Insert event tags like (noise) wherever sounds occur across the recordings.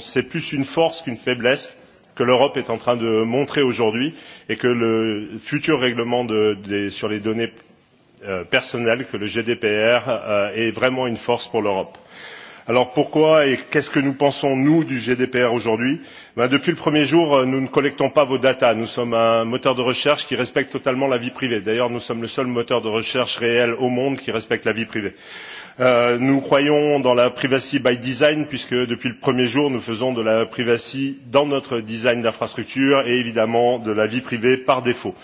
C'est plus une force qu'une faiblesse que l'Europe est en train de montrer aujourd'hui et que le futur règlement de, de, sur les données euh, personnelles, que le GDPR, euh, est vraiment une force pour l'Europe. Alors pourquoi et qu'est-ce que nous pensons, nous, du GDPR aujourd'hui ben, Depuis le premier jour, euh, nous ne collectons pas vos data. Nous sommes un moteur de recherche qui respecte totalement la vie privée. D'ailleurs, nous sommes le seul moteur de recherche réel au monde qui respecte la vie privée. Euh, nous croyons dans la privacy by design puisque depuis le premier jour nous faisons de la privacy dans notre design d'infrastructure et évidemment de la vie privée par défaut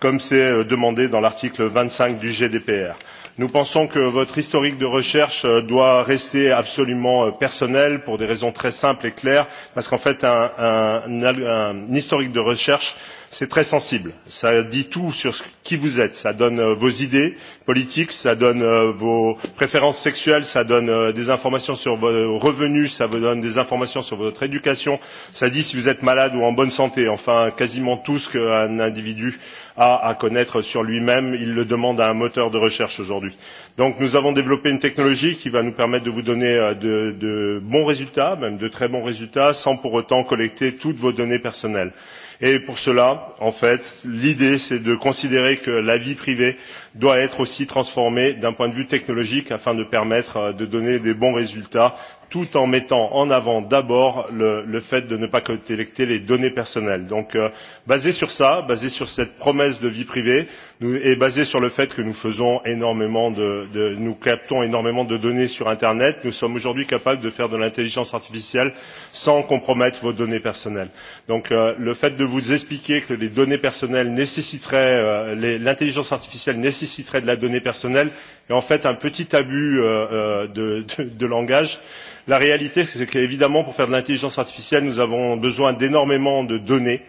comme c'est euh, demandé dans l'article vingt cinq du gdpr nous pensons que votre historique de recherche euh, doit rester absolument euh, personnel pour des raisons très simples et claires parce qu'en fait un, un, un historique de recherche c'est très sensible ça dit tout sur ce, qui vous êtes ça donne euh, vos idées politiques ça donne euh, vos préférences sexuelles ça donne euh, des informations sur vos revenus ça vous donne des informations sur votre éducation ça dit si vous êtes malade ou en bonne santé enfin quasiment tout ce qu'un individu euh, a à connaître sur lui même il le demande à un moteur de recherche aujourd'hui. donc nous avons développé une technologie qui va nous permettre de vous donner euh, de, de bons résultats même de très bons résultats sans pour autant collecter toutes vos données personnelles. Et pour cela, en fait, l'idée, c'est de considérer que la vie privée doit être aussi transformée d'un point de vue technologique afin de permettre euh, de donner des bons résultats tout en mettant en avant d'abord le, le fait de ne pas collecter les données personnelles. donc euh, basé sur ça basé sur cette promesse de vie privée nous, est basé sur le fait que nous faisons énormément de, de nous captons énormément de données sur Internet. Nous sommes aujourd'hui capables de faire de l'intelligence artificielle sans compromettre vos données personnelles. Donc euh, le fait de vous expliquer que les données personnelles nécessiteraient euh, l'intelligence artificielle nécessiterait de la donnée personnelle est en fait un petit abus euh, euh, de, de, de langage. La réalité, c'est qu'évidemment, pour faire de l'intelligence artificielle, nous avons besoin d'énormément de données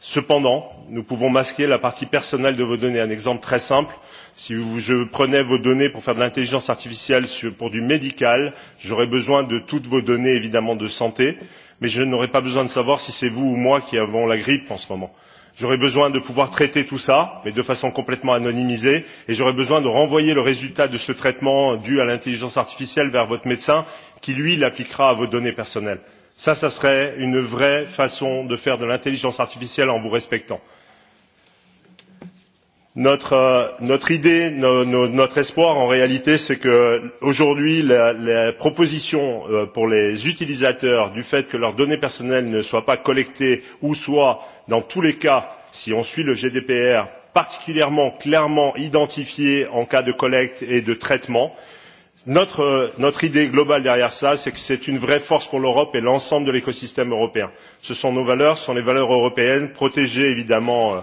cependant nous pouvons masquer la partie personnelle de vos données. un exemple très simple si je prenais vos données pour faire de l'intelligence artificielle pour du médical j'aurais besoin de toutes vos données évidemment de santé mais je n'aurais pas besoin de savoir si c'est vous ou moi qui avons la grippe en ce moment. J'aurais besoin de pouvoir traiter tout ça, mais de façon complètement anonymisée, et j'aurais besoin de renvoyer le résultat de ce traitement dû à l'intelligence artificielle vers votre médecin, qui lui l'appliquera à vos données personnelles Ça, ça serait une vraie façon de faire de l'intelligence artificielle en vous respectant. Notre, euh, notre idée, no, no, notre espoir en réalité, c'est que aujourd'hui, la, la proposition euh, pour les utilisateurs du fait que leurs données personnelles ne soient pas collectées ou soient, dans tous les cas, si on suit le GDPR, particulièrement clairement identifiées en cas de collecte et de traitement, Notre, euh, notre idée globale derrière cela c'est que c'est une vraie force pour l'europe et l'ensemble de l'écosystème européen. ce sont nos valeurs ce sont les valeurs européennes protéger évidemment euh,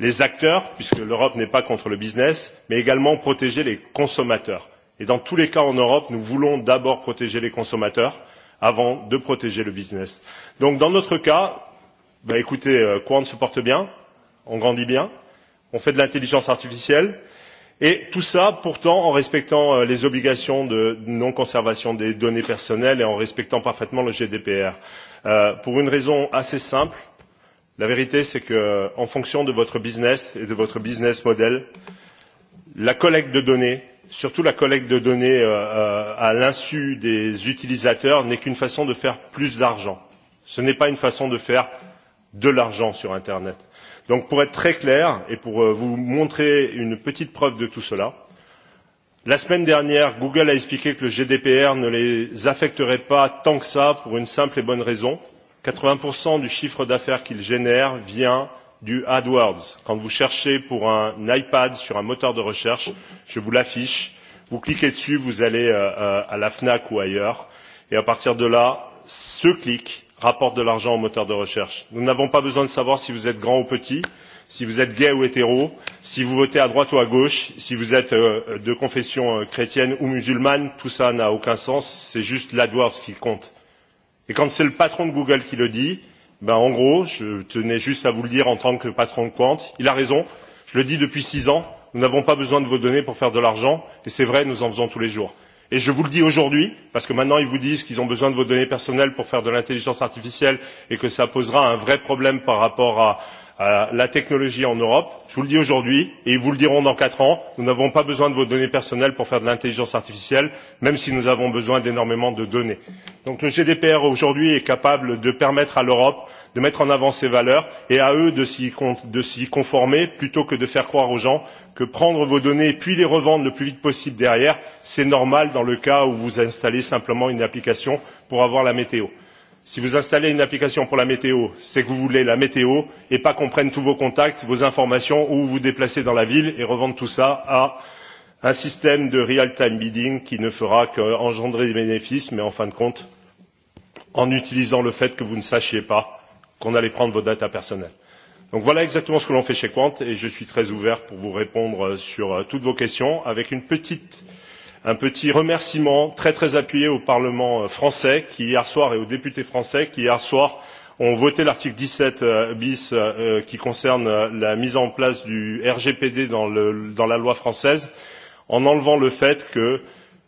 les acteurs puisque l'europe n'est pas contre le business mais également protéger les consommateurs. et dans tous les cas en europe nous voulons d'abord protéger les consommateurs avant de protéger le business. donc dans notre cas bah écoutez quant euh, se porte bien on grandit bien on fait de l'intelligence artificielle Et tout ça, pourtant, en respectant euh, les obligations de non-conservation des données personnelles et en respectant parfaitement le GDPR. Euh, pour une raison assez simple, la vérité, c'est que, euh, en fonction de votre business et de votre business model, la collecte de données, surtout la collecte de données euh, euh, à l'insu des utilisateurs, n'est qu'une façon de faire plus d'argent. Ce n'est pas une façon de faire de l'argent sur Internet donc pour être très clair et pour euh, vous montrer une petite preuve de tout cela la semaine dernière google a expliqué que le gdpr ne les affecterait pas tant que ça pour une simple et bonne raison quatre vingts du chiffre d'affaires qu'ils génèrent vient du AdWords. Quand vous cherchez pour un iPad sur un moteur de recherche, je vous l'affiche, vous cliquez dessus, vous allez euh, euh, à la FNAC ou ailleurs, et à partir de là, ce clic rapportent de l'argent aux moteurs de recherche. nous n'avons pas besoin de savoir si vous êtes grand ou petit si vous êtes gay ou hétéro si vous votez à droite ou à gauche si vous êtes euh, de confession euh, chrétienne ou musulmane tout cela n'a aucun sens c'est juste l'adwords qui compte. et quand c'est le patron de google qui le dit ben en gros je tenais juste à vous le dire en tant que patron de quant il a raison je le dis depuis six ans nous n'avons pas besoin de vos données pour faire de l'argent et c'est vrai nous en faisons tous les jours et je vous le dis aujourd'hui parce que maintenant ils vous disent qu'ils ont besoin de vos données personnelles pour faire de l'intelligence artificielle et que cela posera un vrai problème par rapport à, à la technologie en europe je vous le dis aujourd'hui et ils vous le diront dans quatre ans nous n'avons pas besoin de vos données personnelles pour faire de l'intelligence artificielle même si nous avons besoin d'énormément de données. donc le gdpr aujourd'hui est capable de permettre à l'europe de mettre en avant ses valeurs et à eux de s'y conformer plutôt que de faire croire aux gens que prendre vos données puis les revendre le plus vite possible derrière c'est normal dans le cas où vous installez simplement une application pour avoir la météo. si vous installez une application pour la météo c'est que vous voulez la météo et pas qu'on prenne tous vos contacts vos informations où vous vous déplacez dans la ville et revendre tout ça à un système de real time bidding qui ne fera qu'engendrer des bénéfices mais en fin de compte en utilisant le fait que vous ne sachiez pas qu'on allait prendre vos données personnelles. Donc voilà exactement ce que l'on fait chez Quant et je suis très ouvert pour vous répondre euh, sur euh, toutes vos questions avec une petite, un petit remerciement très très appuyé au Parlement euh, français qui hier soir et aux députés français qui hier soir ont voté l'article 17 bis qui concerne la mise en place du RGPD dans, le, dans la loi française en enlevant le fait que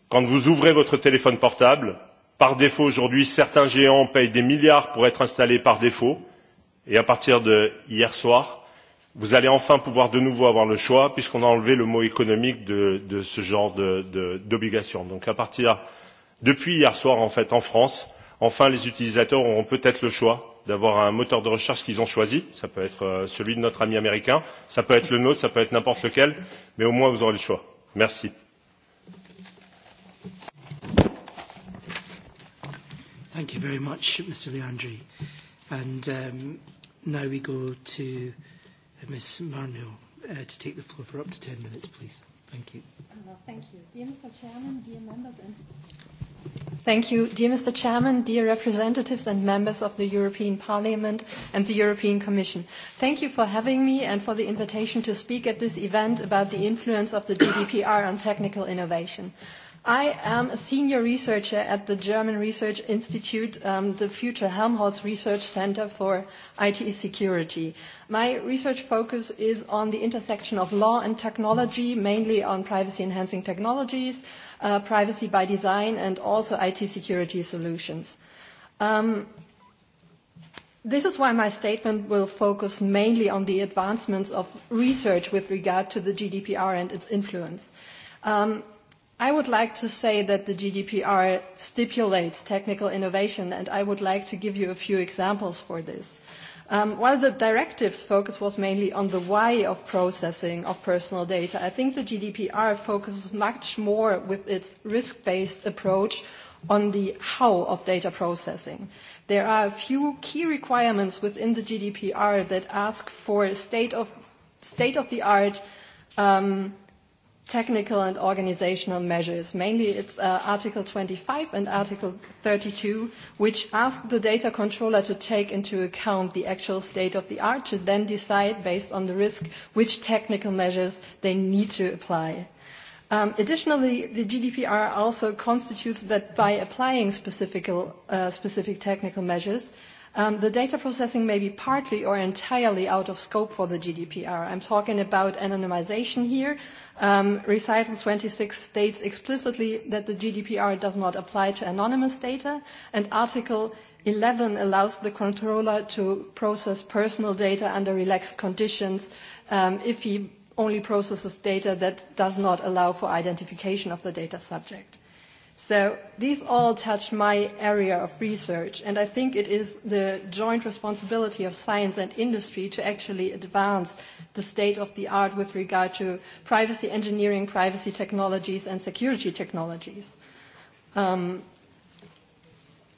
quand vous ouvrez votre téléphone portable, par défaut aujourd'hui certains géants payent des milliards pour être installés par défaut, et à partir de hier soir vous allez enfin pouvoir de nouveau avoir le choix puisqu'on a enlevé le mot économique de, de ce genre d'obligation. donc à partir depuis hier soir en fait en france enfin les utilisateurs auront peut être le choix d'avoir un moteur de recherche qu'ils ont choisi ça peut être euh, celui de notre ami américain ça peut être le nôtre ça peut être n'importe lequel mais au moins vous aurez le choix. merci. Thank you very much, Mr. Leandri. And um, Now we go to uh, Ms. Marnell uh, to take the floor for up to 10 minutes, please. Thank you. thank you. Dear Mr. Chairman, dear members and Thank you. Dear Mr. Chairman, dear representatives and members of the European Parliament and the European Commission, thank you for having me and for the invitation to speak at this event about the influence of the GDPR on technical innovation. I am a senior researcher at the German Research Institute, um, the future Helmholtz Research Center for IT Security. My research focus is on the intersection of law and technology, mainly on privacy-enhancing technologies, uh, privacy by design, and also IT security solutions. Um, This is why my statement will focus mainly on the advancements of research with regard to the GDPR and its influence. Um, i would like to say that the GDPR stipulates technical innovation, and I would like to give you a few examples for this. Um, while the directive's focus was mainly on the why of processing of personal data, I think the GDPR focuses much more with its risk-based approach on the how of data processing. There are a few key requirements within the GDPR that ask for state-of-the-art state of the art um, technical and organizational measures. Mainly it's uh, Article 25 and Article 32, which ask the data controller to take into account the actual state of the art to then decide based on the risk which technical measures they need to apply. Um, additionally, the GDPR also constitutes that by applying specific, uh, specific technical measures, Um, the data processing may be partly or entirely out of scope for the GDPR. I'm talking about anonymization here, Um, recital 26 states explicitly that the GDPR does not apply to anonymous data, and Article 11 allows the controller to process personal data under relaxed conditions um, if he only processes data that does not allow for identification of the data subject. So these all touch my area of research, and I think it is the joint responsibility of science and industry to actually advance the state of the art with regard to privacy engineering, privacy technologies, and security technologies. Um,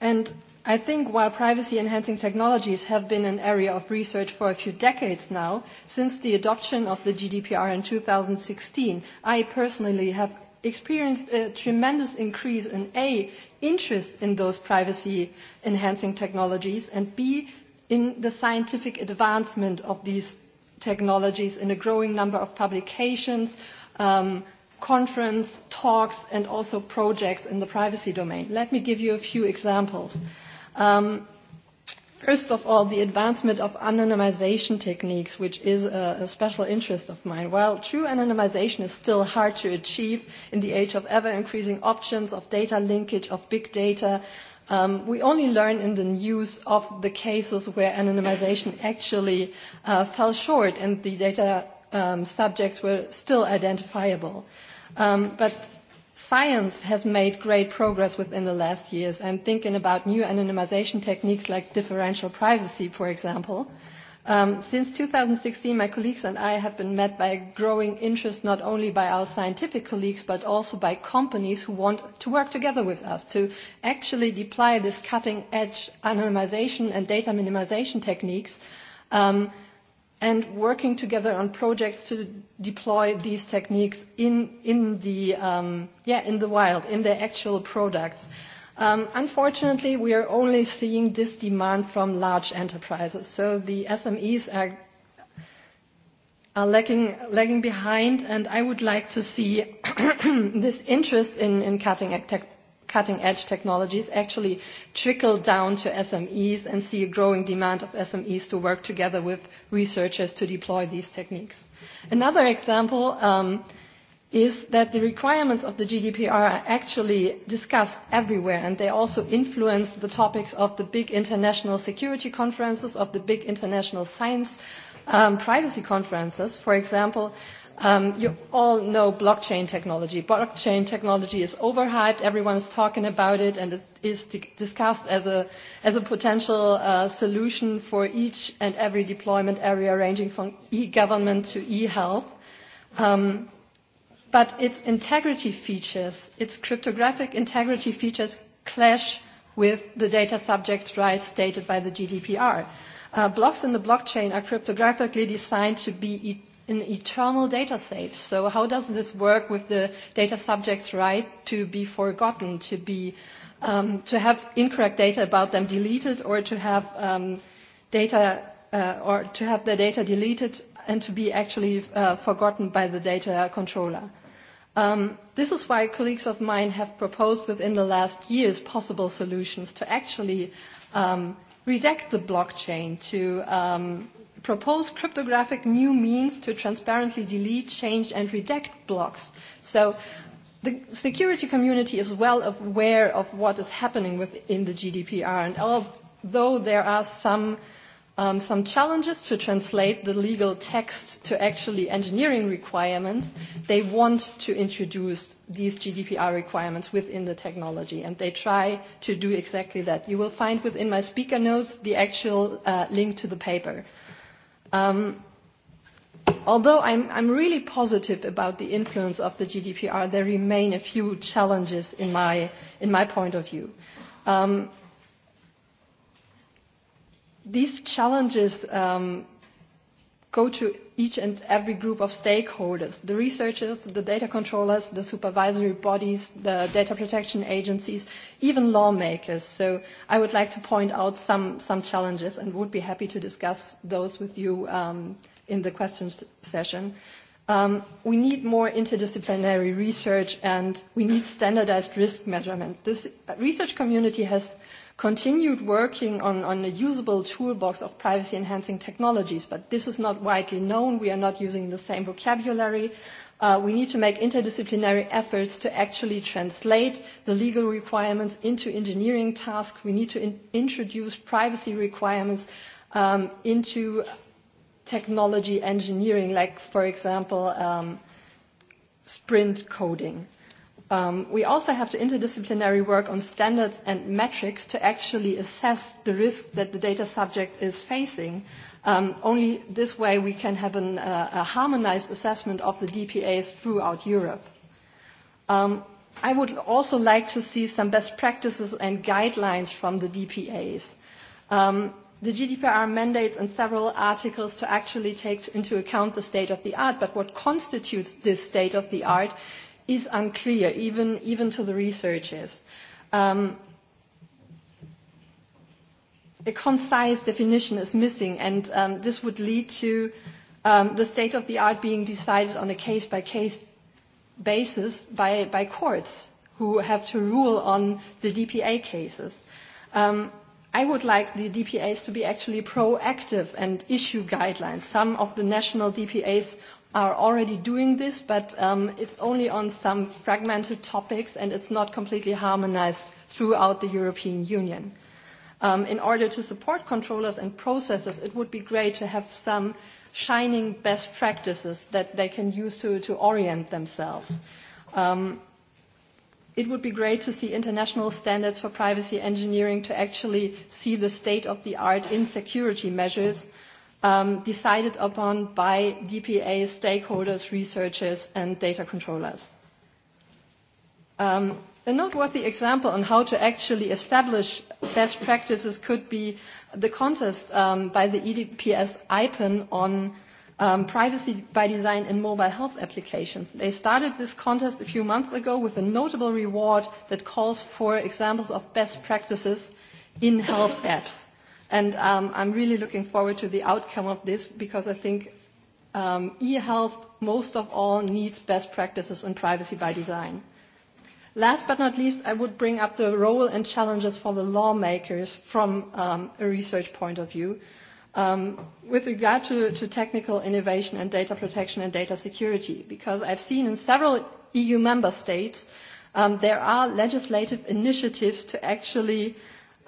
and I think while privacy enhancing technologies have been an area of research for a few decades now, since the adoption of the GDPR in 2016, I personally have experienced a tremendous increase in A, interest in those privacy enhancing technologies, and B, in the scientific advancement of these technologies in a growing number of publications, um, conference talks, and also projects in the privacy domain. Let me give you a few examples. Um, First of all, the advancement of anonymization techniques, which is a, a special interest of mine. While true anonymization is still hard to achieve in the age of ever-increasing options of data linkage, of big data, um, we only learn in the news of the cases where anonymization actually uh, fell short and the data um, subjects were still identifiable. Um, but Science has made great progress within the last years. I'm thinking about new anonymization techniques like differential privacy, for example. Um, since 2016, my colleagues and I have been met by a growing interest not only by our scientific colleagues, but also by companies who want to work together with us to actually deploy this cutting edge anonymization and data minimization techniques. Um, and working together on projects to deploy these techniques in, in, the, um, yeah, in the wild, in the actual products. Um, unfortunately, we are only seeing this demand from large enterprises. So the SMEs are, are lagging, lagging behind, and I would like to see (coughs) this interest in, in cutting tech, cutting edge technologies actually trickle down to SMEs and see a growing demand of SMEs to work together with researchers to deploy these techniques. Another example um, is that the requirements of the GDPR are actually discussed everywhere and they also influence the topics of the big international security conferences, of the big international science um, privacy conferences. For example, Um, you all know blockchain technology. Blockchain technology is overhyped. Everyone's talking about it, and it is discussed as a, as a potential uh, solution for each and every deployment area, ranging from e-government to e-health. Um, but its integrity features, its cryptographic integrity features, clash with the data subject rights stated by the GDPR. Uh, blocks in the blockchain are cryptographically designed to be an eternal data safe. So how does this work with the data subject's right to be forgotten, to be um, to have incorrect data about them deleted, or to have um, data uh, or to have the data deleted and to be actually uh, forgotten by the data controller? Um, this is why colleagues of mine have proposed within the last years possible solutions to actually um, redact the blockchain to um, propose cryptographic new means to transparently delete, change, and redact blocks. So the security community is well aware of what is happening within the GDPR, and although there are some um, some challenges to translate the legal text to actually engineering requirements, they want to introduce these GDPR requirements within the technology, and they try to do exactly that. You will find within my speaker notes the actual uh, link to the paper. Um, although I'm, I'm really positive about the influence of the GDPR, there remain a few challenges in my, in my point of view. Um, these challenges um, go to each and every group of stakeholders, the researchers, the data controllers, the supervisory bodies, the data protection agencies, even lawmakers. So I would like to point out some, some challenges and would be happy to discuss those with you um, in the questions session. Um, we need more interdisciplinary research and we need standardized risk measurement. This research community has continued working on, on a usable toolbox of privacy enhancing technologies, but this is not widely known. We are not using the same vocabulary. Uh, we need to make interdisciplinary efforts to actually translate the legal requirements into engineering tasks. We need to in- introduce privacy requirements um, into technology engineering, like, for example, um, sprint coding. Um, we also have to interdisciplinary work on standards and metrics to actually assess the risk that the data subject is facing. Um, only this way we can have an, uh, a harmonized assessment of the DPAs throughout Europe. Um, I would also like to see some best practices and guidelines from the DPAs. Um, the GDPR mandates in several articles to actually take into account the state of the art, but what constitutes this state of the art is unclear, even, even to the researchers. Um, a concise definition is missing, and um, this would lead to um, the state of the art being decided on a case by case basis by, by courts who have to rule on the DPA cases. Um, I would like the DPAs to be actually proactive and issue guidelines. Some of the national DPAs are already doing this, but um, it's only on some fragmented topics and it's not completely harmonized throughout the European Union. Um, in order to support controllers and processors, it would be great to have some shining best practices that they can use to, to orient themselves. Um, it would be great to see international standards for privacy engineering to actually see the state of the art in security measures Um, decided upon by DPA stakeholders, researchers, and data controllers. Um, a noteworthy example on how to actually establish best practices could be the contest um, by the EDPS IPEN on privacy by design in mobile health application. They started this contest a few months ago with a notable reward that calls for examples of best practices in health apps. And um, I'm really looking forward to the outcome of this because I think um, e-health most of all needs best practices in privacy by design. Last but not least, I would bring up the role and challenges for the lawmakers from um, a research point of view. Um, with regard to, to technical innovation and data protection and data security, because I've seen in several EU member states um, there are legislative initiatives to actually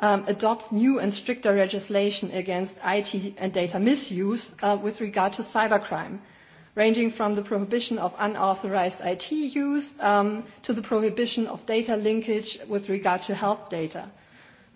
Um, adopt new and stricter legislation against IT and data misuse uh, with regard to cybercrime, ranging from the prohibition of unauthorized IT use um, to the prohibition of data linkage with regard to health data.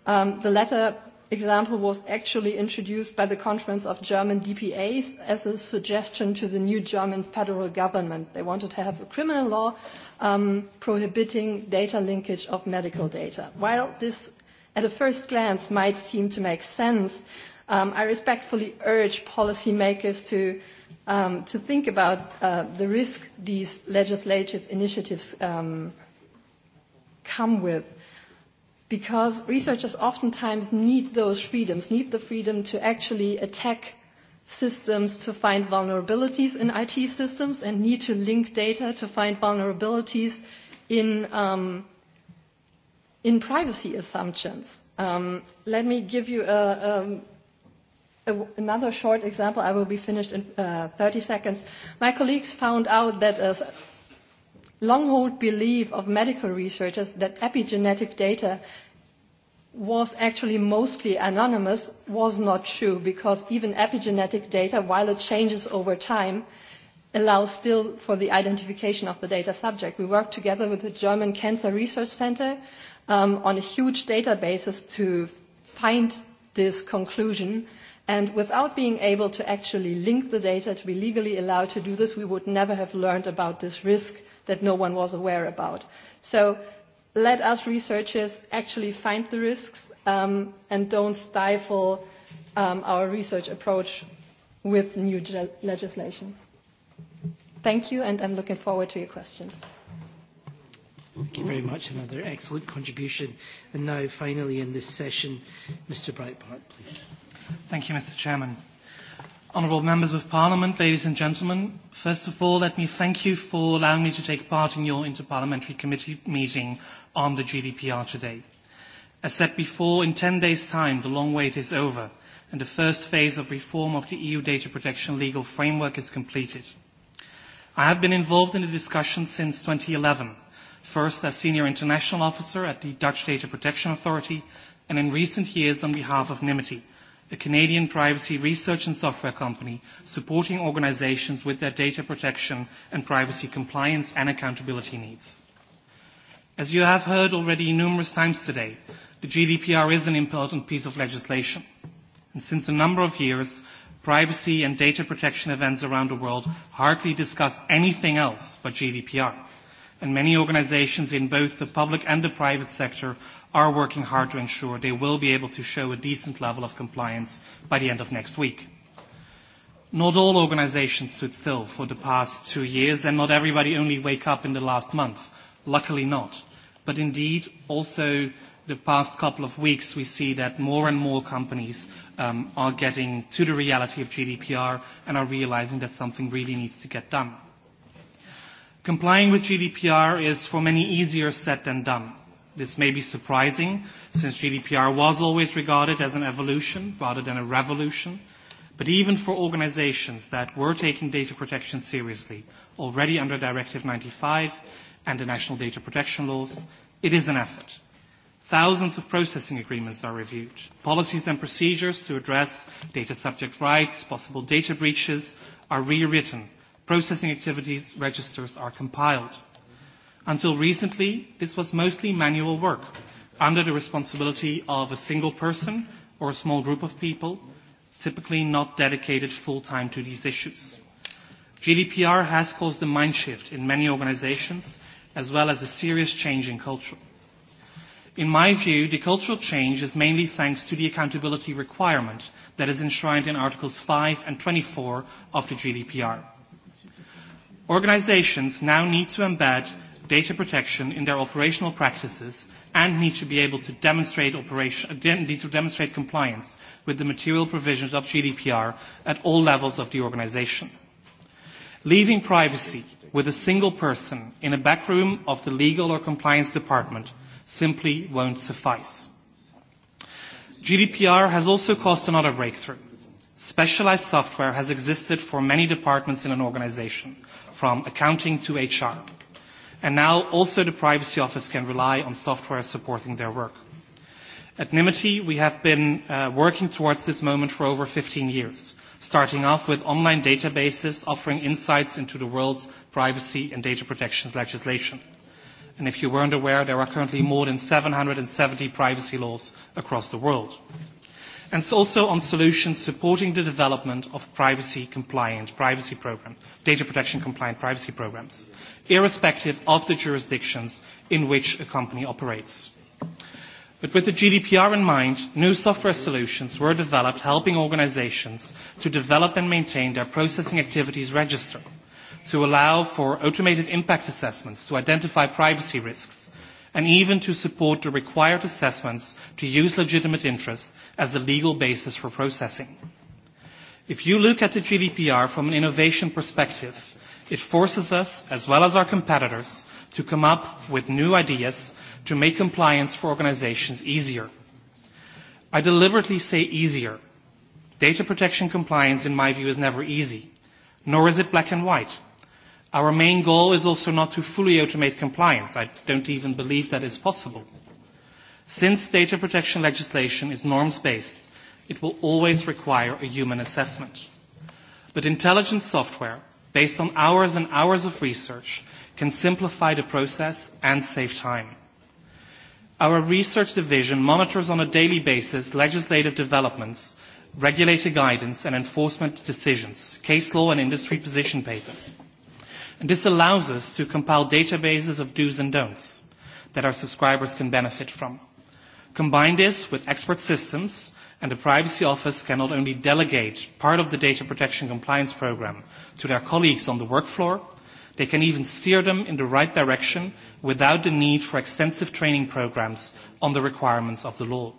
Um, the latter example was actually introduced by the Conference of German DPAs as a suggestion to the new German federal government. They wanted to have a criminal law um, prohibiting data linkage of medical data. While this at a first glance might seem to make sense, um, I respectfully urge policymakers to, um, to think about uh, the risk these legislative initiatives um, come with because researchers oftentimes need those freedoms, need the freedom to actually attack systems to find vulnerabilities in IT systems and need to link data to find vulnerabilities in um, in privacy assumptions, um, let me give you a, a, another short example. I will be finished in uh, 30 seconds. My colleagues found out that a long-hold belief of medical researchers that epigenetic data was actually mostly anonymous was not true because even epigenetic data, while it changes over time, allows still for the identification of the data subject. We worked together with the German Cancer Research Center um, on huge databases to find this conclusion. And without being able to actually link the data to be legally allowed to do this, we would never have learned about this risk that no one was aware about. So let us researchers actually find the risks um, and don't stifle um, our research approach with new legislation. Thank you, and I'm looking forward to your questions. Thank you very much. Another excellent contribution. And now, finally, in this session, Mr. Breitbart, please. Thank you, Mr. Chairman. Honourable Members of Parliament, ladies and gentlemen, first of all, let me thank you for allowing me to take part in your Interparliamentary Committee meeting on the GDPR today. As said before, in 10 days' time, the long wait is over, and the first phase of reform of the EU data protection legal framework is completed. I have been involved in the discussion since 2011, first as Senior International Officer at the Dutch Data Protection Authority, and in recent years on behalf of Nimity, a Canadian privacy research and software company supporting organizations with their data protection and privacy compliance and accountability needs. As you have heard already numerous times today, the GDPR is an important piece of legislation. And since a number of years, privacy and data protection events around the world hardly discuss anything else but GDPR and many organisations in both the public and the private sector are working hard to ensure they will be able to show a decent level of compliance by the end of next week. Not all organisations stood still for the past two years, and not everybody only wake up in the last month. Luckily not. But indeed, also the past couple of weeks, we see that more and more companies um, are getting to the reality of GDPR and are realising that something really needs to get done. Complying with GDPR is for many easier said than done. This may be surprising, since GDPR was always regarded as an evolution rather than a revolution. But even for organizations that were taking data protection seriously, already under Directive 95 and the national data protection laws, it is an effort. Thousands of processing agreements are reviewed, policies and procedures to address data subject rights, possible data breaches, are rewritten processing activities registers are compiled. Until recently, this was mostly manual work under the responsibility of a single person or a small group of people, typically not dedicated full time to these issues. GDPR has caused a mind shift in many organizations, as well as a serious change in culture. In my view, the cultural change is mainly thanks to the accountability requirement that is enshrined in Articles 5 and 24 of the GDPR. Organizations now need to embed data protection in their operational practices and need to be able to demonstrate, operation, need to demonstrate compliance with the material provisions of GDPR at all levels of the organization. Leaving privacy with a single person in a back room of the legal or compliance department simply won't suffice. GDPR has also caused another breakthrough. Specialized software has existed for many departments in an organization, from accounting to HR. And now also the Privacy Office can rely on software supporting their work. At Nimity, we have been uh, working towards this moment for over 15 years, starting off with online databases offering insights into the world's privacy and data protections legislation. And if you weren't aware, there are currently more than 770 privacy laws across the world and also on solutions supporting the development of privacy compliant privacy program, data protection compliant privacy programs, irrespective of the jurisdictions in which a company operates. But with the GDPR in mind, new software solutions were developed helping organizations to develop and maintain their processing activities register, to allow for automated impact assessments to identify privacy risks, and even to support the required assessments to use legitimate interests as a legal basis for processing. If you look at the GDPR from an innovation perspective, it forces us, as well as our competitors, to come up with new ideas to make compliance for organizations easier. I deliberately say easier. Data protection compliance, in my view, is never easy, nor is it black and white. Our main goal is also not to fully automate compliance. I don't even believe that is possible. Since data protection legislation is norms-based, it will always require a human assessment. But intelligent software, based on hours and hours of research, can simplify the process and save time. Our research division monitors on a daily basis legislative developments, regulatory guidance and enforcement decisions, case law and industry position papers. And this allows us to compile databases of do's and don'ts that our subscribers can benefit from. Combine this with expert systems, and the Privacy Office can not only delegate part of the data protection compliance program to their colleagues on the work floor, they can even steer them in the right direction without the need for extensive training programs on the requirements of the law.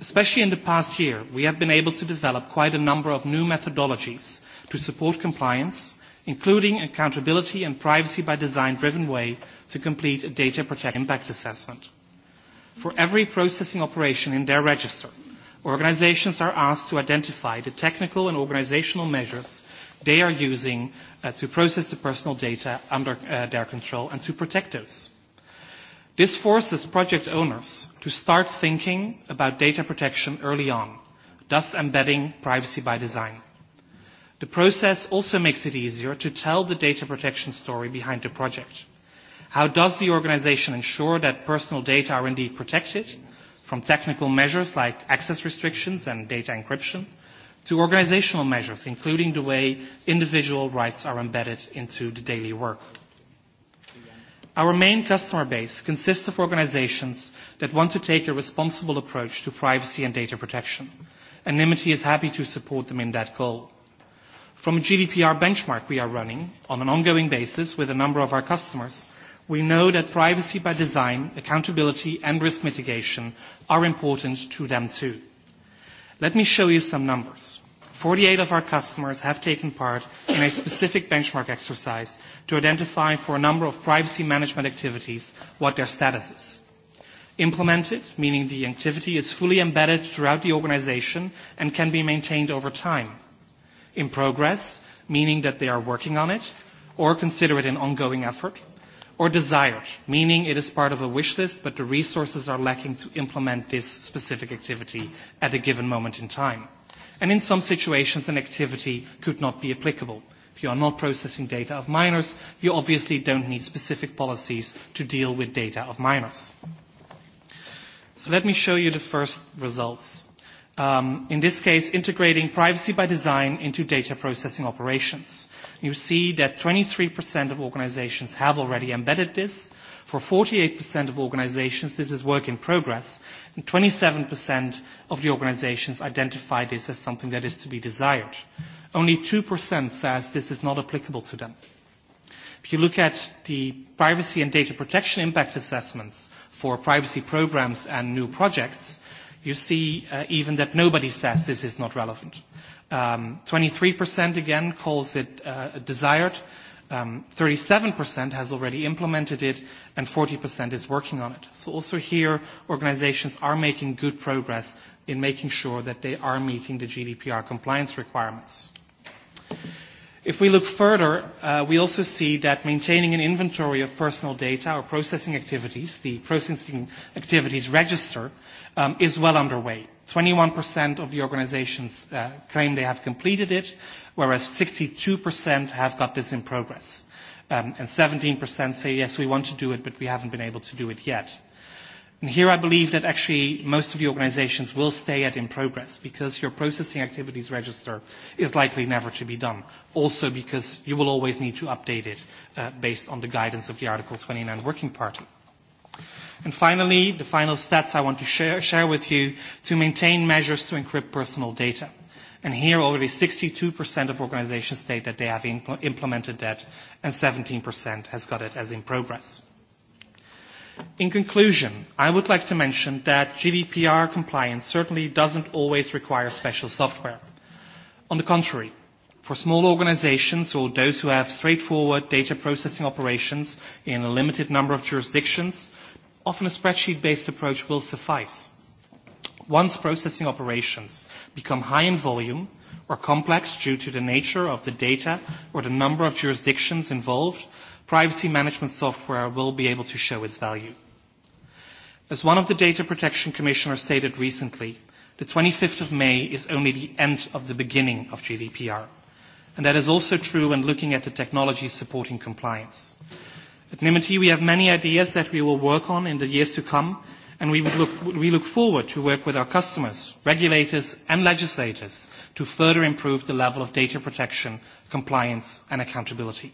Especially in the past year, we have been able to develop quite a number of new methodologies to support compliance, including accountability and privacy by design driven way to complete a data protection impact assessment for every processing operation in their register. Organizations are asked to identify the technical and organizational measures they are using uh, to process the personal data under uh, their control and to protect those. This forces project owners to start thinking about data protection early on, thus embedding privacy by design. The process also makes it easier to tell the data protection story behind the project. How does the organization ensure that personal data are indeed protected from technical measures like access restrictions and data encryption to organizational measures, including the way individual rights are embedded into the daily work? Our main customer base consists of organizations that want to take a responsible approach to privacy and data protection. Anonymity is happy to support them in that goal. From a GDPR benchmark we are running on an ongoing basis with a number of our customers, we know that privacy by design, accountability and risk mitigation are important to them too. Let me show you some numbers. 48 of our customers have taken part in a specific benchmark exercise to identify for a number of privacy management activities what their status is. Implemented, meaning the activity is fully embedded throughout the organization and can be maintained over time. In progress, meaning that they are working on it or consider it an ongoing effort or desired, meaning it is part of a wish list, but the resources are lacking to implement this specific activity at a given moment in time. And in some situations, an activity could not be applicable. If you are not processing data of minors, you obviously don't need specific policies to deal with data of minors. So let me show you the first results. Um, in this case, integrating privacy by design into data processing operations you see that 23% of organizations have already embedded this. For 48% of organizations, this is work in progress, and 27% of the organizations identify this as something that is to be desired. Only 2% says this is not applicable to them. If you look at the privacy and data protection impact assessments for privacy programs and new projects, you see uh, even that nobody says this is not relevant. 23% um, again calls it uh, desired. 37% um, has already implemented it, and 40% is working on it. So also here, organizations are making good progress in making sure that they are meeting the GDPR compliance requirements. If we look further, uh, we also see that maintaining an inventory of personal data or processing activities, the processing activities register, um, is well underway. 21% of the organizations uh, claim they have completed it, whereas 62% have got this in progress. Um, and 17% say, yes, we want to do it, but we haven't been able to do it yet. And here I believe that actually most of the organizations will stay at in progress because your processing activities register is likely never to be done. Also because you will always need to update it uh, based on the guidance of the Article 29 working party finally, the final stats I want to share, with you to maintain measures to encrypt personal data. here already 62% of organizations state that they have implemented that and 17% has got it as in progress. In conclusion, I would like to mention that GDPR compliance certainly doesn't always require special software. On the contrary, for small organizations or those who have straightforward data processing operations in a limited number of jurisdictions, often a spreadsheet-based approach will suffice. Once processing operations become high in volume or complex due to the nature of the data or the number of jurisdictions involved, privacy management software will be able to show its value. As one of the Data Protection Commissioner stated recently, the 25th of May is only the end of the beginning of GDPR. And that is also true when looking at the technology supporting compliance. At Nimity, we have many ideas that we will work on in the years to come, and we, would look, we look forward to work with our customers, regulators, and legislators to further improve the level of data protection, compliance, and accountability.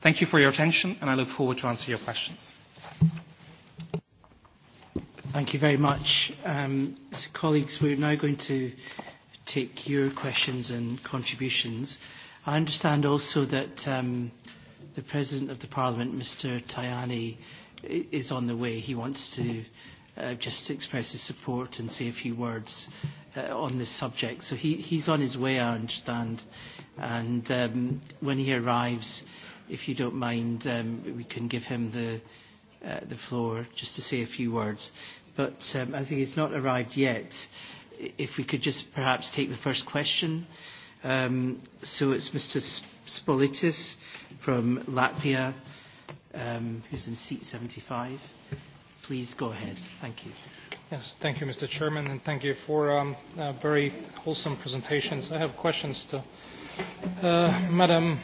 Thank you for your attention, and I look forward to answering your questions. Thank you very much. Um, so colleagues, we're now going to take your questions and contributions. I understand also that um, the President of the Parliament, Mr Tajani, is on the way. He wants to uh, just express his support and say a few words uh, on this subject. So he, he's on his way, I understand. And um, when he arrives, if you don't mind, um, we can give him the, uh, the floor just to say a few words. But um, as he has not arrived yet, if we could just perhaps take the first question. Um, so it's Mr. Sp Spolitis from Latvia, um, who's in seat 75. Please go ahead. Thank you. Yes, thank you, Mr. Chairman, and thank you for um, uh, very wholesome presentations. I have questions to uh, Madam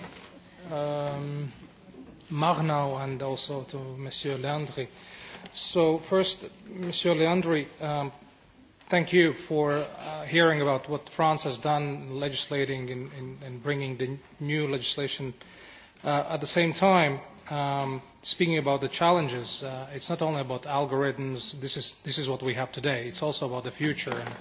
um, Marnau and also to Monsieur Leandri. So first, Monsieur Leandri, um, Thank you for uh, hearing about what France has done legislating and, and, and bringing the new legislation. Uh, at the same time, um, speaking about the challenges, uh, it's not only about algorithms. This is, this is what we have today. It's also about the future. And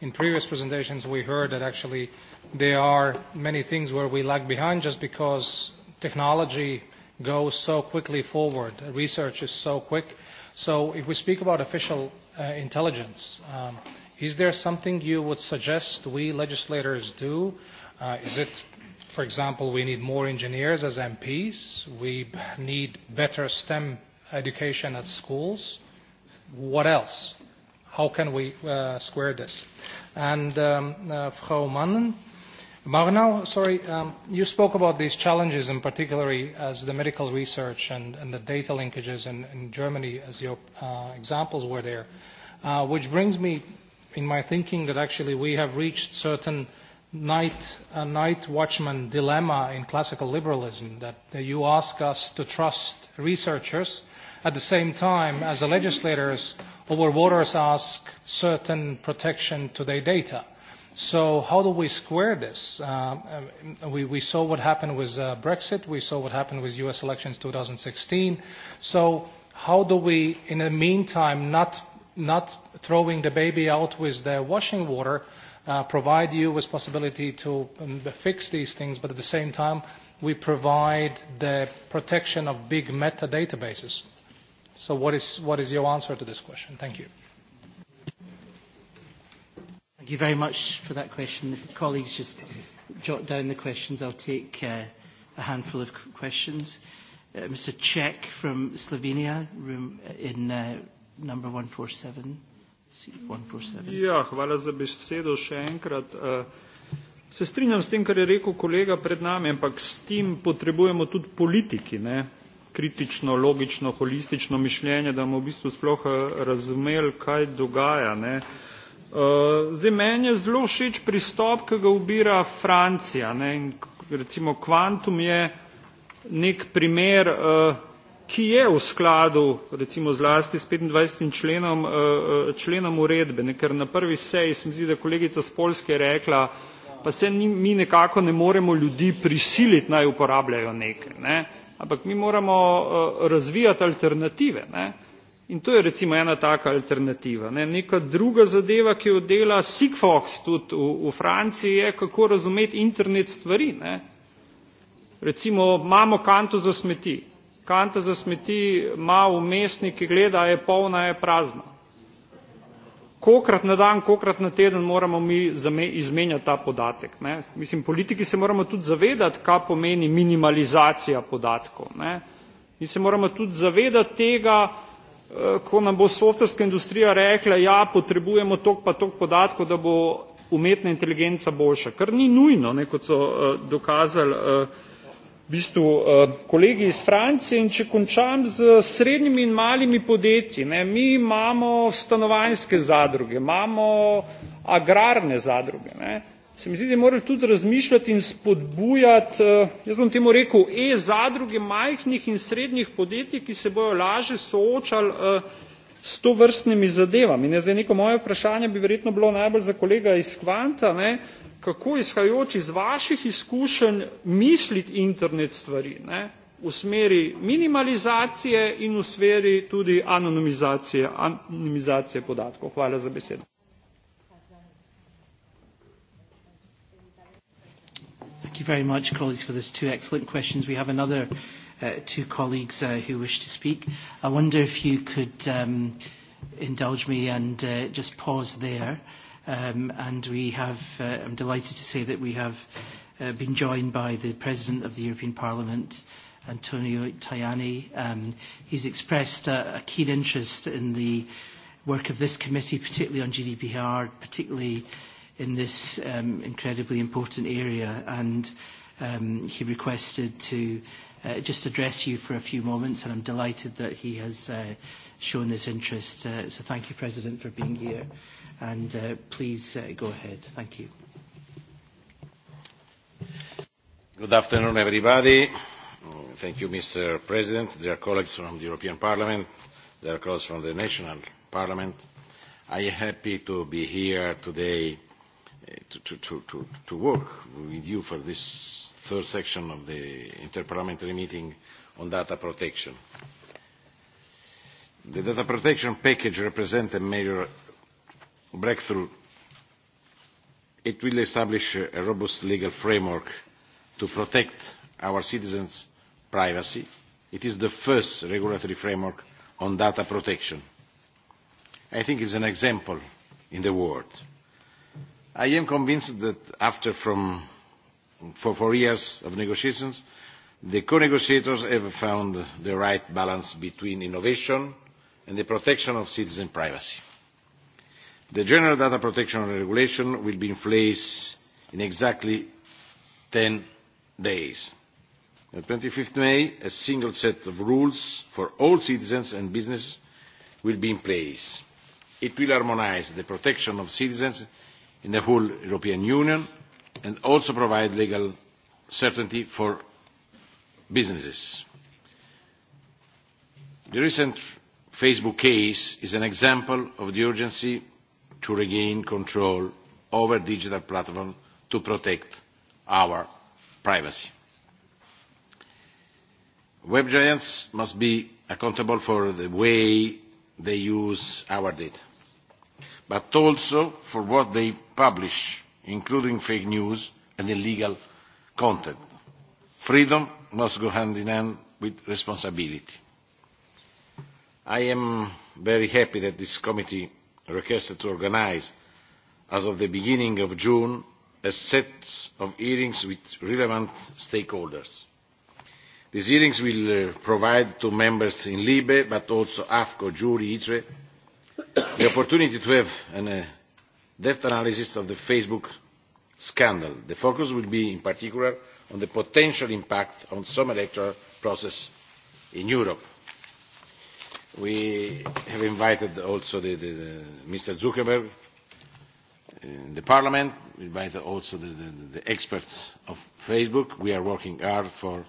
in previous presentations, we heard that actually there are many things where we lag behind just because technology goes so quickly forward. Research is so quick. So if we speak about official uh, intelligence. Um, is there something you would suggest we legislators do? Uh, is it, for example, we need more engineers as MPs? We need better STEM education at schools? What else? How can we uh, square this? And um, uh, Frau Mannen, Magnal, sorry, um, you spoke about these challenges, and particularly as the medical research and, and the data linkages in, in Germany as your uh, examples were there, uh, which brings me in my thinking that actually we have reached certain night, uh, night watchman dilemma in classical liberalism, that you ask us to trust researchers at the same time as the legislators over waters ask certain protection to their data. So how do we square this? Um, we, we saw what happened with uh, Brexit. We saw what happened with U.S. elections 2016. So how do we, in the meantime, not not throwing the baby out with the washing water, uh, provide you with possibility to um, fix these things, but at the same time, we provide the protection of big meta databases. So what is, what is your answer to this question? Thank you. Thank you very much for that question. If colleagues just jot down the questions, I'll take uh, a handful of questions. Uh, Mr. Czech from Slovenia, room uh, in uh, number 147. Ja, hvala za besedo še enkrat. Uh, se strinjam s tem, kar je rekel kolega pred nami, ampak s tem potrebujemo tudi politiki, ne? kritično, logično, holistično mišljenje, da bomo v bistvu sploh uh, razumeli, kaj dogaja. Ne? Eh, Zdaj, meni je zelo všeč pristop, ki ga ubira Francija. Ne? In recimo kvantum je nek primer, eh, ki je v skladu recimo zlasti s 25. členom, eh, členom uredbe, ne? ker na prvi seji se mi zdi, da kolegica z Polske je rekla, pa se ni, mi nekako ne moremo ljudi prisiliti naj uporabljajo nekaj, ne? ampak mi moramo razvijati alternative. Ne? In to je recimo ena taka alternativa. Ne. Neka druga zadeva, ki jo dela Sigfox tudi v, v Franciji, je kako razumeti internet stvari. Ne. Recimo imamo kanto za smeti. Kanta za smeti ima vmesnik, ki gleda, je polna, je prazna. Kokrat na dan, kokrat na teden moramo mi izmenjati ta podatek. Ne. Mislim, politiki se moramo tudi zavedati, kaj pomeni minimalizacija podatkov. Ne. Mi se moramo tudi zavedati tega, Eh, ko nam bo softverska industrija rekla, ja, potrebujemo tok pa tok podatkov, da bo umetna inteligenca boljša, kar ni nujno, ne, kot so eh, dokazali eh, v bistvu kolegi iz Francije. In če končam z srednjimi in malimi podjetji, ne, mi imamo stanovanjske zadruge, imamo agrarne zadruge. Ne se mi zdi, da je moral tudi razmišljati in spodbujati, eh, jaz bom temu rekel, e-zadruge majhnih in srednjih podjetij, ki se bojo lažje soočali eh, s to vrstnimi zadevami. Ne, zdaj neko moje vprašanje bi verjetno bilo najbolj za kolega iz Kvanta, ne, kako izhajajoč iz vaših izkušenj misliti internet stvari ne, v smeri minimalizacije in v smeri tudi anonimizacije, anonimizacije podatkov. Hvala za besedo. you very much, colleagues, for those two excellent questions. We have another uh, two colleagues uh, who wish to speak. I wonder if you could um, indulge me and uh, just pause there. Um, and we have, uh, I'm delighted to say that we have uh, been joined by the President of the European Parliament, Antonio Tajani. Um, he's expressed a, a keen interest in the work of this committee, particularly on GDPR, particularly in this um, incredibly important area. And um, he requested to uh, just address you for a few moments, and I'm delighted that he has uh, shown this interest. Uh, so thank you, President, for being here. And uh, please uh, go ahead. Thank you. Good afternoon, everybody. Thank you, Mr. President, dear colleagues from the European Parliament, dear colleagues from the National Parliament. I am happy to be here today to, to, to, to work with you for this third section of the interparliamentary meeting on data protection. The data protection package represents a major breakthrough. It will establish a robust legal framework to protect our citizens' privacy. It is the first regulatory framework on data protection. I think it's an example in the world i am convinced that after four years of negotiations, the co-negotiators have found the right balance between innovation and the protection of citizens' privacy. The General Data Protection Regulation will be in place in exactly ten days. On twenty five May, a single set of rules for all citizens and businesses will be in place. It will harmonise the protection of citizens in the whole European Union and also provide legal certainty for businesses. The recent Facebook case is an example of the urgency to regain control over digital platforms to protect our privacy. Web giants must be accountable for the way they use our data, but also for what they publish, including fake news and illegal content. Freedom must go hand in hand with responsibility. I am very happy that this committee requested to organise, as of the beginning of June, a set of hearings with relevant stakeholders. These hearings will uh, provide to members in LIBE, but also AFCO, Jury, ITRE, the opportunity to have an uh, depth analysis of the Facebook scandal. The focus will be, in particular, on the potential impact on some electoral processes in Europe. We have invited also the, the, the Mr. Zuckerberg uh, in the Parliament. We invited also the, the, the experts of Facebook. We are working hard for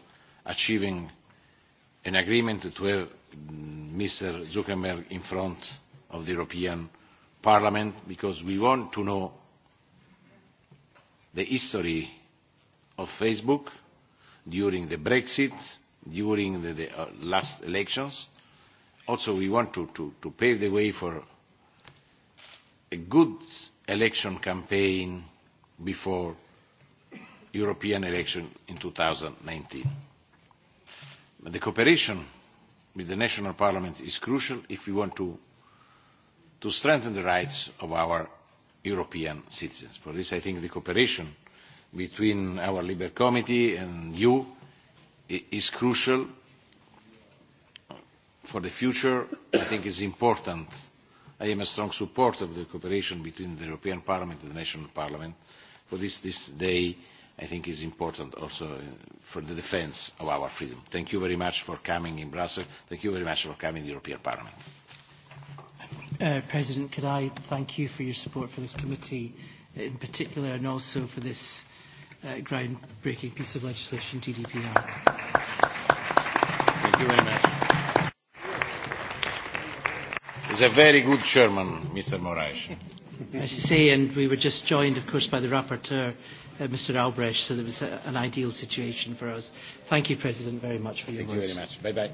achieving an agreement to have Mr. Mm, Zuckerberg in front of the European Parliament because we want to know the history of Facebook during the Brexit, during the, the uh, last elections. Also, we want to, to, to pave the way for a good election campaign before European election in 2019. But the cooperation with the national parliament is crucial if we want to to strengthen the rights of our European citizens. For this, I think the cooperation between our Libe Committee and you is crucial for the future. I think it's important. I am a strong supporter of the cooperation between the European Parliament and the National Parliament. For this, this day, I think is important also uh, for the defence of our freedom. Thank you very much for coming in Brussels. Thank you very much for coming to the European Parliament. Uh, President, could I thank you for your support for this committee uh, in particular and also for this uh, groundbreaking piece of legislation, GDPR. Thank you very much. He's a very good chairman, Mr. Moraes. I say, and we were just joined, of course, by the rapporteur, uh, Mr. Albrecht, so there was a, an ideal situation for us. Thank you, President, very much for your Thank words. Thank you very much.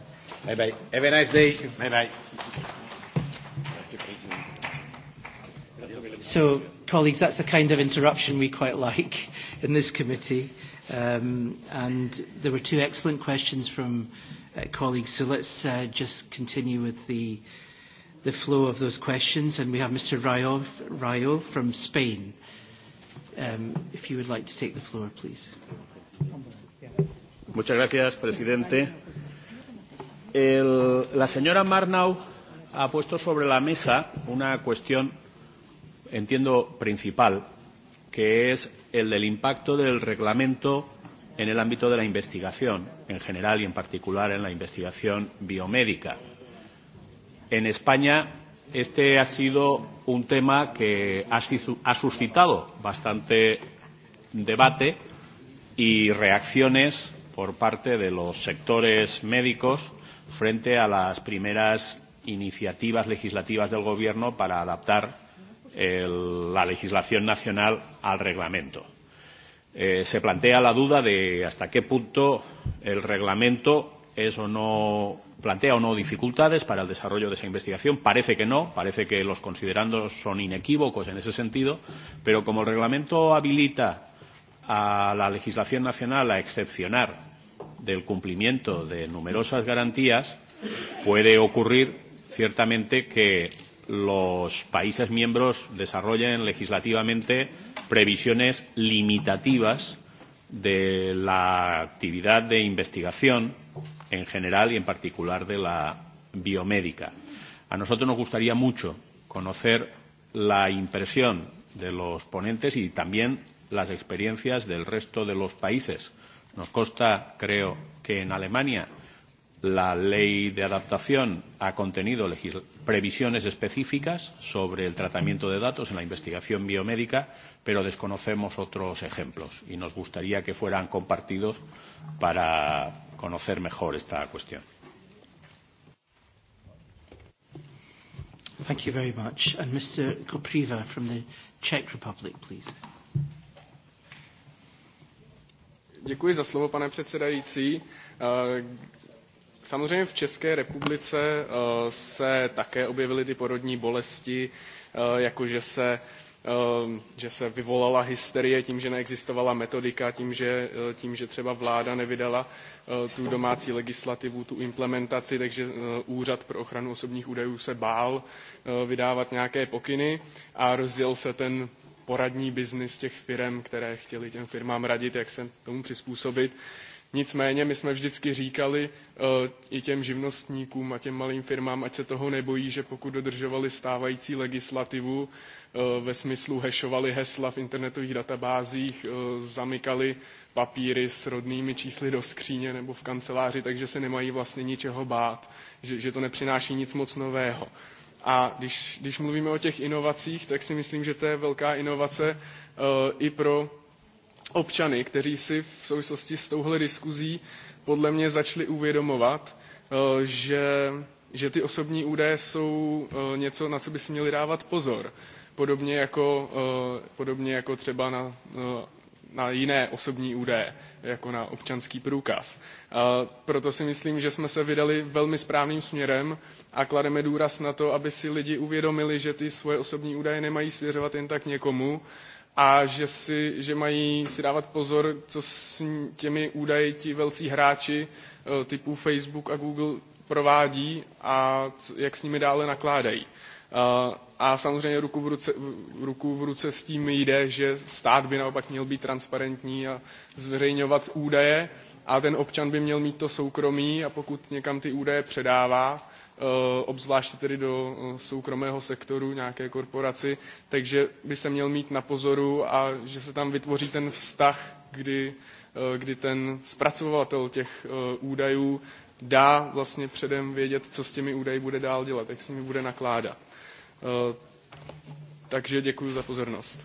Bye-bye. Bye-bye. Have a nice day. Bye-bye. So, colleagues, that's the kind of interruption we quite like in this committee. Um, and there were two excellent questions from uh, colleagues. So let's uh, just continue with the, the flow of those questions. And we have Mr. Rayo, Rayo from Spain. Um, if you would like to take the floor, please. Muchas gracias, presidente. El, la señora Marnau ha puesto sobre la mesa una cuestión, entiendo, principal, que es el del impacto del reglamento en el ámbito de la investigación, en general y en particular en la investigación biomédica. En España, este ha sido un tema que ha suscitado bastante debate y reacciones por parte de los sectores médicos frente a las primeras iniciativas legislativas del Gobierno para adaptar el, la legislación nacional al reglamento. Eh, se plantea la duda de hasta qué punto el reglamento es o no plantea o no dificultades para el desarrollo de esa investigación. Parece que no, parece que los considerandos son inequívocos en ese sentido, pero como el reglamento habilita a la legislación nacional a excepcionar del cumplimiento de numerosas garantías, puede ocurrir ciertamente que los países miembros desarrollen legislativamente previsiones limitativas de la actividad de investigación en general y en particular de la biomédica. A nosotros nos gustaría mucho conocer la impresión de los ponentes y también las experiencias del resto de los países. Nos consta, creo, que en Alemania la ley de adaptación ha contenido previsiones específicas sobre el tratamiento de datos en la investigación biomédica, pero desconocemos otros ejemplos y nos gustaría que fueran compartidos para conocer mejor esta cuestión. Thank you very much. And Mr. Kopriva from the Czech Republic, please. Děkuji za slovo, pane předsedající. Samozřejmě v České republice eh, se také objevily ty porodní bolesti, eh, jakože se eh, že se vyvolala hysterie tím, že neexistovala metodika, tím že, tím, že třeba vláda nevydala tu domácí legislativu, tu implementaci, takže Úřad pro ochranu osobních údajů se bál vydávat nějaké pokyny a rozjel se ten poradní biznis těch firm, které chtěli těm firmám radit, jak se tomu přizpůsobit. Nicméně my jsme vždycky říkali eh, i těm živnostníkům a těm malým firmám, ať se toho nebojí, že pokud dodržovali stávající legislativu eh, ve smyslu hešovali hesla v internetových databázích, eh, zamykali papíry s rodnými čísly do skříně nebo v kanceláři, takže se nemají vlastně ničeho bát, že, že to nepřináší nic moc nového. A když, když mluvíme o těch inovacích, tak si myslím, že to je velká inovace i pro občany, kteří si v souvislosti s touhle diskuzí podle mě začali uvědomovat, eh, že, že ty osobní údaje jsou eh, něco, na co by si měli dávat pozor. Podobně jako, eh, podobně jako třeba na, na jiné osobní údaje, jako na občanský průkaz. proto si myslím, že jsme se vydali velmi správným směrem a klademe důraz na to, aby si lidi uvědomili, že ty svoje osobní údaje nemají svěřovat jen tak někomu, a že, si, že mají si dávat pozor, co s těmi údaji ti velcí hráči eh, typu Facebook a Google provádí a jak s nimi dále nakládají. Eh, a samozřejmě ruku v, ruce, ruku v ruce s tím jde, že stát by naopak měl být transparentní a zveřejňovat údaje, a ten občan by měl mít to soukromí a pokud někam ty údaje předává, eh, obzvláště tedy do eh, soukromého sektoru nějaké korporaci, takže by se měl mít na pozoru a že se tam vytvoří ten vztah, kdy, eh, kdy ten zpracovatel těch údajů dá vlastně předem vědět, co s těmi údaji bude dál dělat, jak s nimi bude nakládat. Takže děkuji za pozornost.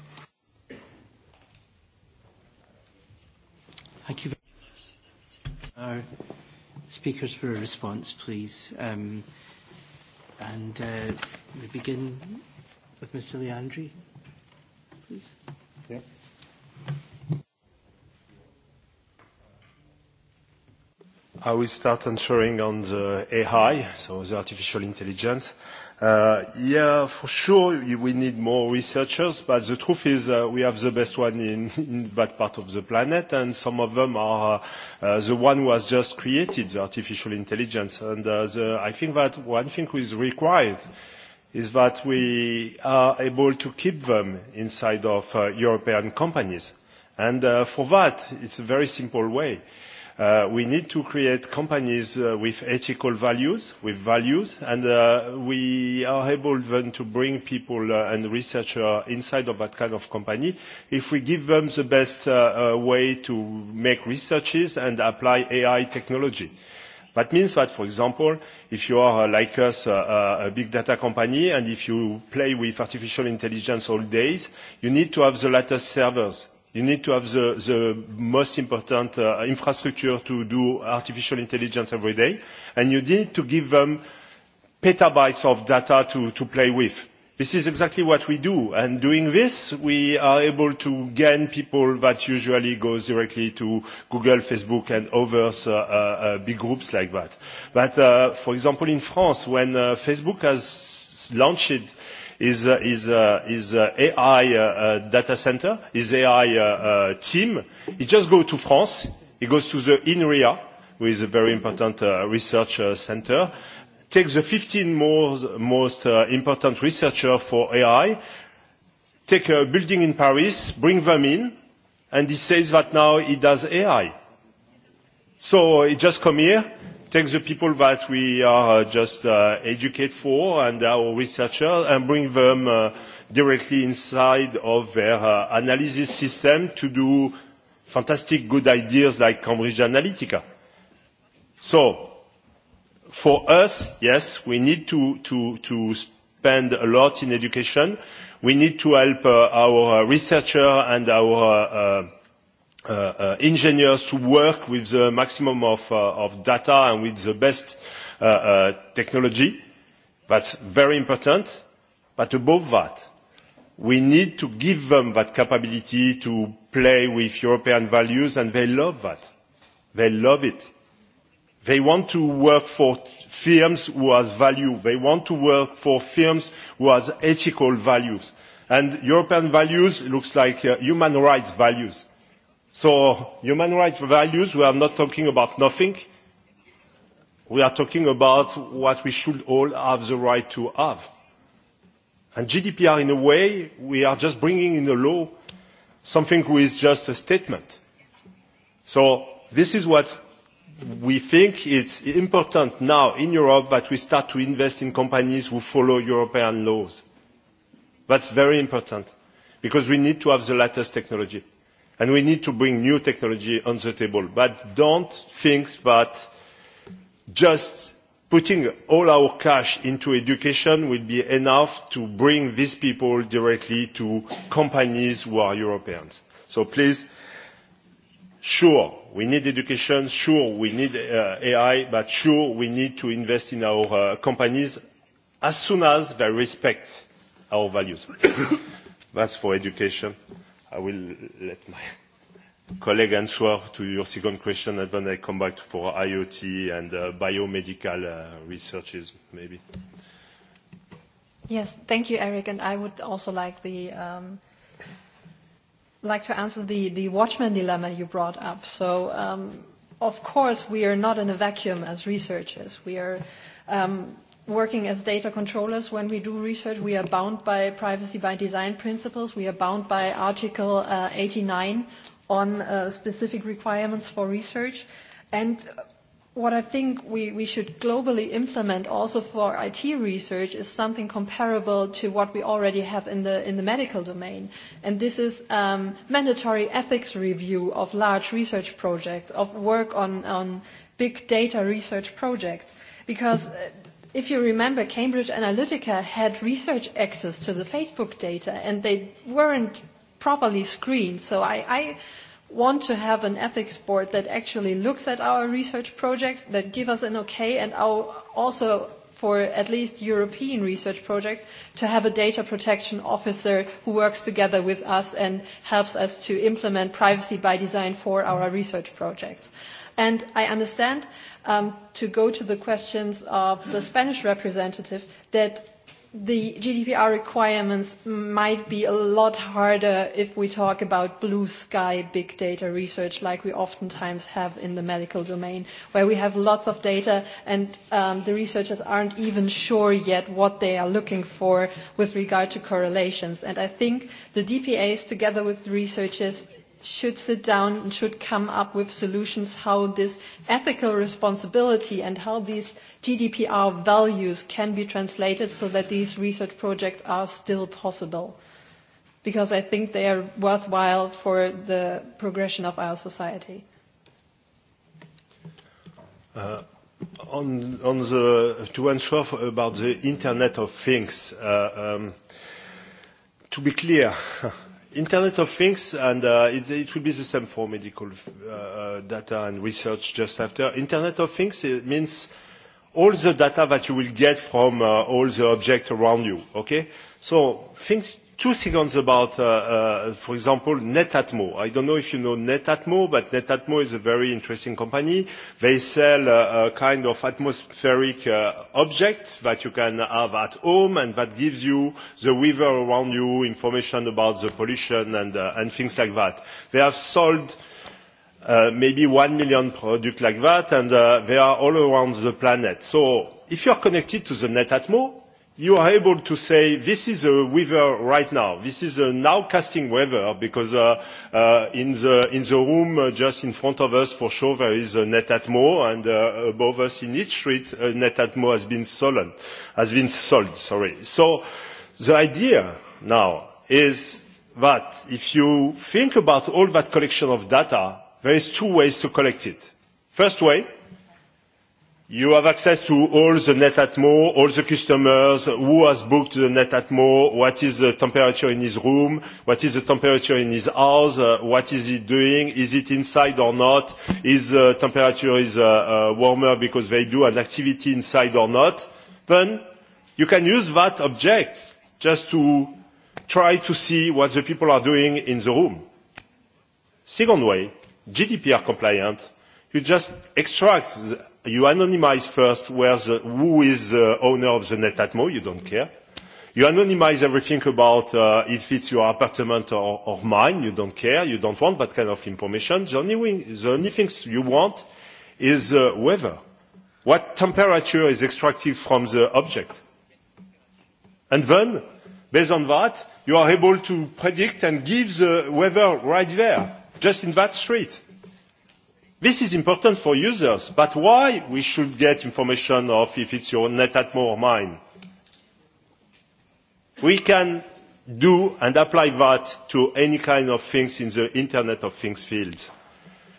Thank you our speakers for a response, please. Um, and uh, we begin with Mr. Leandri, please. Yeah. I will start answering on the AI, so the artificial intelligence. Uh, yeah, for sure, we need more researchers, but the truth is uh, we have the best one in, in that part of the planet, and some of them are uh, the one who has just created the artificial intelligence. And uh, the, I think that one thing is required is that we are able to keep them inside of uh, European companies. And uh, for that, it's a very simple way. Uh, Uh, we need to create companies uh, with ethical values, with values, and uh, we are able then to bring people uh, and researchers inside of that kind of company if we give them the best uh, uh, way to make researches and apply AI technology. That means that, for example, if you are uh, like us, uh, a big data company, and if you play with artificial intelligence all days, you need to have the latest servers you need to have the, the most important uh, infrastructure to do artificial intelligence every day, and you need to give them petabytes of data to, to play with. This is exactly what we do, and doing this, we are able to gain people that usually goes directly to Google, Facebook, and others, uh, uh, uh, big groups like that. But, uh, for example, in France, when uh, Facebook has launched is, is, uh, is uh, AI uh, data center, is AI team. He just go to France. He goes to the INRIA, who is a very important research center, takes the 15 most, most important researcher for AI, take a building in Paris, bring them in, and he says that now he does AI. So he just come here, take the people that we are uh, just uh, educate for and our researcher and bring them uh, directly inside of their uh, analysis system to do fantastic good ideas like Cambridge Analytica. So, for us, yes, we need to, to, to spend a lot in education. We need to help uh, our uh, researcher and our uh, uh, Uh, uh, engineers to work with the maximum of, uh, of data and with the best uh, uh, technology. That's very important. But above that, we need to give them that capability to play with European values, and they love that. They love it. They want to work for firms who has value. They want to work for firms who has ethical values. And European values looks like uh, human rights values So human rights values, we are not talking about nothing. We are talking about what we should all have the right to have. And GDPR, in a way, we are just bringing in a law something which is just a statement. So this is what we think it's important now in Europe that we start to invest in companies who follow European laws. That's very important because we need to have the latest technology and we need to bring new technology on the table but don't think that just putting all our cash into education will be enough to bring these people directly to companies who are Europeans. So please, sure, we need education, sure, we need uh, AI, but sure, we need to invest in our uh, companies as soon as they respect our values. (coughs) That's for education. I will let my colleague answer to your second question, and then I come back for IoT and uh, biomedical uh, researches, maybe. Yes. Thank you, Eric. And I would also like the um, like to answer the the watchman dilemma you brought up. So, um, of course, we are not in a vacuum as researchers. We are um, working as data controllers, when we do research, we are bound by privacy by design principles. We are bound by Article uh, 89 on uh, specific requirements for research. And what I think we, we should globally implement also for IT research is something comparable to what we already have in the, in the medical domain. And this is um, mandatory ethics review of large research projects, of work on, on big data research projects. Because uh, if you remember, Cambridge Analytica had research access to the Facebook data, and they weren't properly screened. So I, I want to have an ethics board that actually looks at our research projects, that give us an okay, and our, also for at least European research projects to have a data protection officer who works together with us and helps us to implement privacy by design for our research projects. And I understand, um, to go to the questions of the Spanish representative, that the GDPR requirements might be a lot harder if we talk about blue sky big data research like we oftentimes have in the medical domain, where we have lots of data and um, the researchers aren't even sure yet what they are looking for with regard to correlations. And I think the DPAs, together with the researchers, should sit down and should come up with solutions how this ethical responsibility and how these GDPR values can be translated so that these research projects are still possible. Because I think they are worthwhile for the progression of our society. Uh, on, on the, to answer about the Internet of Things, uh, um, to be clear, (laughs) Internet of Things, and uh, it, it will be the same for medical uh, uh, data and research just after. Internet of Things it means all the data that you will get from uh, all the objects around you, okay? So things two seconds about, uh, uh, for example, Netatmo. I don't know if you know Netatmo, but Netatmo is a very interesting company. They sell a, uh, a kind of atmospheric uh, object that you can have at home and that gives you the weather around you, information about the pollution and, uh, and things like that. They have sold Uh, maybe one million products like that, and uh, they are all around the planet. So if you are connected to the Netatmo, you are able to say this is a weather right now. This is a nowcasting weather because uh, uh, in the in the room uh, just in front of us, for sure, there is a net atmo, and uh, above us in each street, a net atmo has been stolen, Has been sold. Sorry. So, the idea now is that if you think about all that collection of data, there is two ways to collect it. First way you have access to all the net atmo, all the customers, who has booked the net atmo, what is the temperature in his room, what is the temperature in his house, uh, what is he doing, is it inside or not, is the uh, temperature is uh, uh, warmer because they do an activity inside or not, then you can use that object just to try to see what the people are doing in the room. Second way, GDPR compliant, you just extract the you anonymize first where the, who is the owner of the Netatmo, you don't care. You anonymize everything about uh, if it's your apartment or, or mine, you don't care, you don't want that kind of information. The only, wing, the only things you want is uh, weather. What temperature is extracted from the object? And then, based on that, you are able to predict and give the weather right there, just in that street This is important for users, but why we should get information of if it's your NetAtmo or mine? We can do and apply that to any kind of things in the Internet of Things field.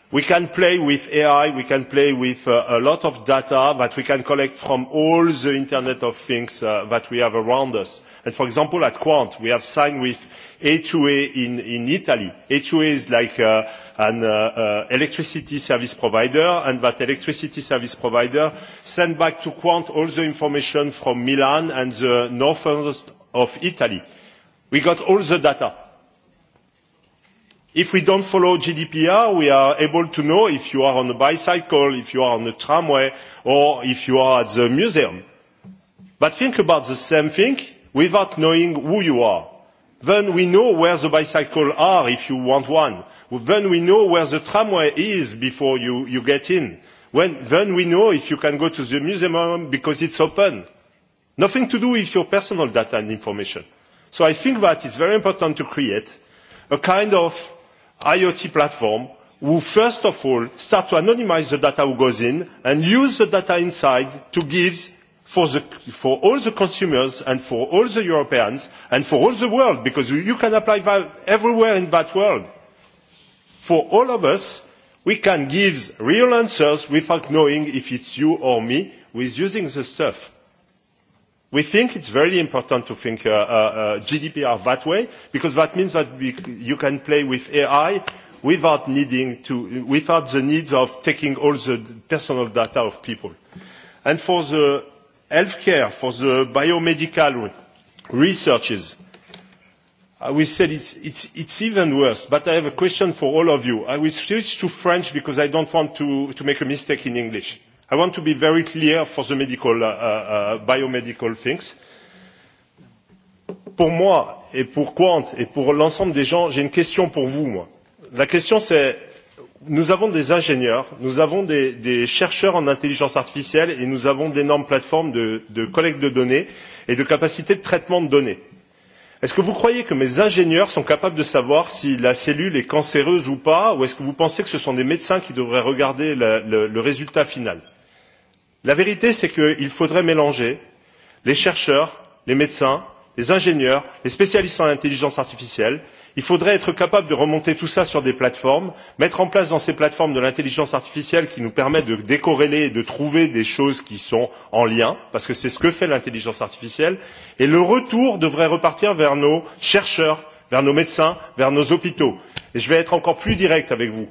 We can play with AI, we can play with uh, a lot of data that we can collect from all the Internet of Things uh, that we have around us. And for example, at Quant, we have signed with A2A in, in Italy. A2A is like uh, an uh, uh, electricity service provider, and that electricity service provider sent back to Quant all the information from Milan and the northeast of Italy. We got all the data. If we don't follow GDPR, we are able to know if you are on a bicycle, if you are on a tramway, or if you are at the museum. But think about the same thing without knowing who you are. Then we know where the bicycles are if you want one then we know where the tramway is before you, you get in. When, then we know if you can go to the museum because it's open. Nothing to do with your personal data and information. So I think that it's very important to create a kind of IoT platform who first of all start to anonymize the data who goes in and use the data inside to give for, the, for all the consumers and for all the Europeans and for all the world because you can apply that everywhere in that world for all of us we can give real answers without knowing if it's you or me who is using the stuff. We think it's very important to think uh, uh, GDPR that way because that means that we, you can play with AI without needing to, without the needs of taking all the personal data of people. And for the healthcare, for the biomedical researches, Uh, we said say it's, even worse, but I have a question for all of you. I will switch to French because I don't want to, make a mistake in English. I want to be very clear for the medical, uh, uh, biomedical things. Pour moi et pour Quant et pour l'ensemble des gens, j'ai une question pour vous. La question c'est, nous avons des ingénieurs, nous avons des, des chercheurs en intelligence artificielle et nous avons d'énormes plateformes de, de collecte de données et de capacités de traitement de données Est-ce que vous croyez que mes ingénieurs sont capables de savoir si la cellule est cancéreuse ou pas, ou est-ce que vous pensez que ce sont des médecins qui devraient regarder la, le, le résultat final La vérité, c'est qu'il faudrait mélanger les chercheurs, les médecins, les ingénieurs, les spécialistes en intelligence artificielle, il faudrait être capable de remonter tout cela sur des plateformes mettre en place dans ces plateformes de l'intelligence artificielle qui nous permette de décorréler et de trouver des choses qui sont en lien parce que c'est ce que fait l'intelligence artificielle et le retour devrait repartir vers nos chercheurs vers nos médecins vers nos hôpitaux. et je vais être encore plus direct avec vous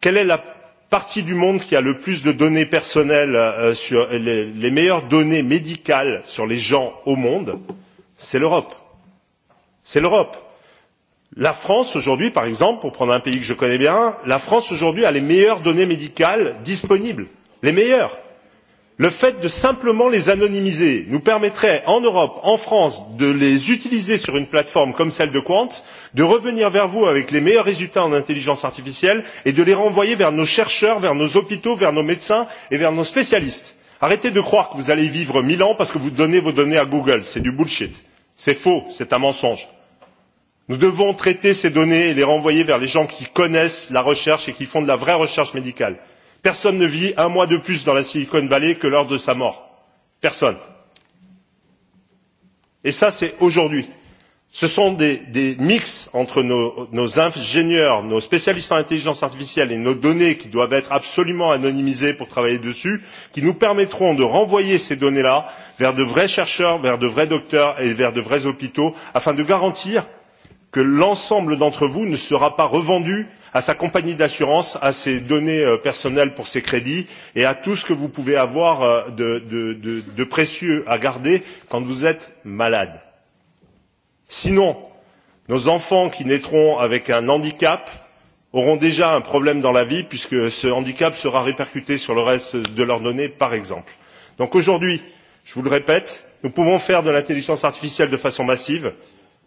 quelle est la partie du monde qui a le plus de données personnelles euh, sur les, les meilleures données médicales sur les gens au monde c'est l'europe. c'est l'europe la france aujourd'hui par exemple pour prendre un pays que je connais bien a les meilleures données médicales disponibles les meilleures. le fait de simplement les anonymiser nous permettrait en europe en france de les utiliser sur une plateforme comme celle de quant de revenir vers vous avec les meilleurs résultats en intelligence artificielle et de les renvoyer vers nos chercheurs vers nos hôpitaux vers nos médecins et vers nos spécialistes. arrêtez de croire que vous allez vivre mille ans parce que vous donnez vos données à google c'est du bullshit c'est faux c'est un mensonge nous devons traiter ces données et les renvoyer vers les gens qui connaissent la recherche et qui font de la vraie recherche médicale. personne ne vit un mois de plus dans la silicon valley que lors de sa mort. personne. et ça c'est aujourd'hui. ce sont des, des mix entre nos, nos ingénieurs nos spécialistes en intelligence artificielle et nos données qui doivent être absolument anonymisées pour travailler dessus qui nous permettront de renvoyer ces données là vers de vrais chercheurs vers de vrais docteurs et vers de vrais hôpitaux afin de garantir que l'ensemble d'entre vous ne sera pas revendu à sa compagnie d'assurance à ses données euh, personnelles pour ses crédits et à tout ce que vous pouvez avoir euh, de, de, de, de précieux à garder quand vous êtes malade. sinon nos enfants qui naîtront avec un handicap auront déjà un problème dans la vie puisque ce handicap sera répercuté sur le reste de leurs données par exemple. donc aujourd'hui je vous le répète nous pouvons faire de l'intelligence artificielle de façon massive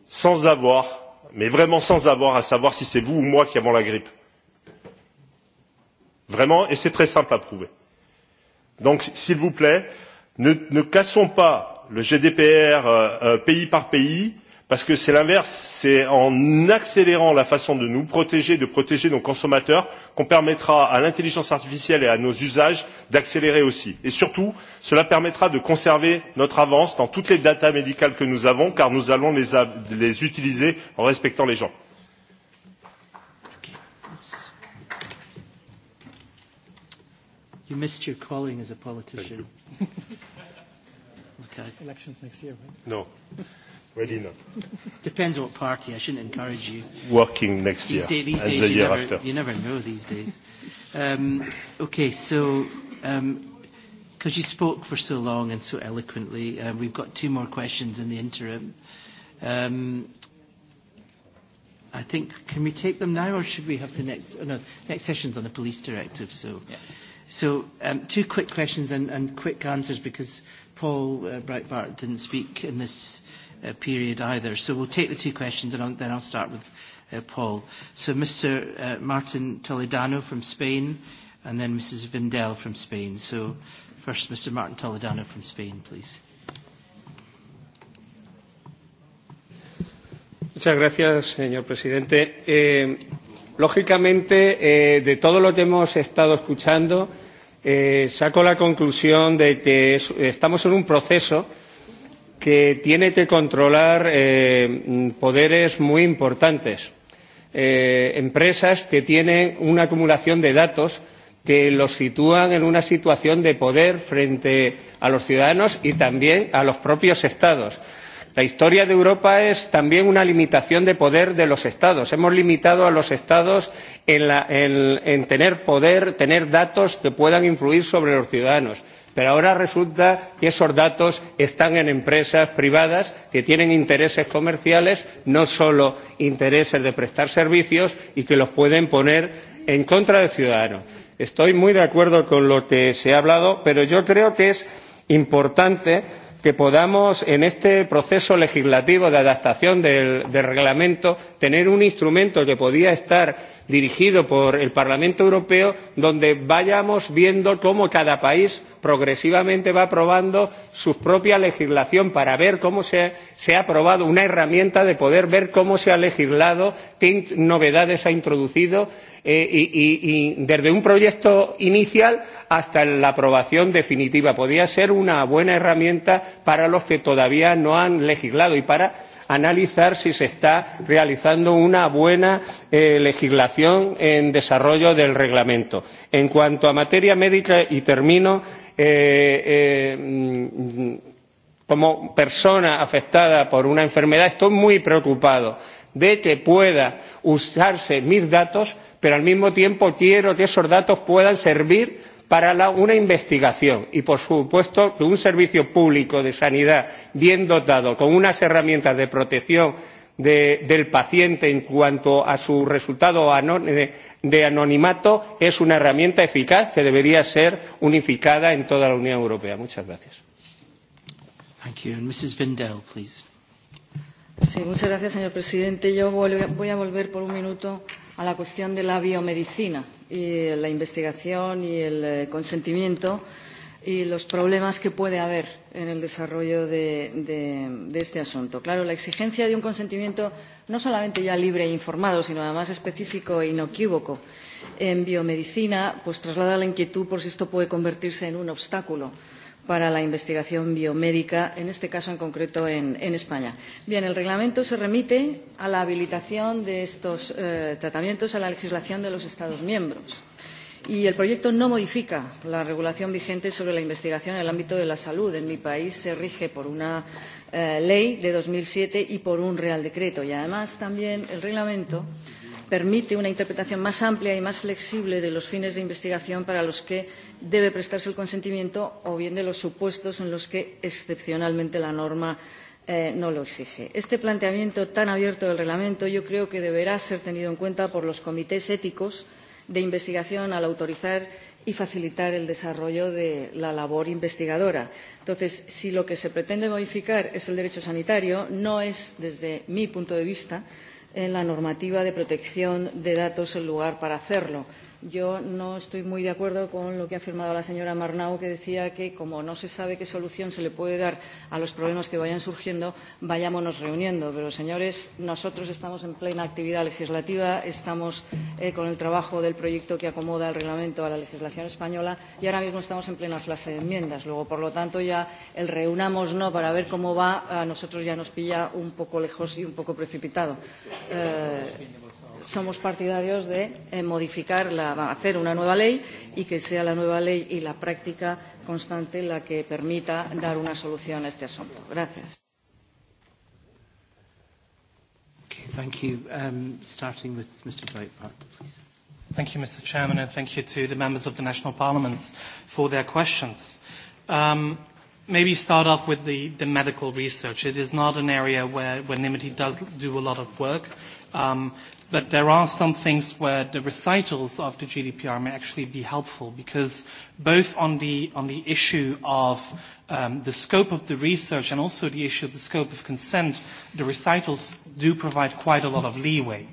sans avoir mais vraiment sans avoir à savoir si c'est vous ou moi qui avons la grippe. Vraiment, et c'est très simple à prouver. Donc, s'il vous plaît, ne, ne cassons pas le GDPR euh, euh, pays par pays, euh, parce que c'est l'inverse c'est en accélérant la façon de nous protéger de protéger nos consommateurs qu'on permettra à l'intelligence artificielle et à nos usages d'accélérer aussi et surtout cela permettra de conserver notre avance dans toutes les données médicales que nous avons car nous allons les, les utiliser en respectant les gens. You missed your calling as a politician. (laughs) okay. Elections next year, right? No. Medina. Depends on what party. I shouldn't encourage you. Working next these year. Day, these and days, the year never, after. you never know these days. Um, okay, so because um, you spoke for so long and so eloquently, uh, we've got two more questions in the interim. Um, I think can we take them now, or should we have the next? Oh no, next session's on the police directive. So, yeah. so um, two quick questions and, and quick answers because Paul uh, Breitbart didn't speak in this Uh, period either. So we'll take the two questions and I'll, then I'll start with uh, Paul. So Mr. Uh, Martin Toledano from Spain and then Mrs. Vindel from Spain. So first Mr. Martin Toledano from Spain, please. Muchas gracias, señor presidente. Eh, lógicamente, eh, de todo lo que hemos estado escuchando, eh, saco la conclusión de que es, estamos en un proceso eh, que tiene que controlar eh, poderes muy importantes, eh, empresas que tienen una acumulación de datos que los sitúan en una situación de poder frente a los ciudadanos y también a los propios Estados. La historia de Europa es también una limitación de poder de los Estados. Hemos limitado a los Estados en, la, en, en tener poder, tener datos que puedan influir sobre los ciudadanos Pero ahora resulta que esos datos están en empresas privadas que tienen intereses comerciales, no solo intereses de prestar servicios, y que los pueden poner en contra del ciudadano. Estoy muy de acuerdo con lo que se ha hablado, pero yo creo que es importante que podamos en este proceso legislativo de adaptación del, del reglamento tener un instrumento que podía estar dirigido por el Parlamento Europeo, donde vayamos viendo cómo cada país progresivamente va aprobando su propia legislación para ver cómo se, ha aprobado una herramienta de poder ver cómo se ha legislado, qué novedades ha introducido eh, y, y desde un proyecto inicial hasta la aprobación definitiva. Podría ser una buena herramienta para los que todavía no han legislado y para analizar si se está realizando una buena eh, legislación en desarrollo del reglamento. En cuanto a materia médica, y termino, eh, eh, como persona afectada por una enfermedad, estoy muy preocupado de que puedan usarse mis datos, pero al mismo tiempo quiero que esos datos puedan servir para una investigación y, por supuesto, un servicio público de sanidad bien dotado, con unas herramientas de protección del paciente en cuanto a su resultado de, anonimato, es una herramienta eficaz que debería ser unificada en toda la Unión Europea. Muchas gracias. Thank you. Mrs. Vindell, please. Sí, muchas gracias, señor presidente. Yo voy a volver por un minuto a la cuestión de la biomedicina y la investigación y el eh, consentimiento y los problemas que puede haber en el desarrollo de, de, de este asunto. Claro, la exigencia de un consentimiento no solamente ya libre e informado, sino además específico e inequívoco en biomedicina, pues traslada la inquietud por si esto puede convertirse en un obstáculo para la investigación biomédica, en este caso en concreto en, en España. Bien, el reglamento se remite a la habilitación de estos eh, tratamientos a la legislación de los Estados miembros y el proyecto no modifica la regulación vigente sobre la investigación en el ámbito de la salud. En mi país se rige por una eh, ley de 2007 y por un real decreto y además también el reglamento eh, permite una interpretación más amplia y más flexible de los fines de investigación para los que debe prestarse el consentimiento o bien de los supuestos en los que excepcionalmente la norma eh, no lo exige. Este planteamiento tan abierto del reglamento yo creo que deberá ser tenido en cuenta por los comités éticos de investigación al autorizar y facilitar el desarrollo de la labor investigadora. Entonces, si lo que se pretende modificar es el derecho sanitario, no es, desde mi punto de vista, en la normativa de protección de datos el lugar para hacerlo yo no estoy muy de acuerdo con lo que ha afirmado la señora Marnau, que decía que como no se sabe qué solución se le puede dar a los problemas que vayan surgiendo, vayámonos reuniendo. Pero, señores, nosotros estamos en plena actividad legislativa, estamos eh, con el trabajo del proyecto que acomoda el reglamento a la legislación española y ahora mismo estamos en plena fase de enmiendas. Luego, por lo tanto, ya el reunamos no para ver cómo va, a nosotros ya nos pilla un poco lejos y un poco precipitado. Eh, somos partidarios de eh, modificar, la, hacer una nueva ley y que sea la nueva ley y la práctica constante la que permita dar una solución a este asunto. Gracias. Okay, thank you. Um, starting with Mr. Breitbart, please. Thank you, Mr. Chairman, and thank you to the members of the national parliaments for their questions. Um, maybe start off with the, the medical research. It is not an area where, where NIMITY does do a lot of work. Um, That there are some things where the recitals of the GDPR may actually be helpful because both on the, on the issue of um, the scope of the research and also the issue of the scope of consent, the recitals do provide quite a lot of leeway.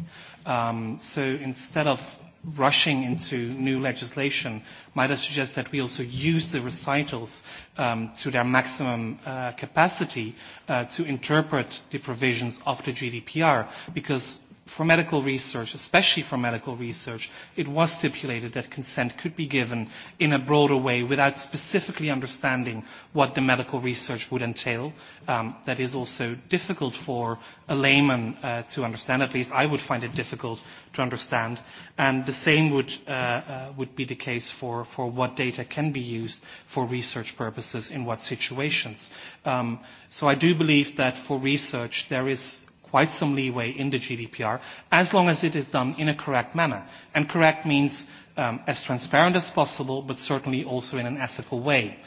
Um, so instead of rushing into new legislation, might I suggest that we also use the recitals um, to their maximum uh, capacity uh, to interpret the provisions of the GDPR, because for medical research, especially for medical research, it was stipulated that consent could be given in a broader way without specifically understanding what the medical research would entail. Um, that is also difficult for a layman uh, to understand. At least I would find it difficult to understand. And the same would, uh, uh, would be the case for, for what data can be used for research purposes in what situations. Um, so I do believe that for research there is quite some leeway in the GDPR as long as it is done in a correct manner. And correct means um, as transparent as possible, but certainly also in an ethical way.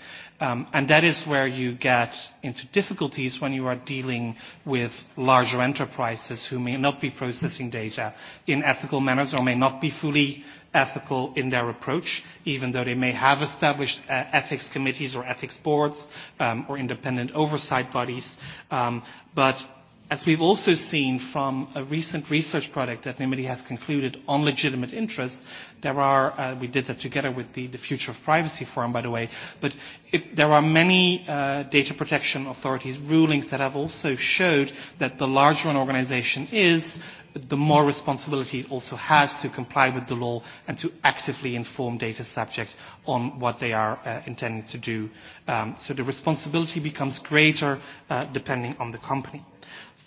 Um, and that is where you get into difficulties when you are dealing with larger enterprises who may not be processing data in ethical manners or may not be fully ethical in their approach, even though they may have established uh, ethics committees or ethics boards um, or independent oversight bodies. Um, but As we've also seen from a recent research project that NIMIDI has concluded on legitimate interests, there are, uh, we did that together with the, the Future of Privacy Forum, by the way, but if there are many uh, data protection authorities rulings that have also showed that the larger an organization is, the more responsibility it also has to comply with the law and to actively inform data subjects on what they are uh, intending to do. Um, so the responsibility becomes greater uh, depending on the company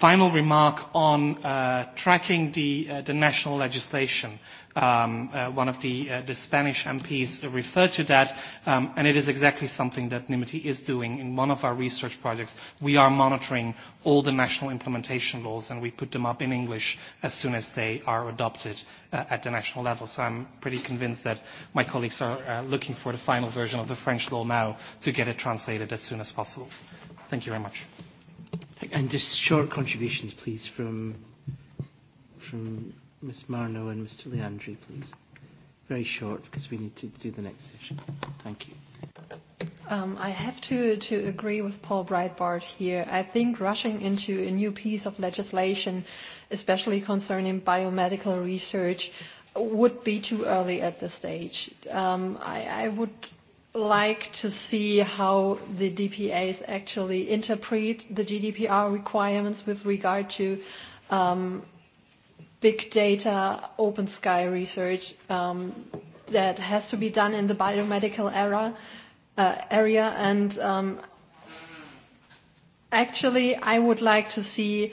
final remark on uh, tracking the, uh, the national legislation. Um, uh, one of the, uh, the Spanish MPs referred to that, um, and it is exactly something that Nimity is doing in one of our research projects. We are monitoring all the national implementation laws, and we put them up in English as soon as they are adopted uh, at the national level. So I'm pretty convinced that my colleagues are uh, looking for the final version of the French law now to get it translated as soon as possible. Thank you very much. And just short contributions, please, from, from Ms. Marno and Mr. Leandri, please. Very short, because we need to do the next session. Thank you. Um, I have to, to agree with Paul Breitbart here. I think rushing into a new piece of legislation, especially concerning biomedical research, would be too early at this stage. Um, I, I would like to see how the DPAs actually interpret the GDPR requirements with regard to um, big data, open sky research um, that has to be done in the biomedical era, uh, area. And um, actually, I would like to see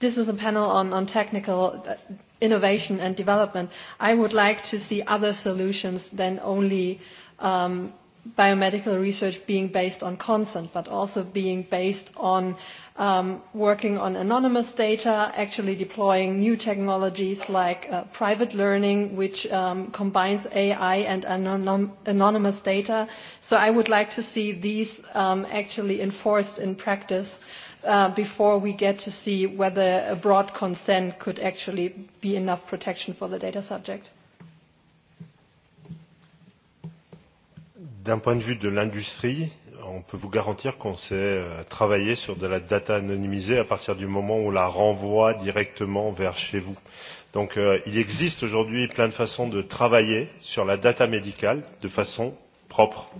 this is a panel on, on technical uh, innovation and development. I would like to see other solutions than only um, biomedical research being based on consent, but also being based on um, working on anonymous data, actually deploying new technologies like uh, private learning, which um, combines AI and anon anonymous data. So I would like to see these um, actually enforced in practice uh, before we get to see whether a broad consent could actually be enough protection for the data subject. D'un point de vue de l'industrie, on peut vous garantir qu'on sait euh, travailler sur de la data anonymisée à partir du moment où on la renvoie directement vers chez vous. Donc euh, il existe aujourd'hui plein de façons de travailler sur la data médicale de façon propre,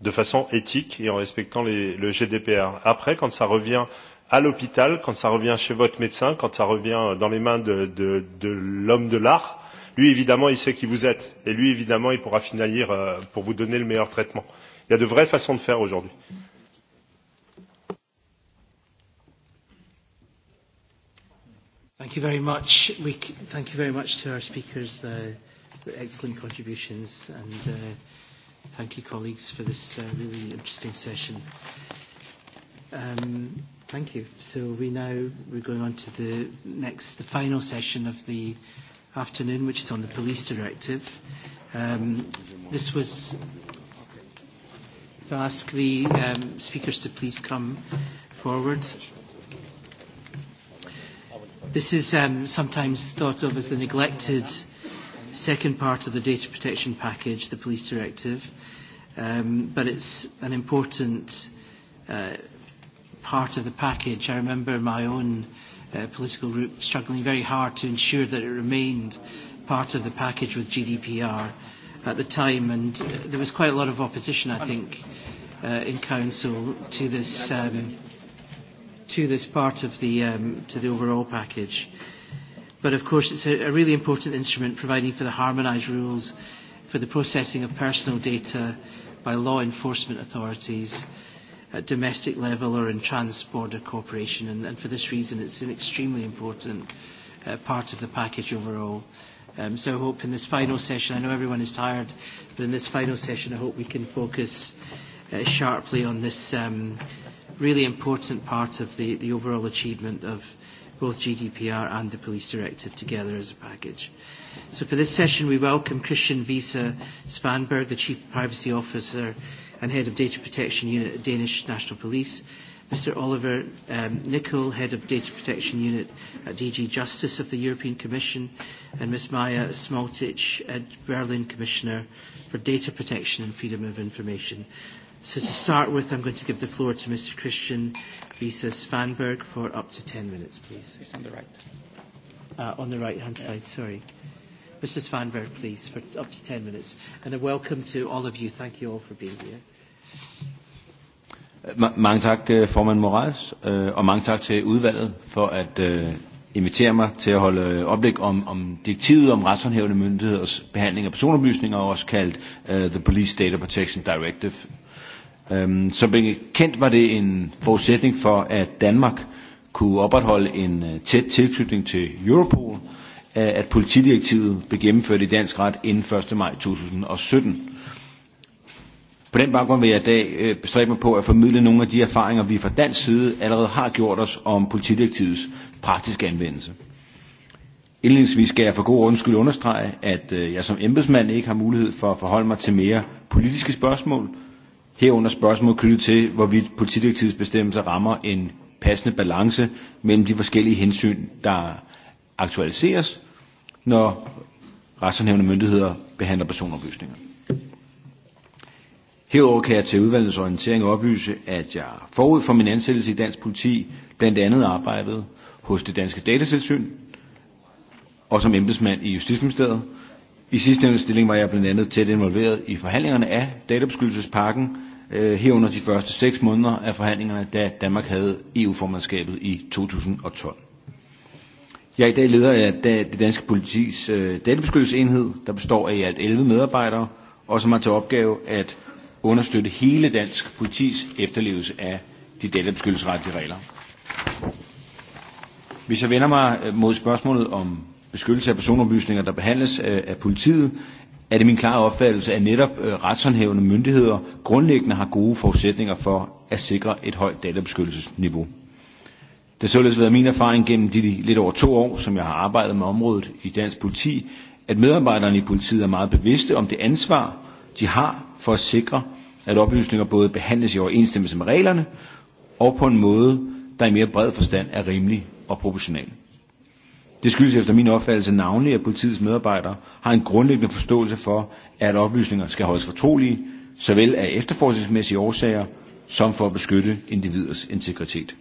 de façon éthique et en respectant les, le GDPR. Après, quand ça revient à l'hôpital, quand ça revient chez votre médecin, quand ça revient dans les mains de, de, de l'homme de l'art, Lui, évidemment, il sait qui vous êtes. Et lui, évidemment, il pourra finir euh, pour vous donner le meilleur traitement. Il y a de vraies façons de faire aujourd'hui. Thank you very much. We, thank you very much to our speakers uh, for excellent contributions and uh, thank you colleagues for this uh, really interesting session. Um, thank you. So we now, we're going on to the next, the final session of the afternoon, which is on the police directive. Um, this was. to ask the um, speakers to please come forward. This is um, sometimes thought of as the neglected second part of the data protection package, the police directive, um, but it's an important uh, part of the package. I remember my own Uh, political group struggling very hard to ensure that it remained part of the package with GDPR at the time. And uh, there was quite a lot of opposition, I think, uh, in Council to this, um, to this part of the, um, to the overall package. But of course, it's a, a really important instrument providing for the harmonised rules for the processing of personal data by law enforcement authorities at domestic level or in trans-border cooperation. And, and for this reason, it's an extremely important uh, part of the package overall. Um, so I hope in this final session, I know everyone is tired, but in this final session, I hope we can focus uh, sharply on this um, really important part of the, the overall achievement of both GDPR and the police directive together as a package. So for this session, we welcome Christian Visa Spanberg, the Chief Privacy Officer and um, Head of Data Protection Unit at Danish National Police, Mr Oliver um, Nicol, Head of Data Protection Unit at DG Justice of the European Commission, and Ms Maya Smaltich, uh, Berlin Commissioner for Data Protection and Freedom of Information. So to start with, I'm going to give the floor to Mr Christian Visa Svanberg for up to 10 minutes, please. He's on the right. Uh, on the right-hand yeah. side, sorry. Mr Svanberg, please, for up to 10 minutes. And a welcome to all of you. Thank you all for being here mange tak, øh, formand Morales, øh, og mange tak til udvalget for at øh, invitere mig til at holde oplæg om, om direktivet om retshåndhævende myndigheders behandling af personoplysninger, også kaldt uh, The Police Data Protection Directive. Um, som bekendt var det en forudsætning for, at Danmark kunne opretholde en tæt tilknytning til Europol, at politidirektivet blev gennemført i dansk ret inden 1. maj 2017. På den baggrund vil jeg i dag øh, bestræbe mig på at formidle nogle af de erfaringer, vi fra dansk side allerede har gjort os om politidirektivets praktiske anvendelse. Indledningsvis skal jeg for god undskyld understrege, at øh, jeg som embedsmand ikke har mulighed for at forholde mig til mere politiske spørgsmål, herunder spørgsmål knyttet til, hvorvidt politidirektivets bestemmelser rammer en passende balance mellem de forskellige hensyn, der aktualiseres, når retshåndhævende myndigheder behandler personoplysninger. Herover kan jeg til udvalgets orientering oplyse, at jeg forud for min ansættelse i Dansk Politi blandt andet arbejdede hos det danske datatilsyn og som embedsmand i Justitsministeriet. I sidste ende stilling var jeg blandt andet tæt involveret i forhandlingerne af databeskyttelsespakken, øh, herunder de første seks måneder af forhandlingerne, da Danmark havde EU-formandskabet i 2012. Jeg er i dag leder af det danske politis øh, databeskyttelsesenhed, der består af i alt 11 medarbejdere, og som har til opgave at understøtte hele dansk politis efterlevelse af de databeskyttelsesretlige regler. Hvis jeg vender mig øh, mod spørgsmålet om beskyttelse af personoplysninger, der behandles af politiet, er det min klare opfattelse, at netop øh, retshåndhævende myndigheder grundlæggende har gode forudsætninger for at sikre et højt databeskyttelsesniveau. Det har således været min erfaring gennem de lidt over to år, som jeg har arbejdet med området i dansk politi, at medarbejderne i politiet er meget bevidste om det ansvar, de har for at sikre, at oplysninger både behandles i overensstemmelse med reglerne og på en måde, der i mere bred forstand er rimelig og proportional. Det skyldes efter min opfattelse navnlig, at politiets medarbejdere har en grundlæggende forståelse for, at oplysninger skal holdes fortrolige, såvel af efterforskningsmæssige årsager som for at beskytte individets integritet.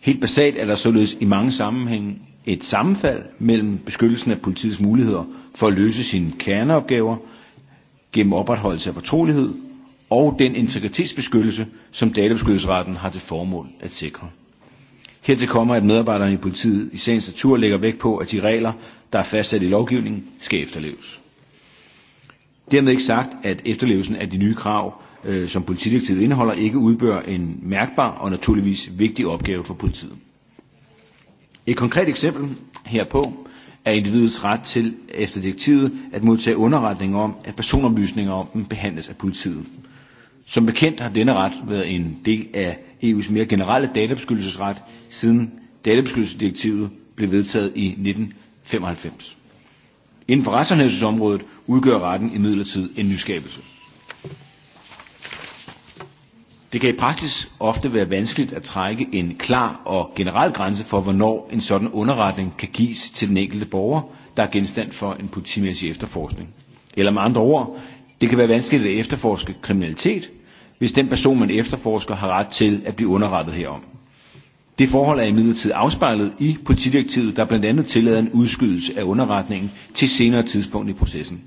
Helt basalt er der således i mange sammenhænge et sammenfald mellem beskyttelsen af politiets muligheder for at løse sine kerneopgaver – gennem opretholdelse af fortrolighed og den integritetsbeskyttelse, som databeskyttelsesretten har til formål at sikre. Hertil kommer, at medarbejderne i politiet i sagens natur lægger vægt på, at de regler, der er fastsat i lovgivningen, skal efterleves. Dermed ikke sagt, at efterlevelsen af de nye krav, øh, som politidirektivet indeholder, ikke udbør en mærkbar og naturligvis vigtig opgave for politiet. Et konkret eksempel herpå er individets ret til efter direktivet at modtage underretning om, at personoplysninger om dem behandles af politiet. Som bekendt har denne ret været en del af EU's mere generelle databeskyttelsesret siden databeskyttelsesdirektivet blev vedtaget i 1995. Inden for retssikkerhedsområdet udgør retten imidlertid en nyskabelse. Det kan i praksis ofte være vanskeligt at trække en klar og generel grænse for, hvornår en sådan underretning kan gives til den enkelte borger, der er genstand for en politimæssig efterforskning. Eller med andre ord, det kan være vanskeligt at efterforske kriminalitet, hvis den person, man efterforsker, har ret til at blive underrettet herom. Det forhold er imidlertid afspejlet i politidirektivet, der blandt andet tillader en udskydelse af underretningen til senere tidspunkt i processen.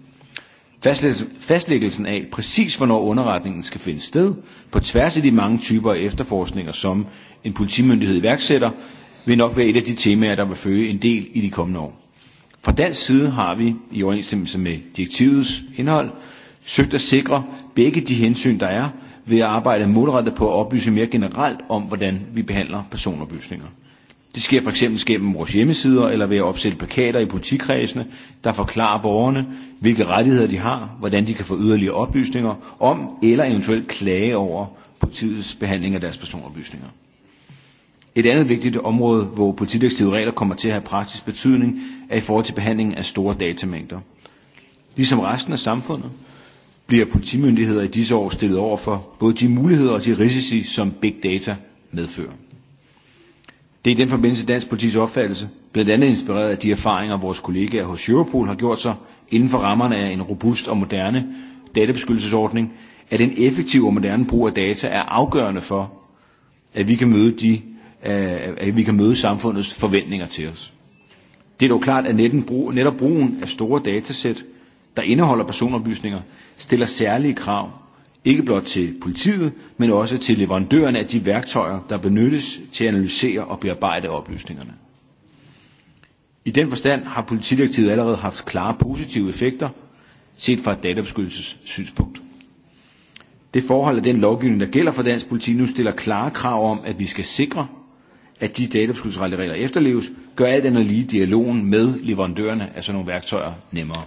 Fastlæggelsen af præcis, hvornår underretningen skal finde sted, på tværs af de mange typer af efterforskninger, som en politimyndighed iværksætter, vil nok være et af de temaer, der vil føge en del i de kommende år. Fra dansk side har vi, i overensstemmelse med direktivets indhold, søgt at sikre begge de hensyn, der er, ved at arbejde målrettet på at oplyse mere generelt om, hvordan vi behandler personoplysninger. Det sker fx gennem vores hjemmesider eller ved at opsætte plakater i politikredsene, der forklarer borgerne, hvilke rettigheder de har, hvordan de kan få yderligere oplysninger om eller eventuelt klage over politiets behandling af deres personoplysninger. Et andet vigtigt område, hvor politidirektive regler kommer til at have praktisk betydning, er i forhold til behandlingen af store datamængder. Ligesom resten af samfundet bliver politimyndigheder i disse år stillet over for både de muligheder og de risici, som big data medfører. Det er i den forbindelse dansk politis opfattelse, blandt andet inspireret af de erfaringer, vores kollegaer hos Europol har gjort sig inden for rammerne af en robust og moderne databeskyttelsesordning, at en effektiv og moderne brug af data er afgørende for, at vi kan møde, de, øh, at vi kan møde samfundets forventninger til os. Det er dog klart, at netop brugen af store datasæt, der indeholder personoplysninger, stiller særlige krav ikke blot til politiet, men også til leverandørerne af de værktøjer, der benyttes til at analysere og bearbejde oplysningerne. I den forstand har politidirektivet allerede haft klare positive effekter, set fra et databeskyttelsessynspunkt. Det forhold, at den lovgivning, der gælder for dansk politi, nu stiller klare krav om, at vi skal sikre, at de databeskyttelsesretlige regler efterleves, gør alt andet lige dialogen med leverandørerne af sådan nogle værktøjer nemmere.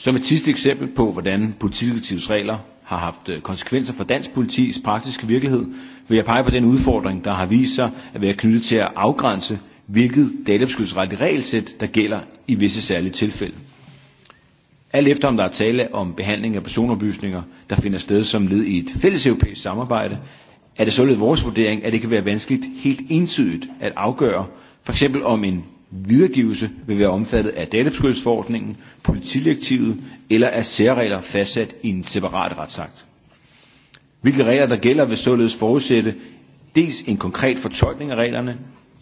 Som et sidste eksempel på, hvordan politikativets regler har haft øh, konsekvenser for dansk politis praktiske virkelighed, vil jeg pege på den udfordring, der har vist sig at være knyttet til at afgrænse, hvilket databeskyttelsesretligt regelsæt, der gælder i visse særlige tilfælde. Alt efter om der er tale om behandling af personoplysninger, der finder sted som led i et fælles europæisk samarbejde, er det således vores vurdering, at det kan være vanskeligt helt entydigt at afgøre, for eksempel om en videregivelse vil være omfattet af databeskyttelsesforordningen, politidirektivet eller af særregler fastsat i en separat retsakt. Hvilke regler der gælder vil således forudsætte dels en konkret fortolkning af reglerne,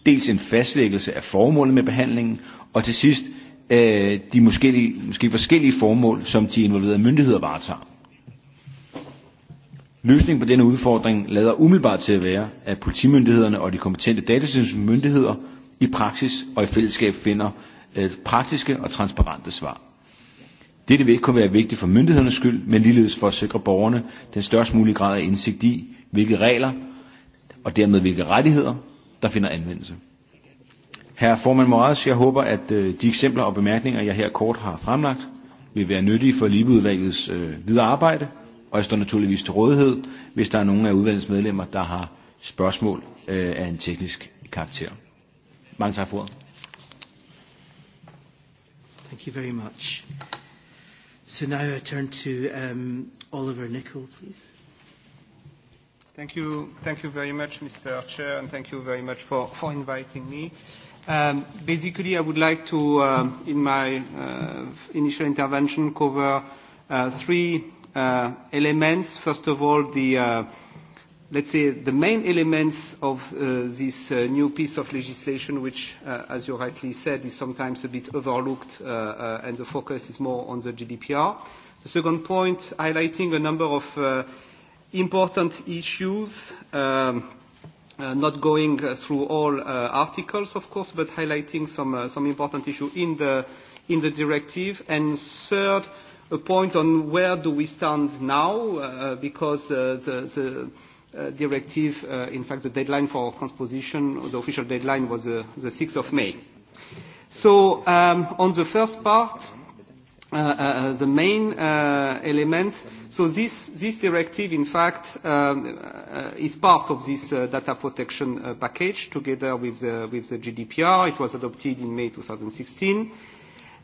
dels en fastlæggelse af formålet med behandlingen, og til sidst øh, de måske, måske forskellige formål, som de involverede myndigheder varetager. Løsningen på denne udfordring lader umiddelbart til at være, at politimyndighederne og de kompetente datasynsmyndigheder myndigheder i praksis og i fællesskab finder øh, praktiske og transparente svar. Dette vil kun være vigtigt for myndighedernes skyld, men ligeledes for at sikre borgerne den størst mulige grad af indsigt i, hvilke regler og dermed hvilke rettigheder, der finder anvendelse. Herre formand Moraes, jeg håber, at øh, de eksempler og bemærkninger, jeg her kort har fremlagt, vil være nyttige for Libeudvalgets øh, videre arbejde, og jeg står naturligvis til rådighed, hvis der er nogen af udvalgets medlemmer, der har spørgsmål øh, af en teknisk karakter mange tak for Thank you very much. So now I turn to um, Oliver Nicol, please. Thank you. Thank you very much, Mr. Chair, and thank you very much for, for inviting me. Um, basically, I would like to, um, in my uh, initial intervention, cover uh, three uh, elements. First of all, the uh, let's say, the main elements of uh, this uh, new piece of legislation, which, uh, as you rightly said, is sometimes a bit overlooked, uh, uh, and the focus is more on the GDPR. The second point, highlighting a number of uh, important issues, um, not going through all articles, of course, but highlighting some, some important issue in the, in the directive. And third, a point on where do we stand now, because the, the uh, directive, uh, in fact, the deadline for transposition, the official deadline was uh, the 6th of May. So um, on the first part, uh, uh, uh, the main uh, element, so this, this directive, in fact, um, uh, is part of this uh, data protection uh, package together with the, with the GDPR. It was adopted in May 2016.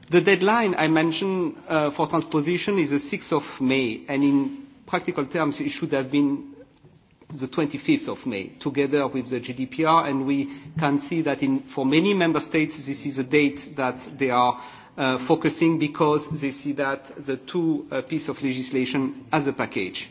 The deadline I mentioned uh, for transposition is the 6th of May, and in practical terms, it should have been the 25th of May, together with the GDPR, and we can see that in, for many member states, this is a date that they are uh, focusing because they see that the two uh, pieces of legislation as a package.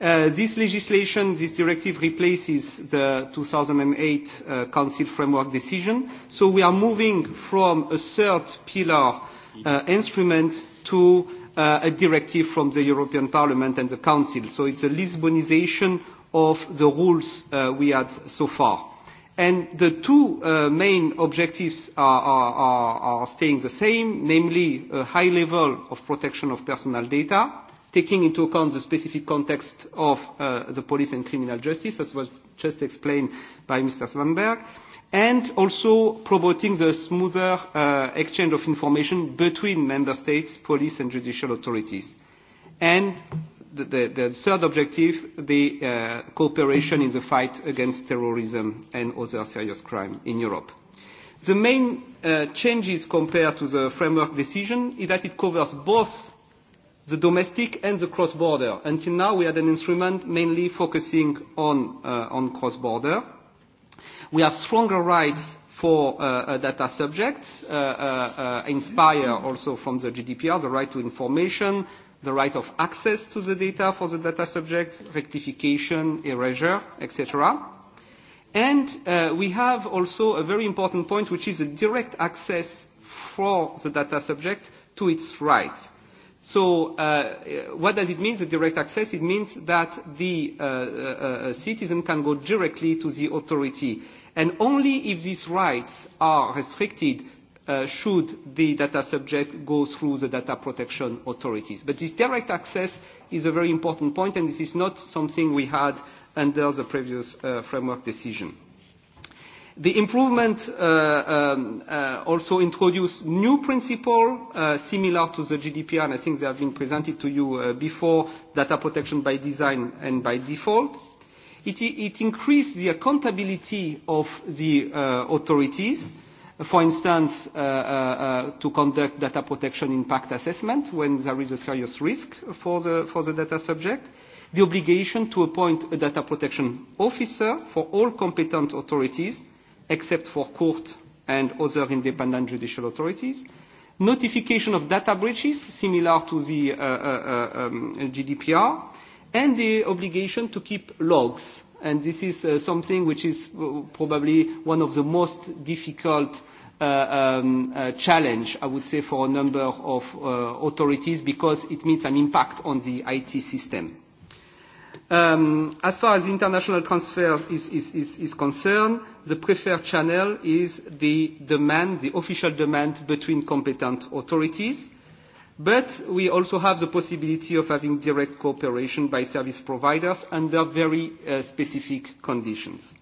Uh, this legislation, this directive replaces the 2008 uh, Council framework decision. So we are moving from a third pillar uh, instrument to uh, a directive from the European Parliament and the Council. So it's a Lisbonization of the rules uh, we had so far. And the two uh, main objectives are, are, are staying the same, namely a high level of protection of personal data, taking into account the specific context of uh, the police and criminal justice, as was just explained by Mr. Svanberg, and also promoting the smoother uh, exchange of information between member states, police, and judicial authorities. And the, the third objective, the uh, cooperation in the fight against terrorism and other serious crime in Europe. The main uh, changes compared to the framework decision is that it covers both the domestic and the cross-border. Until now, we had an instrument mainly focusing on, uh, on cross-border. We have stronger rights for uh, uh data subjects, uh, uh, uh, inspire also from the GDPR, the right to information, the right of access to the data for the data subject, rectification, erasure, etc. And uh, we have also a very important point, which is the direct access for the data subject to its right. So uh, uh, what does it mean, the direct access? It means that the uh, uh, uh citizen can go directly to the authority. And only if these rights are restricted Uh, should the data subject go through the data protection authorities. But this direct access is a very important point, and this is not something we had under the previous uh, framework decision. The improvement uh, um, uh, also introduced new principle uh, similar to the GDPR, and I think they have been presented to you uh, before, data protection by design and by default. It, it increased the accountability of the uh, authorities, for instance, uh, uh, uh, to conduct data protection impact assessment when there is a serious risk for the, for the data subject, the obligation to appoint a data protection officer for all competent authorities, except for court and other independent judicial authorities, notification of data breaches similar to the uh, uh, uh um, GDPR, and the obligation to keep logs And this is uh, something which is uh, probably one of the most difficult uh, um, uh, challenge, I would say, for a number of uh, authorities because it means an impact on the IT system. Um, as far as international transfer is, is, is, is concerned, the preferred channel is the demand, the official demand between competent authorities. But we also have the possibility of having direct cooperation by service providers under very uh, specific conditions.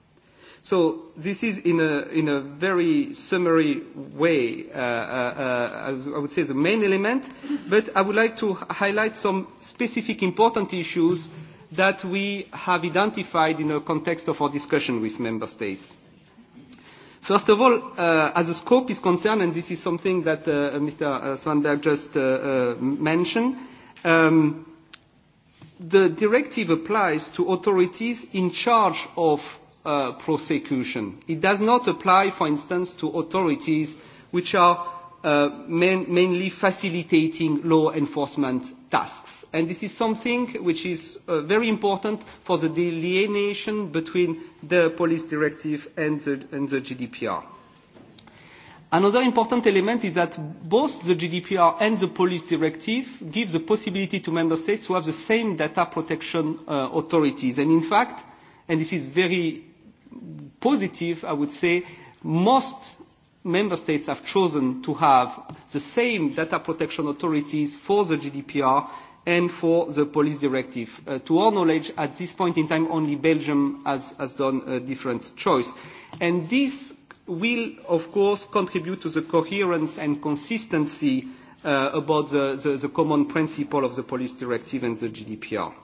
So this is in a, very summary way, uh, uh, I would say the main element, but I would like to highlight some specific important issues that we have identified in the context of our discussion with member states. First of all, uh, as the scope is concerned, and this is something that uh, uh Mr. Uh, Svanberg just uh, uh, mentioned, um, the directive applies to authorities in charge of prosecution. It does not apply, for instance, to authorities which are main, mainly facilitating law enforcement tasks. And this is something which is uh, very important for the delineation between the police directive and the, and the GDPR. Another important element is that both the GDPR and the police directive give the possibility to member states to have the same data protection uh, authorities. And in fact, and this is very positive, I would say, most member states have chosen to have the same data protection authorities for the GDPR and for the police directive. Uh, to our knowledge, at this point in time, only Belgium has, has done a different choice. And this will, of course, contribute to the coherence and consistency uh, about the, the, the common principle of the police directive and the GDPR.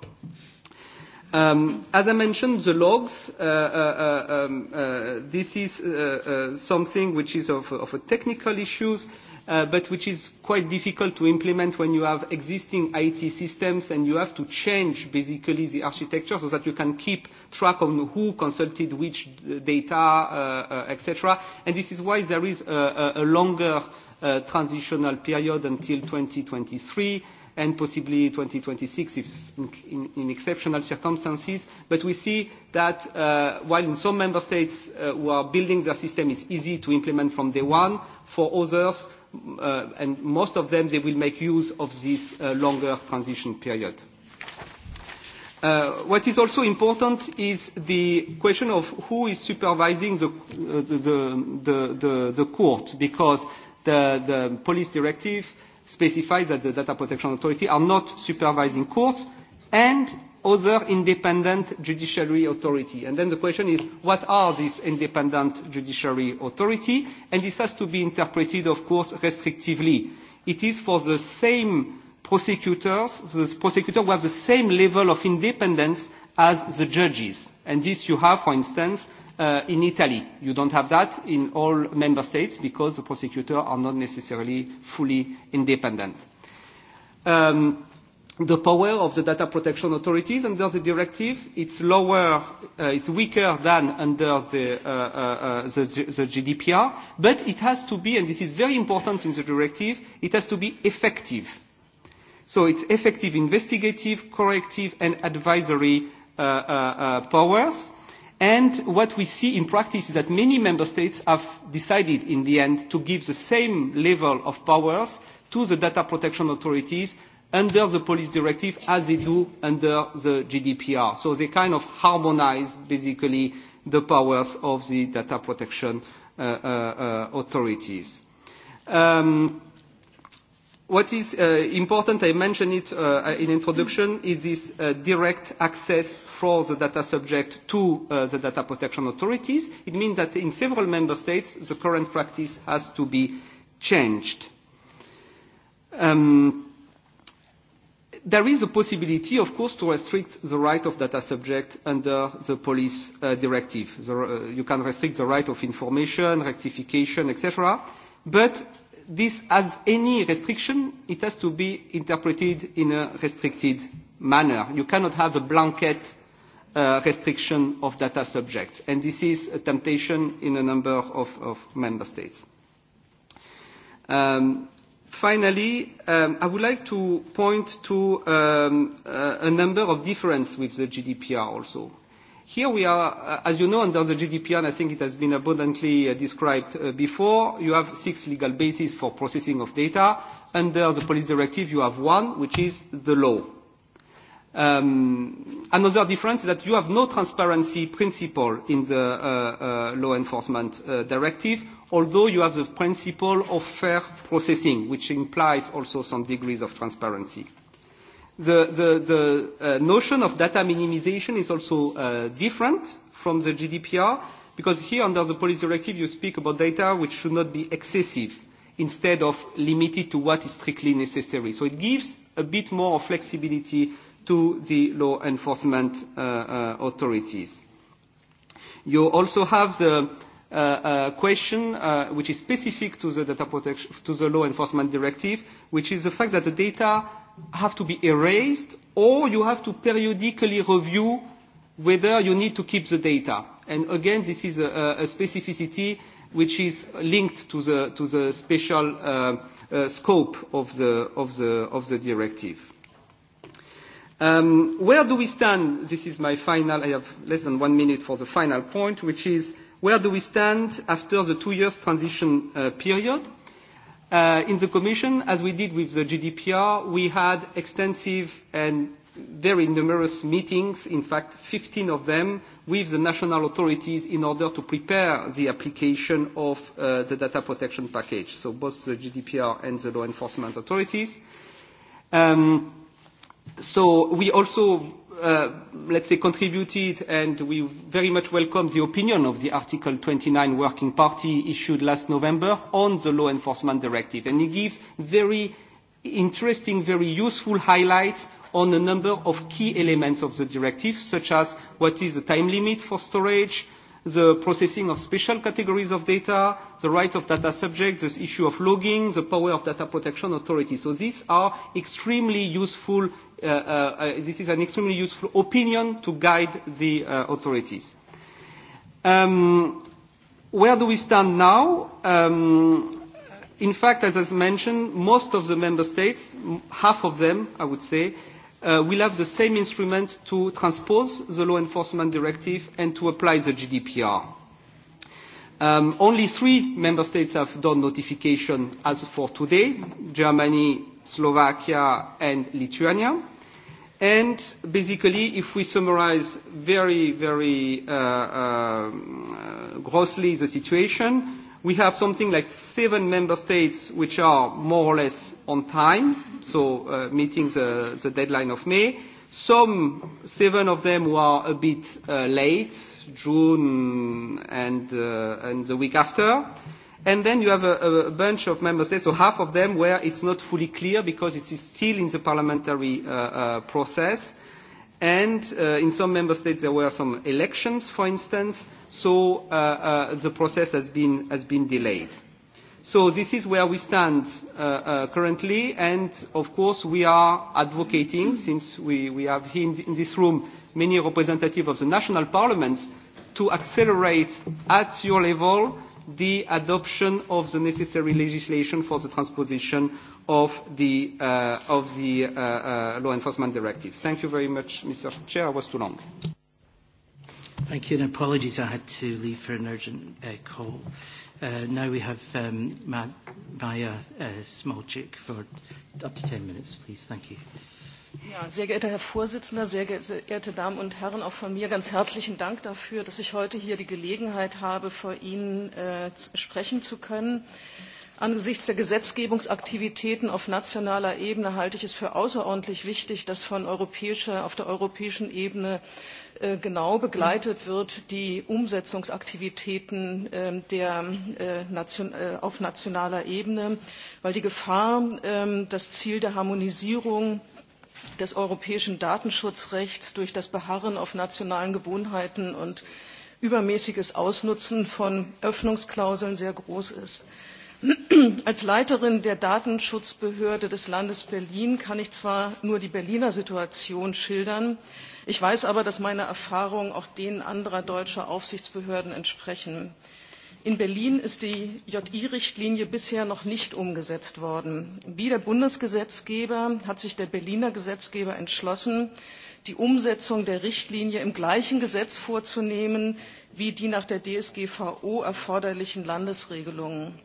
Um, as I mentioned, the logs, uh, uh, uh, um, uh, this is uh, uh, something which is of, of a technical issues, uh, but which is quite difficult to implement when you have existing IT systems and you have to change basically the architecture so that you can keep track on who consulted which data, uh, uh, etc. And this is why there is a, a longer uh, transitional period until 2023 and possibly 2026 if in, in, in exceptional circumstances. But we see that uh, while in some member states uh, who are building their system, it's easy to implement from day one. For others, uh, and most of them, they will make use of this uh, longer transition period. Uh, what is also important is the question of who is supervising the, uh, the, the, the, the court, because the, the police directive specifies that the Data Protection Authority are not supervising courts and other independent judiciary authority. And then the question is, what are these independent judiciary authority? And this has to be interpreted, of course, restrictively. It is for the same prosecutors, the prosecutor who have the same level of independence as the judges. And this you have, for instance, Uh, in Italy, you don't have that in all member states because the prosecutors are not necessarily fully independent. Um, the power of the data protection authorities under the directive, is lower, uh, is weaker than under the, uh, uh, uh the, the GDPR, but it has to be, and this is very important in the directive, it has to be effective. So it's effective investigative, corrective, and advisory uh, uh, uh, powers And what we see in practice is that many member states have decided in the end to give the same level of powers to the data protection authorities under the police directive as they do under the GDPR. So they kind of harmonize basically the powers of the data protection uh, uh, uh, authorities. Um, What is uh, important, I mentioned it uh, in introduction, is this uh, direct access for the data subject to uh, the data protection authorities. It means that in several member states, the current practice has to be changed. Um, there is a possibility, of course, to restrict the right of data subject under the police uh, directive. The, uh, you can restrict the right of information, rectification, etc. But this, as any restriction, it has to be interpreted in a restricted manner. You cannot have a blanket uh, restriction of data subjects, and this is a temptation in a number of, of member states. Um, finally, um, I would like to point to um, uh, a number of differences with the GDPR also. Here we are, uh, as you know, under the GDPR, and I think it has been abundantly uh, described uh, before, you have six legal bases for processing of data. Under the police directive, you have one, which is the law. Um, another difference is that you have no transparency principle in the uh, uh, law enforcement uh, directive, although you have the principle of fair processing, which implies also some degrees of transparency. The, the, the uh, notion of data minimization is also uh, different from the GDPR because here under the police directive you speak about data which should not be excessive instead of limited to what is strictly necessary. So it gives a bit more flexibility to the law enforcement uh, uh, authorities. You also have the uh, uh, question uh, which is specific to the, data protection, to the law enforcement directive, which is the fact that the data have to be erased or you have to periodically review whether you need to keep the data. And again, this is a, a specificity which is linked to the, to the special uh, uh, scope of the, of the, of the directive. Um, where do we stand? This is my final. I have less than one minute for the final point, which is where do we stand after the two years transition uh, period? Uh, in the Commission, as we did with the GDPR, we had extensive and very numerous meetings, in fact 15 of them, with the national authorities in order to prepare the application of uh, the data protection package, so both the GDPR and the law enforcement authorities. Um, so we also Uh, let's say, contributed, and we very much welcome the opinion of the Article 29 Working Party issued last November on the law enforcement directive. And it gives very interesting, very useful highlights on a number of key elements of the directive, such as what is the time limit for storage, the processing of special categories of data, the rights of data subjects, the issue of logging, the power of data protection authorities. So these are extremely useful Uh, uh, uh, this is an extremely useful opinion to guide the uh, authorities. Um, where do we stand now? Um, in fact, as I mentioned, most of the member states, half of them, I would say, uh, will have the same instrument to transpose the law enforcement directive and to apply the GDPR. Um, only three member states have done notification as for today, Germany, Slovakia, and Lithuania. And basically, if we summarize very, very uh, uh, grossly the situation, we have something like seven member states which are more or less on time, so uh, meeting the, the deadline of May Some, seven of them were a bit uh, late, June and, uh, and the week after. And then you have a, a bunch of member states, so half of them where it's not fully clear because it is still in the parliamentary uh, uh, process. And uh, in some member states there were some elections, for instance, so uh, uh, the process has been, has been delayed this is where we stand uh, uh, currently, and of course we are advocating, since we, have here in this room many representative of the national parliaments, to accelerate at your level the adoption of the necessary legislation for the transposition of the, uh, law enforcement directive. Thank you very much, Mr. Chair. I was too long. Thank you, and apologies I had to leave for an urgent call. Uh, now we have um, Ma Maya uh, Smolczyk for up to 10 minutes, please. Thank you. Ja, sehr geehrter Herr Vorsitzender, sehr geehrte Damen und Herren, auch von mir ganz herzlichen Dank dafür, dass ich heute hier die Gelegenheit habe, vor Ihnen äh, sprechen zu können. Äh, Angesichts der Gesetzgebungsaktivitäten auf nationaler Ebene halte ich es für außerordentlich wichtig, dass von europäischer, auf der europäischen Ebene äh, genau begleitet wird die Umsetzungsaktivitäten äh, der, äh, nation, äh, auf nationaler Ebene, weil die Gefahr, ähm, das Ziel der Harmonisierung des europäischen Datenschutzrechts durch das Beharren auf nationalen Gewohnheiten und übermäßiges Ausnutzen von Öffnungsklauseln sehr groß ist als leiterin der datenschutzbehörde des landes berlin kann ich zwar nur die berliner situation schildern ich weiß aber dass meine erfahrungen auch denen anderer deutscher aufsichtsbehörden entsprechen. in berlin ist die ji richtlinie bisher noch nicht umgesetzt worden. wie der bundesgesetzgeber hat sich der berliner gesetzgeber entschlossen die umsetzung der richtlinie im gleichen gesetz vorzunehmen wie die nach der dsgvo erforderlichen landesregelungen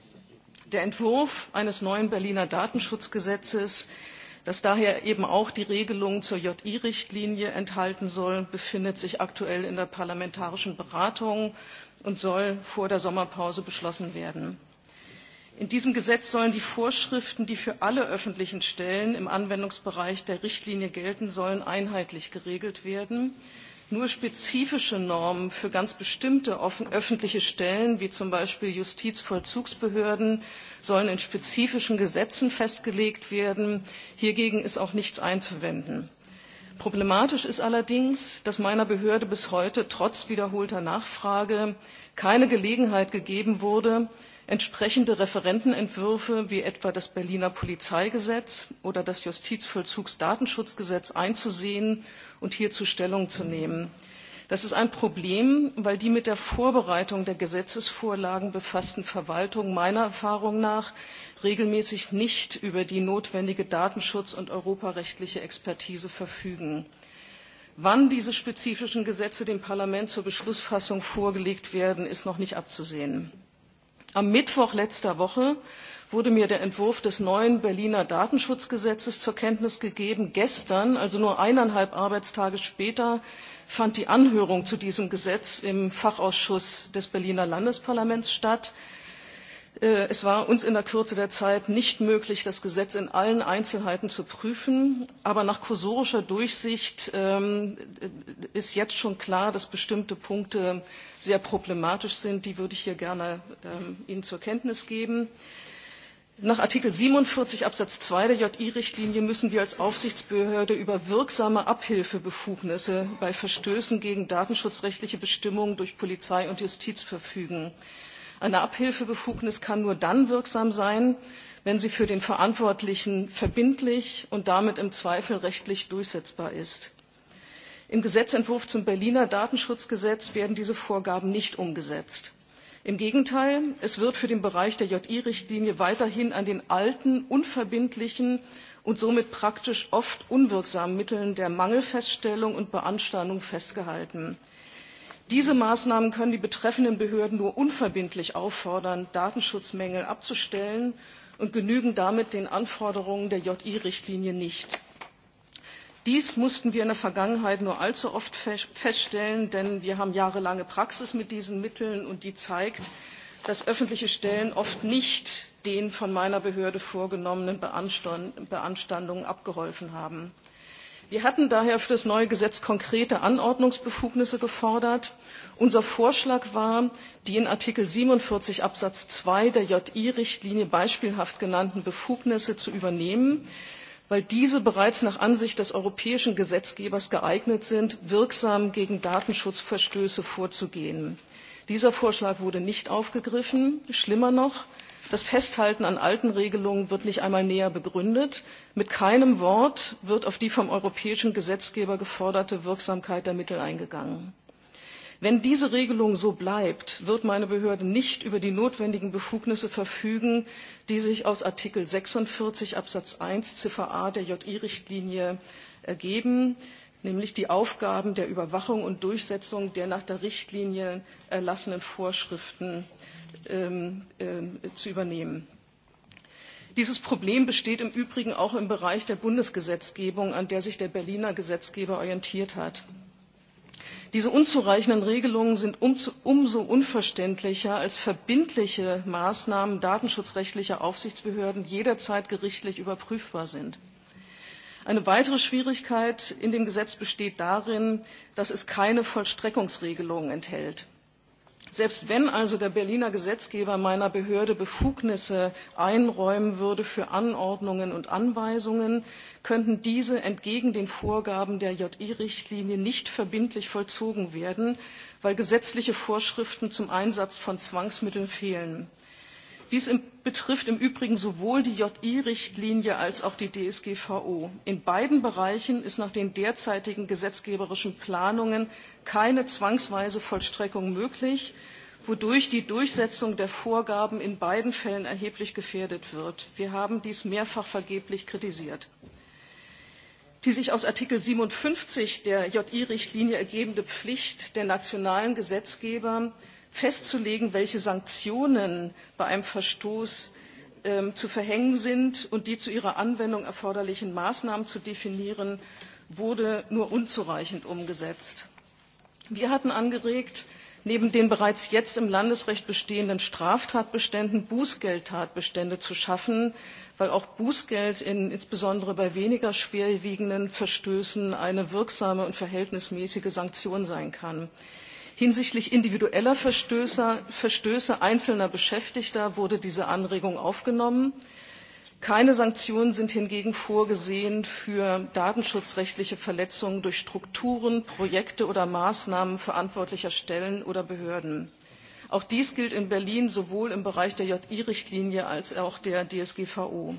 der Entwurf eines neuen Berliner Datenschutzgesetzes, das daher eben auch die Regelung zur JI-Richtlinie enthalten soll, befindet sich aktuell in der parlamentarischen Beratung und soll vor der Sommerpause beschlossen werden. In diesem Gesetz sollen die Vorschriften, die für alle öffentlichen Stellen im Anwendungsbereich der Richtlinie gelten sollen, einheitlich geregelt werden nur spezifische Normen für ganz bestimmte offen, öffentliche Stellen, wie zum Beispiel Justizvollzugsbehörden, sollen in spezifischen Gesetzen festgelegt werden. Hiergegen ist auch nichts einzuwenden. Problematisch ist allerdings, dass meiner Behörde bis heute trotz wiederholter Nachfrage keine Gelegenheit gegeben wurde, entsprechende referentenentwürfe wie etwa das berliner polizeigesetz oder das justizvollzugsdatenschutzgesetz einzusehen und hierzu stellung zu nehmen. das ist ein problem weil die mit der vorbereitung der gesetzesvorlagen befassten verwaltungen meiner erfahrung nach regelmäßig nicht über die notwendige datenschutz und europarechtliche expertise verfügen. wann diese spezifischen gesetze dem parlament zur beschlussfassung vorgelegt werden ist noch nicht abzusehen am mittwoch letzter woche wurde mir der entwurf des neuen berliner datenschutzgesetzes zur kenntnis gegeben. gestern also nur eineinhalb arbeitstage später fand die anhörung zu diesem gesetz im fachausschuss des berliner landesparlaments statt. Äh, es war uns in der Kürze der Zeit nicht möglich, das Gesetz in allen Einzelheiten zu prüfen. Aber nach kursorischer Durchsicht ähm, ist jetzt schon klar, dass bestimmte Punkte sehr problematisch sind. Die würde ich hier gerne ähm, Ihnen zur Kenntnis geben. Nach Artikel 47 Absatz 2 der JI-Richtlinie müssen wir als Aufsichtsbehörde über wirksame Abhilfebefugnisse bei Verstößen gegen datenschutzrechtliche Bestimmungen durch Polizei und Justiz verfügen. Eine Abhilfebefugnis kann nur dann wirksam sein, wenn sie für den Verantwortlichen verbindlich und damit im Zweifel rechtlich durchsetzbar ist. Im Gesetzentwurf zum Berliner Datenschutzgesetz werden diese Vorgaben nicht umgesetzt. Im Gegenteil, es wird für den Bereich der JI-Richtlinie weiterhin an den alten, unverbindlichen und somit praktisch oft unwirksamen Mitteln der Mangelfeststellung und Beanstandung festgehalten diese maßnahmen können die betreffenden behörden nur unverbindlich auffordern datenschutzmängel abzustellen und genügen damit den anforderungen der ji richtlinie nicht. dies mussten wir in der vergangenheit nur allzu oft feststellen denn wir haben jahrelange praxis mit diesen mitteln und die zeigt dass öffentliche stellen oft nicht den von meiner behörde vorgenommenen beanstandungen abgeholfen haben. Wir hatten daher für das neue Gesetz konkrete Anordnungsbefugnisse gefordert. Unser Vorschlag war, die in Artikel 47 Absatz 2 der JI-Richtlinie beispielhaft genannten Befugnisse zu übernehmen, weil diese bereits nach Ansicht des europäischen Gesetzgebers geeignet sind, wirksam gegen Datenschutzverstöße vorzugehen. Dieser Vorschlag wurde nicht aufgegriffen. Schlimmer noch, Das Festhalten an alten Regelungen wird nicht einmal näher begründet. Mit keinem Wort wird auf die vom europäischen Gesetzgeber geforderte Wirksamkeit der Mittel eingegangen. Wenn diese Regelung so bleibt, wird meine Behörde nicht über die notwendigen Befugnisse verfügen, die sich aus Artikel 46 Absatz 1 Ziffer a der JI-Richtlinie ergeben, nämlich die Aufgaben der Überwachung und Durchsetzung der nach der Richtlinie erlassenen Vorschriften ähm, äh, zu übernehmen. Dieses Problem besteht im Übrigen auch im Bereich der Bundesgesetzgebung, an der sich der Berliner Gesetzgeber orientiert hat. Diese unzureichenden Regelungen sind umso unverständlicher, als verbindliche Maßnahmen datenschutzrechtlicher Aufsichtsbehörden jederzeit gerichtlich überprüfbar sind. Eine weitere Schwierigkeit in dem Gesetz besteht darin, dass es keine Vollstreckungsregelungen enthält. Selbst wenn also der Berliner Gesetzgeber meiner Behörde Befugnisse einräumen würde für Anordnungen und Anweisungen, könnten diese entgegen den Vorgaben der JI-Richtlinie nicht verbindlich vollzogen werden, weil gesetzliche Vorschriften zum Einsatz von Zwangsmitteln fehlen. Dies betrifft im Übrigen sowohl die JI-Richtlinie als auch die DSGVO. In beiden Bereichen ist nach den derzeitigen gesetzgeberischen Planungen keine zwangsweise Vollstreckung möglich, wodurch die Durchsetzung der Vorgaben in beiden Fällen erheblich gefährdet wird. Wir haben dies mehrfach vergeblich kritisiert. Die sich aus Artikel siebenundfünfzig der JI-Richtlinie ergebende Pflicht der nationalen Gesetzgeber, festzulegen, welche Sanktionen bei einem Verstoß ähm, zu verhängen sind und die zu ihrer Anwendung erforderlichen Maßnahmen zu definieren, wurde nur unzureichend umgesetzt. Wir hatten angeregt, neben den bereits jetzt im Landesrecht bestehenden Straftatbeständen Bußgeldtatbestände zu schaffen, weil auch Bußgeld in, insbesondere bei weniger schwerwiegenden Verstößen eine wirksame und verhältnismäßige Sanktion sein kann. Hinsichtlich individueller Verstöße, Verstöße einzelner Beschäftigter wurde diese Anregung aufgenommen. Keine Sanktionen sind hingegen vorgesehen für datenschutzrechtliche Verletzungen durch Strukturen, Projekte oder Maßnahmen verantwortlicher Stellen oder Behörden. Auch dies gilt in Berlin sowohl im Bereich der JI-Richtlinie als auch der DSGVO.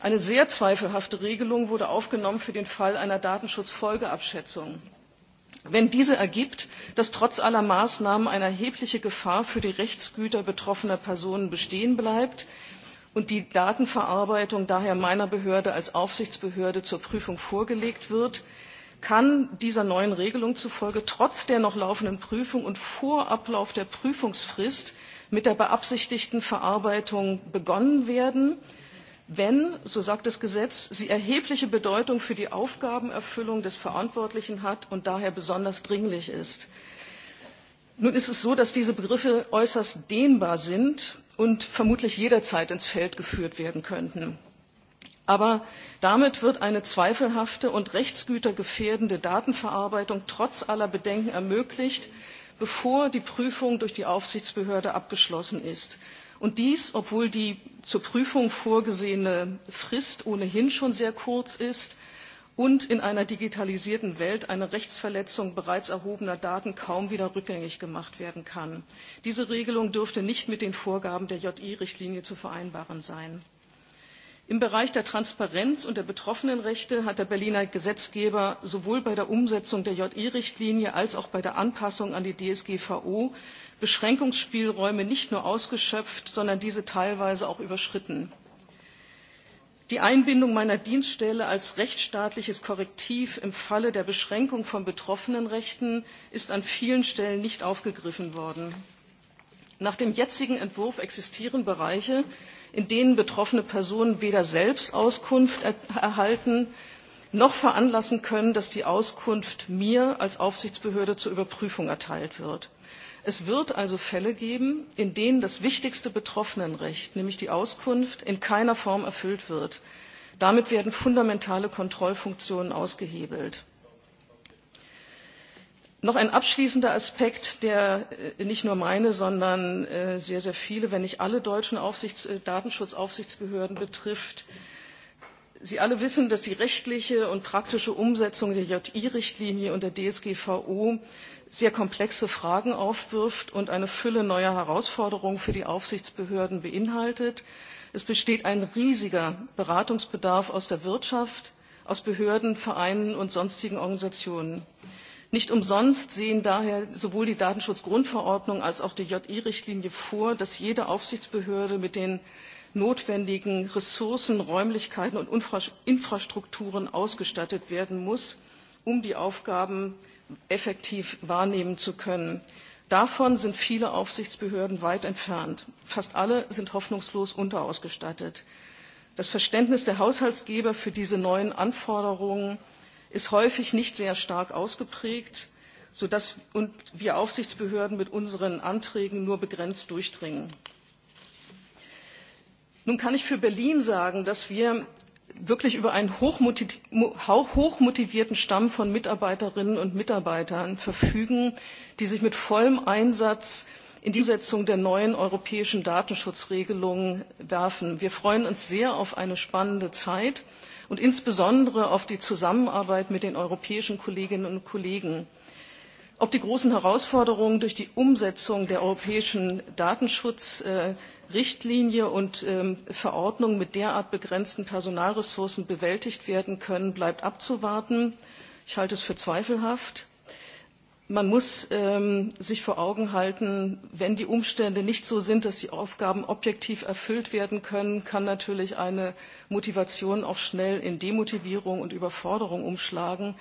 Eine sehr zweifelhafte Regelung wurde aufgenommen für den Fall einer Datenschutzfolgeabschätzung wenn diese ergibt dass trotz aller maßnahmen eine erhebliche gefahr für die rechtsgüter betroffener personen bestehen bleibt und die datenverarbeitung daher meiner behörde als aufsichtsbehörde zur prüfung vorgelegt wird kann dieser neuen regelung zufolge trotz der noch laufenden prüfung und vor ablauf der prüfungsfrist mit der beabsichtigten verarbeitung begonnen werden wenn, so sagt das Gesetz, sie erhebliche Bedeutung für die Aufgabenerfüllung des Verantwortlichen hat und daher besonders dringlich ist. Nun ist es so, dass diese Begriffe äußerst dehnbar sind und vermutlich jederzeit ins Feld geführt werden könnten. Aber damit wird eine zweifelhafte und rechtsgütergefährdende Datenverarbeitung trotz aller Bedenken ermöglicht, bevor die Prüfung durch die Aufsichtsbehörde abgeschlossen ist. Und dies, obwohl die zur Prüfung vorgesehene Frist ohnehin schon sehr kurz ist und in einer digitalisierten Welt eine Rechtsverletzung bereits erhobener Daten kaum wieder rückgängig gemacht werden kann. Diese Regelung dürfte nicht mit den Vorgaben der JI-Richtlinie zu vereinbaren sein im bereich der transparenz und der betroffenenrechte hat der berliner gesetzgeber sowohl bei der umsetzung der ji richtlinie als auch bei der anpassung an die dsgvo beschränkungsspielräume nicht nur ausgeschöpft sondern diese teilweise auch überschritten. die einbindung meiner dienststelle als rechtsstaatliches korrektiv im falle der beschränkung von betroffenenrechten ist an vielen stellen nicht aufgegriffen worden. nach dem jetzigen entwurf existieren bereiche in denen betroffene Personen weder selbst Auskunft er erhalten noch veranlassen können, dass die Auskunft mir als Aufsichtsbehörde zur Überprüfung erteilt wird. Es wird also Fälle geben, in denen das wichtigste Betroffenenrecht, nämlich die Auskunft, in keiner Form erfüllt wird. Damit werden fundamentale Kontrollfunktionen ausgehebelt. Noch ein abschließender Aspekt, der äh, nicht nur meine, sondern äh, sehr, sehr viele, wenn nicht alle deutschen Aufsichts äh, Datenschutzaufsichtsbehörden betrifft. Sie alle wissen, dass die rechtliche und praktische Umsetzung der JI-Richtlinie und der DSGVO sehr komplexe Fragen aufwirft und eine Fülle neuer Herausforderungen für die Aufsichtsbehörden beinhaltet. Es besteht ein riesiger Beratungsbedarf aus der Wirtschaft, aus Behörden, Vereinen und sonstigen Organisationen. Nicht umsonst sehen daher sowohl die Datenschutzgrundverordnung als auch die JI-Richtlinie vor, dass jede Aufsichtsbehörde mit den notwendigen Ressourcen, Räumlichkeiten und Infrastrukturen ausgestattet werden muss, um die Aufgaben effektiv wahrnehmen zu können. Davon sind viele Aufsichtsbehörden weit entfernt. Fast alle sind hoffnungslos unterausgestattet. Das Verständnis der Haushaltsgeber für diese neuen Anforderungen ist häufig nicht sehr stark ausgeprägt, sodass wir Aufsichtsbehörden mit unseren Anträgen nur begrenzt durchdringen. Nun kann ich für Berlin sagen, dass wir wirklich über einen hochmotivierten Stamm von Mitarbeiterinnen und Mitarbeitern verfügen, die sich mit vollem Einsatz in die Umsetzung der neuen europäischen Datenschutzregelungen werfen. Wir freuen uns sehr auf eine spannende Zeit und insbesondere auf die Zusammenarbeit mit den europäischen Kolleginnen und Kollegen. Ob die großen Herausforderungen durch die Umsetzung der europäischen Datenschutzrichtlinie und ähm, Verordnung mit derart begrenzten Personalressourcen bewältigt werden können, bleibt abzuwarten. Ich halte es für zweifelhaft man muss ähm, sich vor Augen halten, wenn die Umstände nicht so sind, dass die Aufgaben objektiv erfüllt werden können, kann natürlich eine Motivation auch schnell in Demotivierung und Überforderung umschlagen.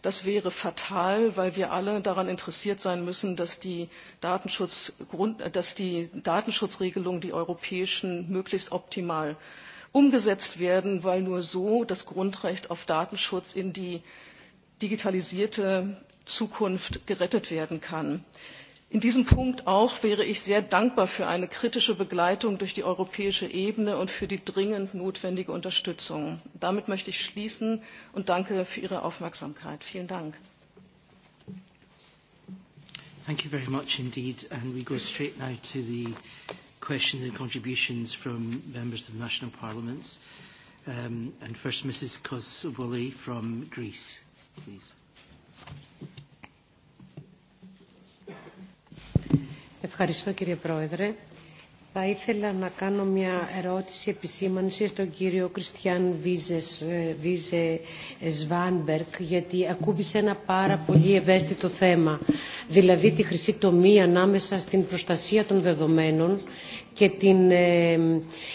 Das wäre fatal, weil wir alle daran interessiert sein müssen, dass die, Datenschutz äh, dass die Datenschutzregelungen, die europäischen, möglichst optimal umgesetzt werden, weil nur so das Grundrecht auf Datenschutz in die digitalisierte Zukunft gerettet werden kann. In diesem Punkt auch wäre ich sehr dankbar für eine kritische Begleitung durch die europäische Ebene und für die dringend notwendige Unterstützung. Damit möchte ich schließen und danke für Ihre Aufmerksamkeit. Vielen Dank. Thank you very much indeed. And we go straight now to the questions and contributions from members of national parliaments. Um, and first, Mrs. Kosovoli from Greece, please. κύριε Πρόεδρε. Θα ήθελα να κάνω μια ερώτηση επισήμανση στον κύριο Κριστιαν Βίζες, Βίζε Σβάνμπερκ, γιατί ακούμπησε ένα πάρα πολύ ευαίσθητο θέμα, δηλαδή τη χρυσή τομή ανάμεσα στην προστασία των δεδομένων και την, ε,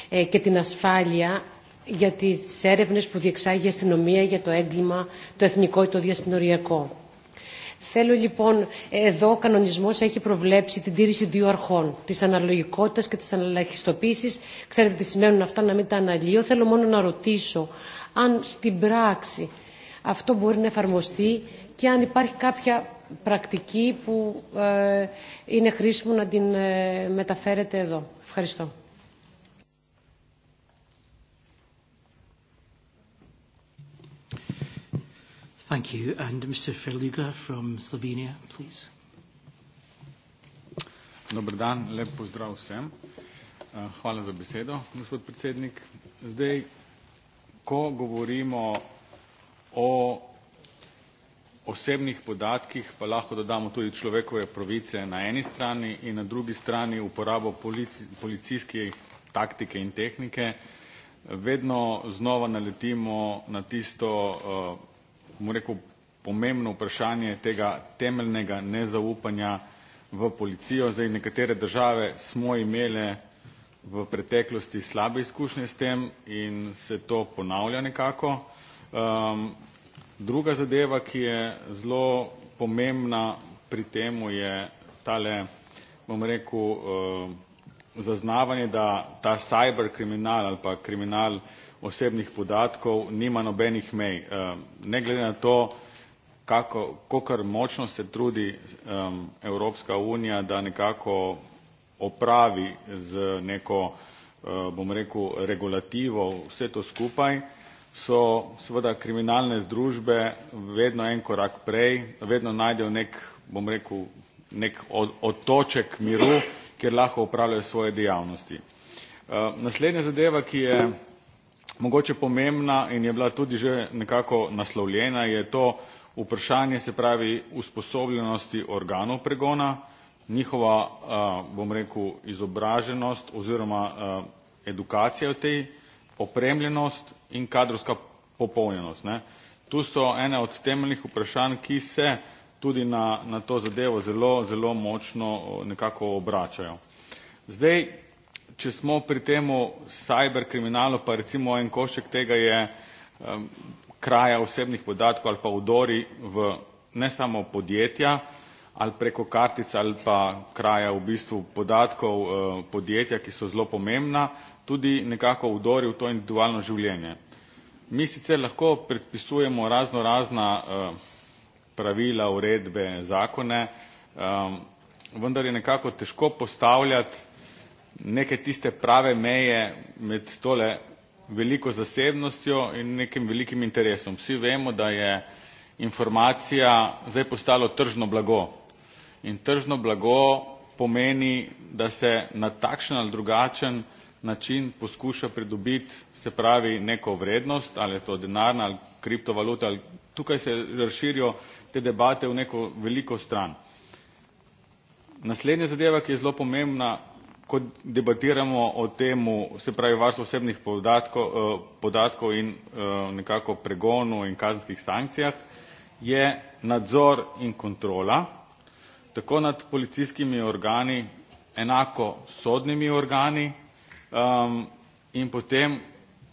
ε, και την ασφάλεια για τις έρευνες που διεξάγει η αστυνομία για το έγκλημα το εθνικό ή το διασυνοριακό Θέλω λοιπόν, εδώ ο κανονισμό έχει προβλέψει την τήρηση δύο αρχών, τη αναλογικότητα και τη αναλαχιστοποίηση. Ξέρετε τι σημαίνουν αυτά, να μην τα αναλύω. Θέλω μόνο να ρωτήσω αν στην πράξη αυτό μπορεί να εφαρμοστεί και αν υπάρχει κάποια πρακτική που ε, είναι χρήσιμο να την ε, μεταφέρετε εδώ. Ευχαριστώ. Thank you. And Mr. Ferluga from Slovenia, please. Dobar dan, lep pozdrav vsem. Eh, hvala za besedo, gospod predsednik. Zdaj, ko govorimo o osebnih podatkih, pa lahko dodamo tudi človekove pravice na eni strani in na drugi strani uporabo polici, policijskih taktike in tehnike, vedno znova naletimo na tisto eh, rekel, pomembno vprašanje tega temeljnega nezaupanja v policijo. Zdaj, nekatere države smo imele v preteklosti slabe izkušnje s tem in se to ponavlja nekako. Um, druga zadeva, ki je zelo pomembna pri tem, je tale, bom rekel, um, zaznavanje, da ta cyber kriminal ali pa kriminal osebnih podatkov nima nobenih mej. Eh, ne glede na to, kako, kakor močno se trudi Evropska unija, da nekako opravi z neko, eh, bom rekel, regulativo vse to skupaj, so seveda kriminalne združbe vedno en korak prej, vedno najdejo nek, bom rekel, nek otoček miru, kjer lahko upravljajo svoje dejavnosti. Eh, naslednja zadeva, ki je mogoče pomembna in je bila tudi že nekako naslovljena, je to vprašanje, se pravi, usposobljenosti organov pregona, njihova, bom rekel, izobraženost oziroma edukacija v tej, opremljenost in kadrovska popolnjenost. Ne. Tu so ene od temeljnih vprašanj, ki se tudi na, na to zadevo zelo, zelo močno nekako obračajo. Zdaj, če smo pri temu cyberkriminalu, pa recimo en košek tega je um, kraja osebnih podatkov ali pa udori v ne samo podjetja ali preko kartic ali pa kraja v bistvu podatkov uh, podjetja, ki so zelo pomembna, tudi nekako udori v to individualno življenje. Mi sicer lahko predpisujemo razno razna uh, e, pravila, uredbe, zakone, um, vendar je nekako težko postavljati neke tiste prave meje med tole veliko zasebnostjo in nekim velikim interesom. Vsi vemo, da je informacija zdaj postalo tržno blago in tržno blago pomeni, da se na takšen ali drugačen način poskuša pridobiti, se pravi, neko vrednost, ali je to denarna ali kriptovaluta, ali tukaj se razširijo te debate v neko veliko stran. Naslednja zadeva, ki je zelo pomembna, ko debatiramo o temu, se pravi varstvo osebnih podatkov, eh, podatkov in eh, nekako pregonu in kazenskih sankcijah, je nadzor in kontrola, tako nad policijskimi organi, enako sodnimi organi um, in potem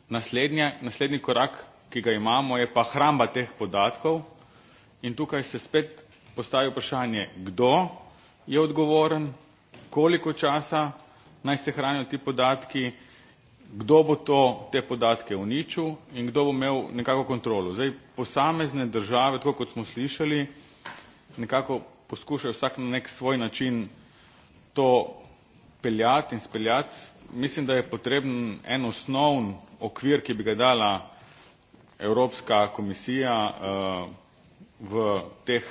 naslednja, naslednji korak, ki ga imamo, je pa hramba teh podatkov in tukaj se spet postavi vprašanje, kdo je odgovoren, koliko časa naj se hranijo ti podatki, kdo bo to, te podatke uničil in kdo bo imel nekako kontrolo. Zdaj, posamezne države, tako kot smo slišali, nekako poskušajo vsak na nek svoj način to peljati in speljati. Mislim, da je potreben en osnovn okvir, ki bi ga dala Evropska komisija eh, v teh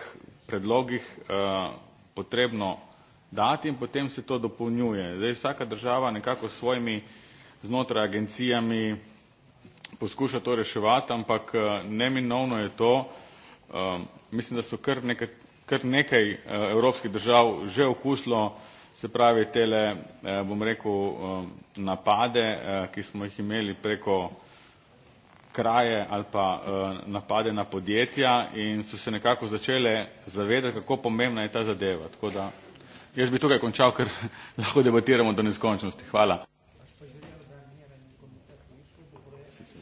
predlogih eh, potrebno dati in potem se to dopolnjuje. Zdaj vsaka država nekako s svojimi znotraj agencijami poskuša to reševati, ampak eh, neminovno je to, eh, mislim, da so kar nekaj, kar nekaj eh, evropskih držav že okuslo, se pravi, tele, bom rekel, napade, ki smo jih imeli preko kraje ali pa napade na podjetja in so se nekako začele zavedati, kako pomembna je ta zadeva. Tako da Jaz bi tukaj končal, ker (laughs) lahko debatiramo do neskončnosti. Hvala.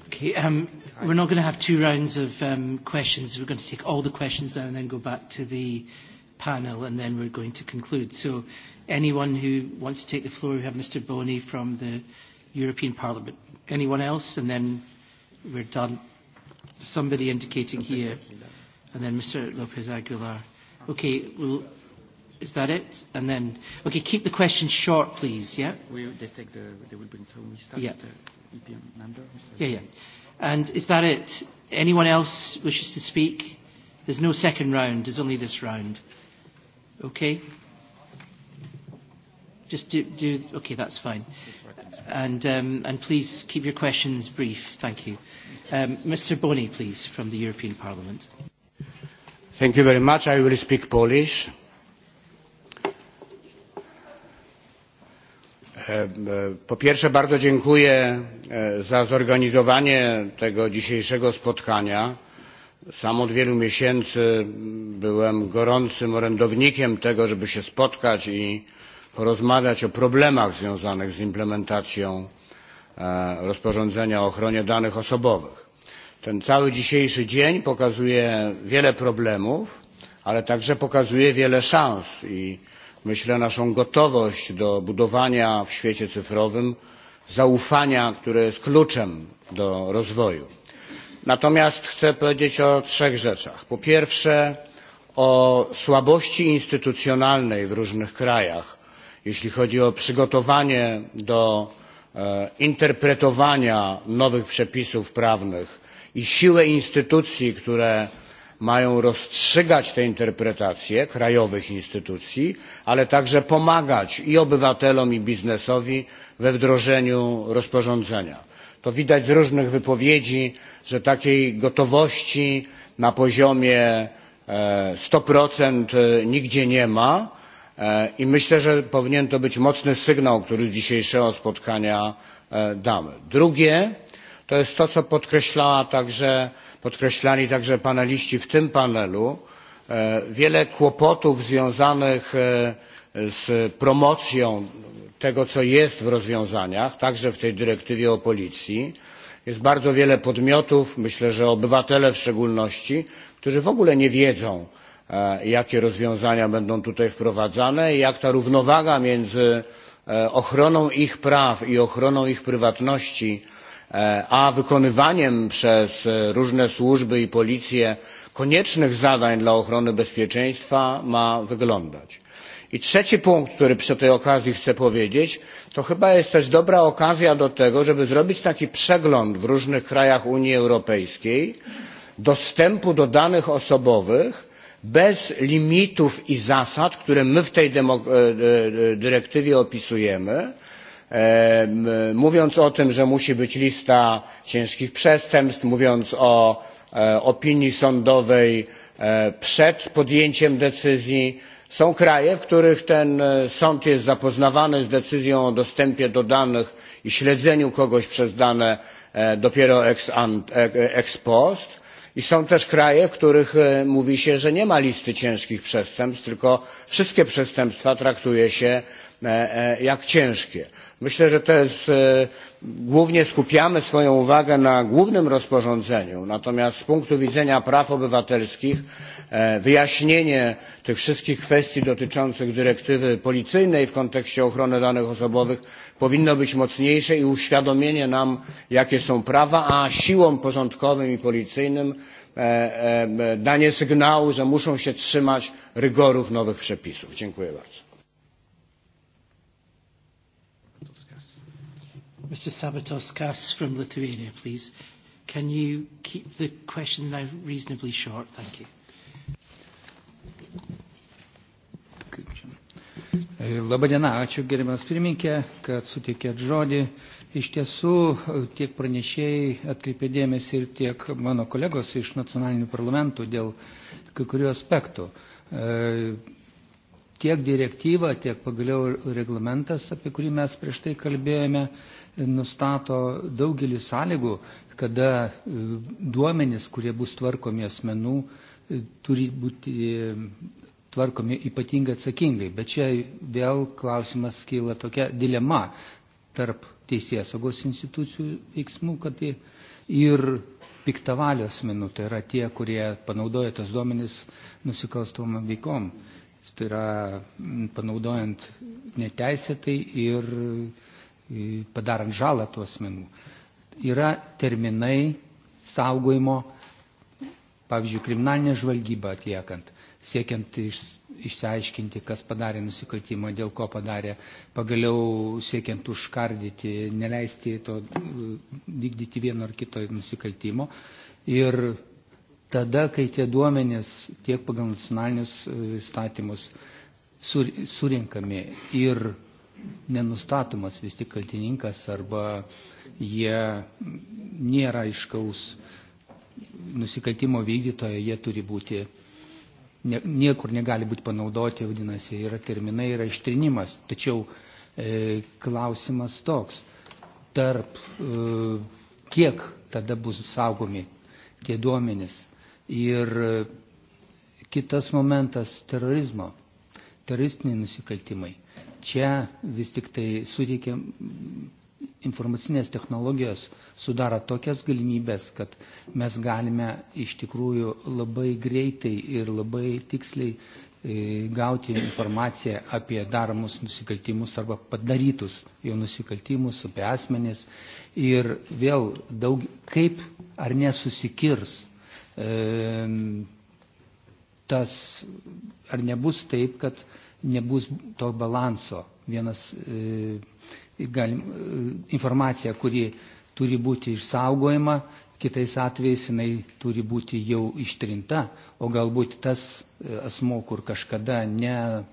Okay, um, we're not going to have two rounds of um, questions. We're going to take all the questions now and then go back to the panel and then we're going to conclude. So anyone who wants to take the floor, we have Mr. Boney from the European Parliament. Anyone else? And then we're done. Somebody indicating here. And then Mr. Lopez Aguilar. Okay, we'll... Is that it? And then, okay, keep the questions short, please. Yeah. We, they take the. They will bring. to me. start yeah. the EPM number. Yeah, yeah. And is that it? Anyone else wishes to speak? There's no second round. There's only this round. Okay. Just do. do okay, that's fine. And um, and please keep your questions brief. Thank you. Um, Mr. Boni, please, from the European Parliament. Thank you very much. I will speak Polish E, e, po pierwsze bardzo dziękuję e, za zorganizowanie tego dzisiejszego spotkania. Sam od wielu miesięcy byłem gorącym orędownikiem tego, żeby się spotkać i porozmawiać o problemach związanych z implementacją rozporządzenia o ochronie danych osobowych. Ten cały dzisiejszy dzień pokazuje wiele problemów, ale także pokazuje wiele szans i myślę, naszą gotowość do budowania w świecie cyfrowym zaufania, które jest kluczem do rozwoju. Natomiast chcę powiedzieć o trzech rzeczach. Po pierwsze, o słabości instytucjonalnej w różnych krajach, jeśli chodzi o przygotowanie do e, interpretowania nowych przepisów prawnych i siłę instytucji, które mają rozstrzygać te interpretacje krajowych instytucji, ale także pomagać i obywatelom, i biznesowi we wdrożeniu rozporządzenia. To widać z różnych wypowiedzi, że takiej gotowości na poziomie 100% e, e, nigdzie nie ma e, i myślę, że powinien to być mocny sygnał, który z dzisiejszego spotkania damy. Drugie to jest to, co podkreślała także podkreślali także paneliści w tym panelu e, wiele kłopotów związanych e, z promocją tego co jest w rozwiązaniach także w tej dyrektywie o policji jest bardzo wiele podmiotów myślę że obywatele w szczególności którzy w ogóle nie wiedzą e, jakie rozwiązania będą tutaj wprowadzane i jak ta równowaga między ochroną ich praw i ochroną ich prywatności E, a wykonywaniem przez e, różne służby i policję koniecznych zadań dla ochrony bezpieczeństwa ma wyglądać. I trzeci punkt, który przy tej okazji chcę powiedzieć, to chyba jest też dobra okazja do tego, żeby zrobić taki przegląd w różnych krajach Unii Europejskiej dostępu do danych osobowych bez limitów i zasad, które my w tej e, dyrektywie opisujemy, mówiąc o tym że musi być lista ciężkich przestępstw mówiąc o e, opinii sądowej e, przed podjęciem decyzji są kraje w których ten e, sąd jest zapoznawany z decyzją o dostępie do danych i śledzeniu kogoś przez dane dopiero ex, post i są też kraje w których mówi się że nie ma listy ciężkich przestępstw tylko wszystkie przestępstwa traktuje się jak ciężkie Myślę, że to jest, e, głównie skupiamy swoją uwagę na głównym rozporządzeniu, natomiast z punktu widzenia praw obywatelskich e, wyjaśnienie tych wszystkich kwestii dotyczących dyrektywy policyjnej w kontekście ochrony danych osobowych powinno być mocniejsze i uświadomienie nam, jakie są prawa, a siłom porządkowym i policyjnym e, danie sygnału, że muszą się trzymać rygorów nowych przepisów. Dziękuję bardzo. Mr. Sabatoskas from Lithuania, please. Can you keep the questions now reasonably short? Thank you. Labai diena, ačiū gerimas pirminkė, kad sutikėt žodį. Iš tiesų, tiek pranešėjai atkreipė dėmesį ir tiek mano kolegos iš nacionalinių parlamentų dėl kai kurių aspektų. E, tiek direktyva, tiek pagaliau reglamentas, apie kurį mes prieš tai kalbėjome, nustato daugelį sąlygų, kada e, duomenys, kurie bus tvarkomi asmenų, e, turi būti e, tvarkomi ypatingai atsakingai. Bet čia vėl klausimas kyla tokia dilema tarp teisės saugos institucijų veiksmų, kad ir piktavalio asmenų, tai yra tie, kurie panaudoja tos duomenys nusikalstomam veikom. Tai yra panaudojant neteisėtai ir padarant žalą tų asmenų. Yra terminai saugojimo, pavyzdžiui, kriminalinė žvalgyba atliekant, siekiant iš, išsiaiškinti, kas padarė nusikaltimą, dėl ko padarė, pagaliau siekiant užkardyti, neleisti to vykdyti vieno ar kito nusikaltimo. Ir tada, kai tie duomenys tiek pagal nacionalinius e, statymus surinkami ir nenustatomas vis tik kaltininkas arba jie nėra iškaus nusikaltimo vykdytojo, jie turi būti, ne, niekur negali būti panaudoti, vadinasi, yra terminai, yra ištrinimas. Tačiau e, klausimas toks, tarp e, kiek tada bus saugomi tie duomenys ir e, kitas momentas terorizmo, teroristiniai nusikaltimai čia vis tik tai suteikia informacinės technologijos sudaro tokias galimybės, kad mes galime iš tikrųjų labai greitai ir labai tiksliai e, gauti informaciją apie daromus nusikaltimus arba padarytus jau nusikaltimus apie asmenis. Ir vėl daug, kaip ar nesusikirs e, tas, ar nebus taip, kad e, nebus to balanso. Vienas e, galim, e, informacija, kuri turi būti išsaugojama, kitais atvejais jinai turi būti jau ištrinta, o galbūt tas e, asmo, kur kažkada ne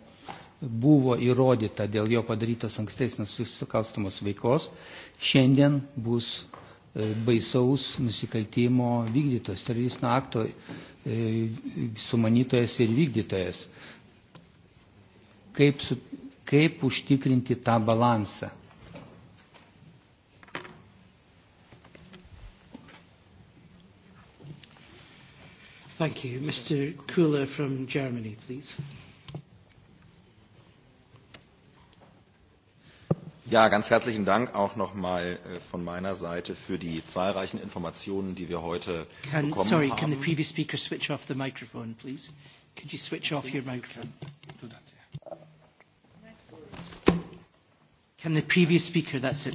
buvo įrodyta dėl jo padarytos ankstesnės susikalstamos veikos, šiandien bus e, baisaus nusikaltimo vykdytojas, teroristinio akto e, sumanytojas ir vykdytojas kaip, su, kaip užtikrinti tą balansą. Thank you. Mr. Kula from Germany, please. Ja, ganz herzlichen Dank auch nochmal äh, von meiner Seite für die zahlreichen Informationen, die wir heute can, bekommen sorry, haben. Sorry, can the previous speaker switch off the microphone, please? Could you switch off your microphone? Do that. Can the previous speaker, that's it.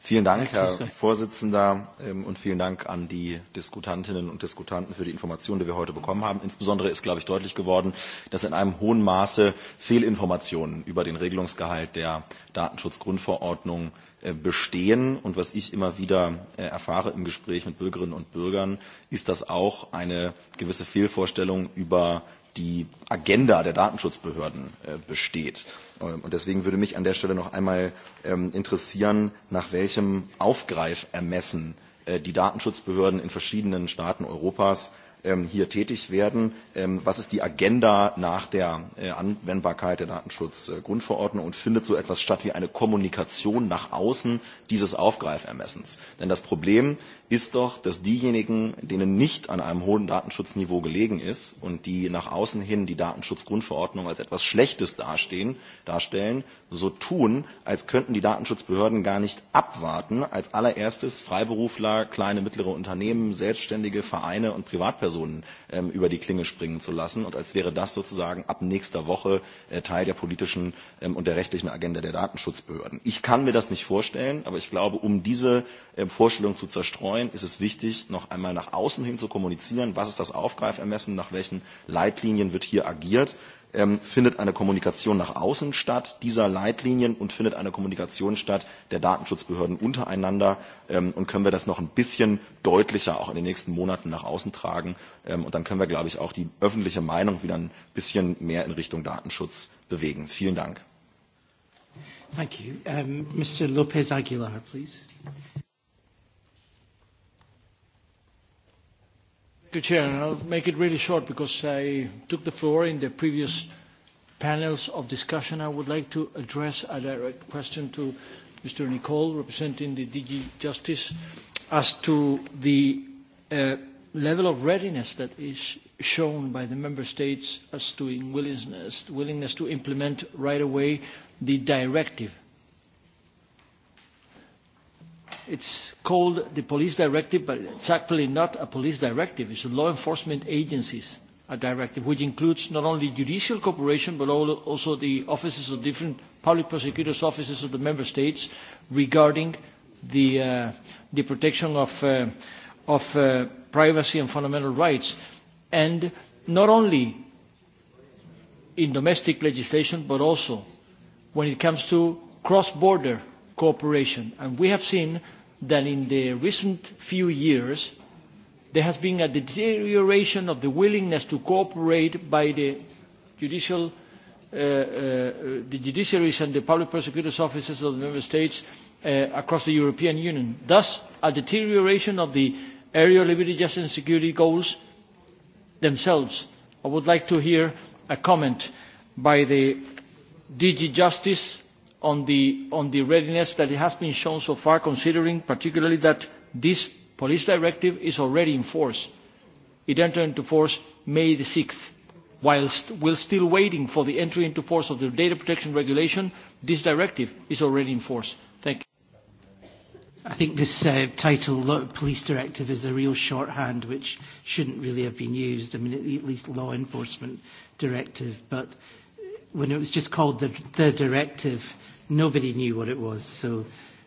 Vielen Dank, Herr Vorsitzender, ähm, und vielen Dank an die Diskutantinnen und Diskutanten für die Informationen, die wir heute bekommen haben. Insbesondere ist, glaube ich, deutlich geworden, dass in einem hohen Maße Fehlinformationen über den Regelungsgehalt der Datenschutzgrundverordnung äh, bestehen. Und was ich immer wieder äh, erfahre im Gespräch mit Bürgerinnen und Bürgern, ist, dass auch eine gewisse Fehlvorstellung über die Agenda der Datenschutzbehörden äh, besteht. Ähm, und deswegen würde mich an der Stelle noch einmal ähm, interessieren, nach welchem Aufgreifermessen äh, die Datenschutzbehörden in verschiedenen Staaten Europas Ähm, hier tätig werden. Ähm, was ist die Agenda nach der äh, Anwendbarkeit der Datenschutzgrundverordnung und findet so etwas statt wie eine Kommunikation nach außen dieses Aufgreifermessens? Denn das Problem ist doch, dass diejenigen, denen nicht an einem hohen Datenschutzniveau gelegen ist und die nach außen hin die Datenschutzgrundverordnung als etwas Schlechtes dastehen, darstellen, so tun, als könnten die Datenschutzbehörden gar nicht abwarten, als allererstes Freiberufler, kleine, mittlere Unternehmen, Selbstständige, Vereine und Privatpersonen Privatpersonen ähm, über die Klinge springen zu lassen und als wäre das sozusagen ab nächster Woche äh, Teil der politischen ähm, und der rechtlichen Agenda der Datenschutzbehörden. Ich kann mir das nicht vorstellen, aber ich glaube, um diese ähm, Vorstellung zu zerstreuen, ist es wichtig, noch einmal nach außen hin zu kommunizieren, was ist das Aufgreifermessen, nach welchen Leitlinien wird hier agiert ähm, findet eine Kommunikation nach außen statt, dieser Leitlinien und findet eine Kommunikation statt der Datenschutzbehörden untereinander ähm, und können wir das noch ein bisschen deutlicher auch in den nächsten Monaten nach außen tragen ähm, und dann können wir, glaube ich, auch die öffentliche Meinung wieder ein bisschen mehr in Richtung Datenschutz bewegen. Vielen Dank. Thank you. Um, Mr. Lopez Aguilar, please. you, Chair. And I'll make it really short because I took the floor in the previous panels of discussion. I would like to address a direct question to Mr. Nicol, representing the DG Justice, as to the uh, level of readiness that is shown by the member states as to willingness, willingness to implement right away the directive It's called the police directive, but it's actually not a police directive. It's a law enforcement agencies a directive, which includes not only judicial cooperation, but also the offices of different public prosecutors' offices of the member states regarding the, uh, the protection of, uh, of uh, privacy and fundamental rights. And not only in domestic legislation, but also when it comes to cross-border cooperation. And we have seen that in the recent few years, there has been a deterioration of the willingness to cooperate by the judicial uh, uh, the judiciaries and the public prosecutor's offices of the member states uh, across the European Union. Thus, a deterioration of the area of liberty, justice and security goals themselves. I would like to hear a comment by the DG Justice on the, on the readiness that has been shown so far, considering particularly that this police directive is already in force. It entered into force May the 6th. Whilst we're still waiting for the entry into force of the data protection regulation, this directive is already in force. Thank you. I think this uh, title, Police Directive, is a real shorthand which shouldn't really have been used. I mean, at least Law Enforcement Directive. But when it was just called the, the directive, nobody knew what it was. So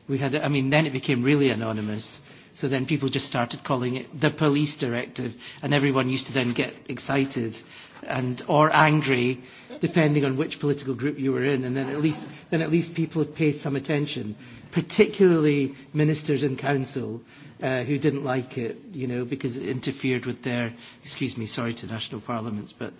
we had, I mean, then it became really anonymous. So then people just started calling it the police directive, and everyone used to then get excited and or angry, depending on which political group you were in. And then at least then at least people had paid some attention, particularly ministers in council, Uh, who didn't like it, you know, because it interfered with their, excuse me, sorry to national parliaments, but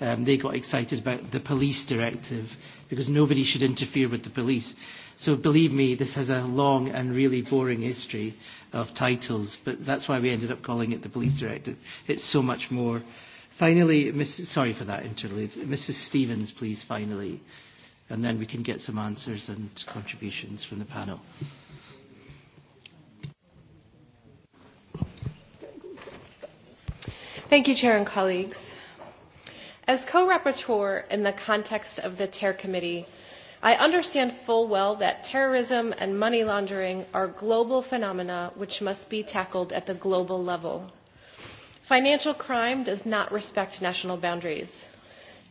um, they got excited about the police directive because nobody should interfere with the police. So believe me, this has a long and really boring history of titles, but that's why we ended up calling it the police directive. It's so much more. Finally, Mrs. sorry for that interlude. Mrs. Stevens, please, finally, and then we can get some answers and contributions from the panel. Thank you, Chair and colleagues. As co-rapporteur in the context of the TER e Committee, I understand full well that terrorism and money laundering are global phenomena which must be tackled at the global level. Financial crime does not respect national boundaries.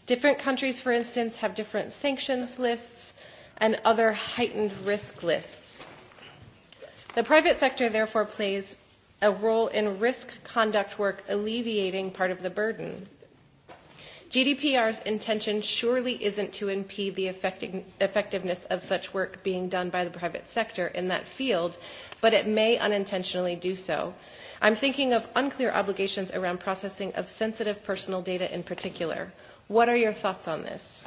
Different countries, for instance, have different sanctions lists and other heightened risk lists. The private sector therefore plays a role in risk conduct work alleviating part of the burden. GDPR's intention surely isn't to impede the effectiveness of such work being done by the private sector in that field, but it may unintentionally do so. I'm thinking of unclear obligations around processing of sensitive personal data in particular. What are your thoughts on this?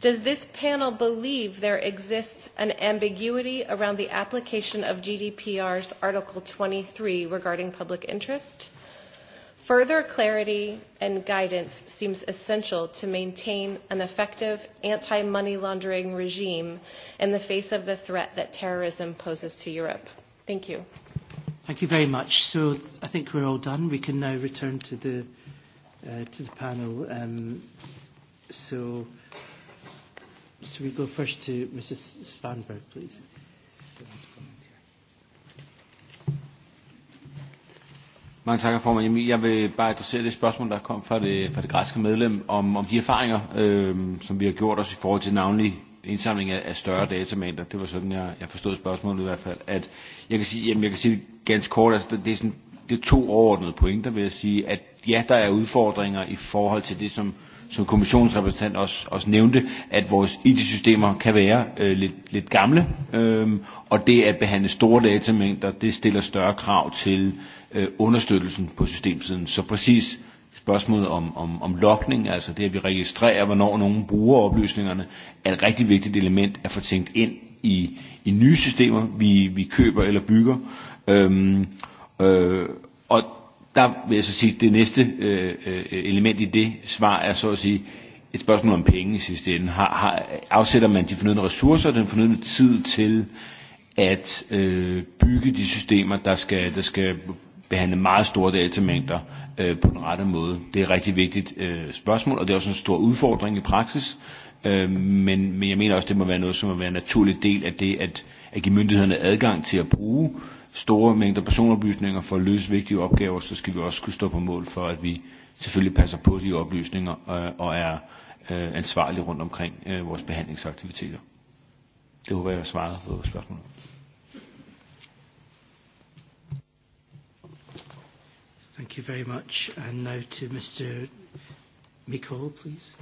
Does this panel believe there exists an ambiguity around the application of GDPR's Article 23 regarding public interest? Further clarity and guidance seems essential to maintain an effective anti-money laundering regime in the face of the threat that terrorism poses to Europe. Thank you. Thank you very much. So I think we're all done. We can now return to the, uh, to the panel. Um, so So we go first to Mrs. Svanberg, please. Mange tak, formand. Jamen, jeg vil bare adressere det spørgsmål, der kom fra det, fra det græske medlem, om, om de erfaringer, øh, som vi har gjort os i forhold til navnlig indsamling af, af større datamater. Det var sådan, jeg, jeg forstod spørgsmålet i hvert fald. At jeg, kan sige, jamen, jeg kan sige det ganske kort, altså, det, det, er sådan, det er to overordnede pointer, vil jeg sige, at ja, der er udfordringer i forhold til det, som som kommissionens repræsentant også, også nævnte, at vores IT-systemer kan være øh, lidt, lidt gamle, øh, og det at behandle store datamængder, det stiller større krav til øh, understøttelsen på systemsiden. Så præcis spørgsmålet om, om, om lokning, altså det at vi registrerer, hvornår nogen bruger oplysningerne, er et rigtig vigtigt element at få tænkt ind i, i nye systemer, vi, vi køber eller bygger. Øh, øh, og der vil jeg så sige, det næste øh, øh, element i det svar er så at sige, et spørgsmål om penge i sidste ende. Har, har, afsætter man de fornødne ressourcer og den fornødne tid til at øh, bygge de systemer, der skal, der skal behandle meget store datamængder øh, på den rette måde? Det er et rigtig vigtigt øh, spørgsmål, og det er også en stor udfordring i praksis. Øh, men, men jeg mener også, det må være noget, som må være en naturlig del af det, at, at give myndighederne adgang til at bruge store mængder personoplysninger for at løse vigtige opgaver, så skal vi også kunne stå på mål for, at vi selvfølgelig passer på de oplysninger øh, og er øh, ansvarlige rundt omkring øh, vores behandlingsaktiviteter. Det håber jeg har svaret på spørgsmålet. Thank you very much. And now to Mr. Mikol, please.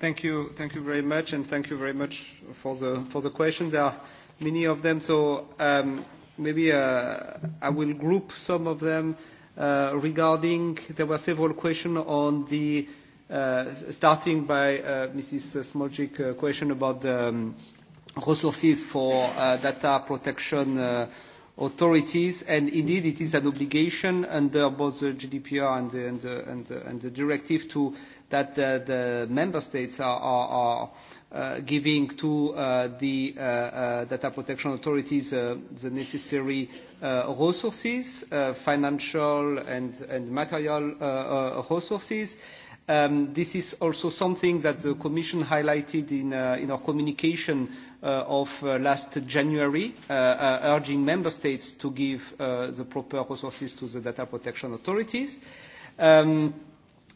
Thank you. Thank you very much, and thank you very much for the, for the question. There are many of them. So um, maybe uh, I will group some of them uh, regarding, there were several questions on the, uh, starting by uh, Mrs. Smolcik, uh, question about the um, resources for uh, data protection uh, authorities, and indeed it is an obligation under both the GDPR and the, and the, and the, and the directive to that the, uh, the member states are, are, are uh, giving to uh, the uh, uh, data protection authorities uh, the necessary uh, resources, uh, financial and, and material uh, uh, resources. Um, this is also something that the Commission highlighted in, uh, in our communication uh, of uh, last January, uh, uh, urging member states to give uh, the proper resources to the data protection authorities. Um,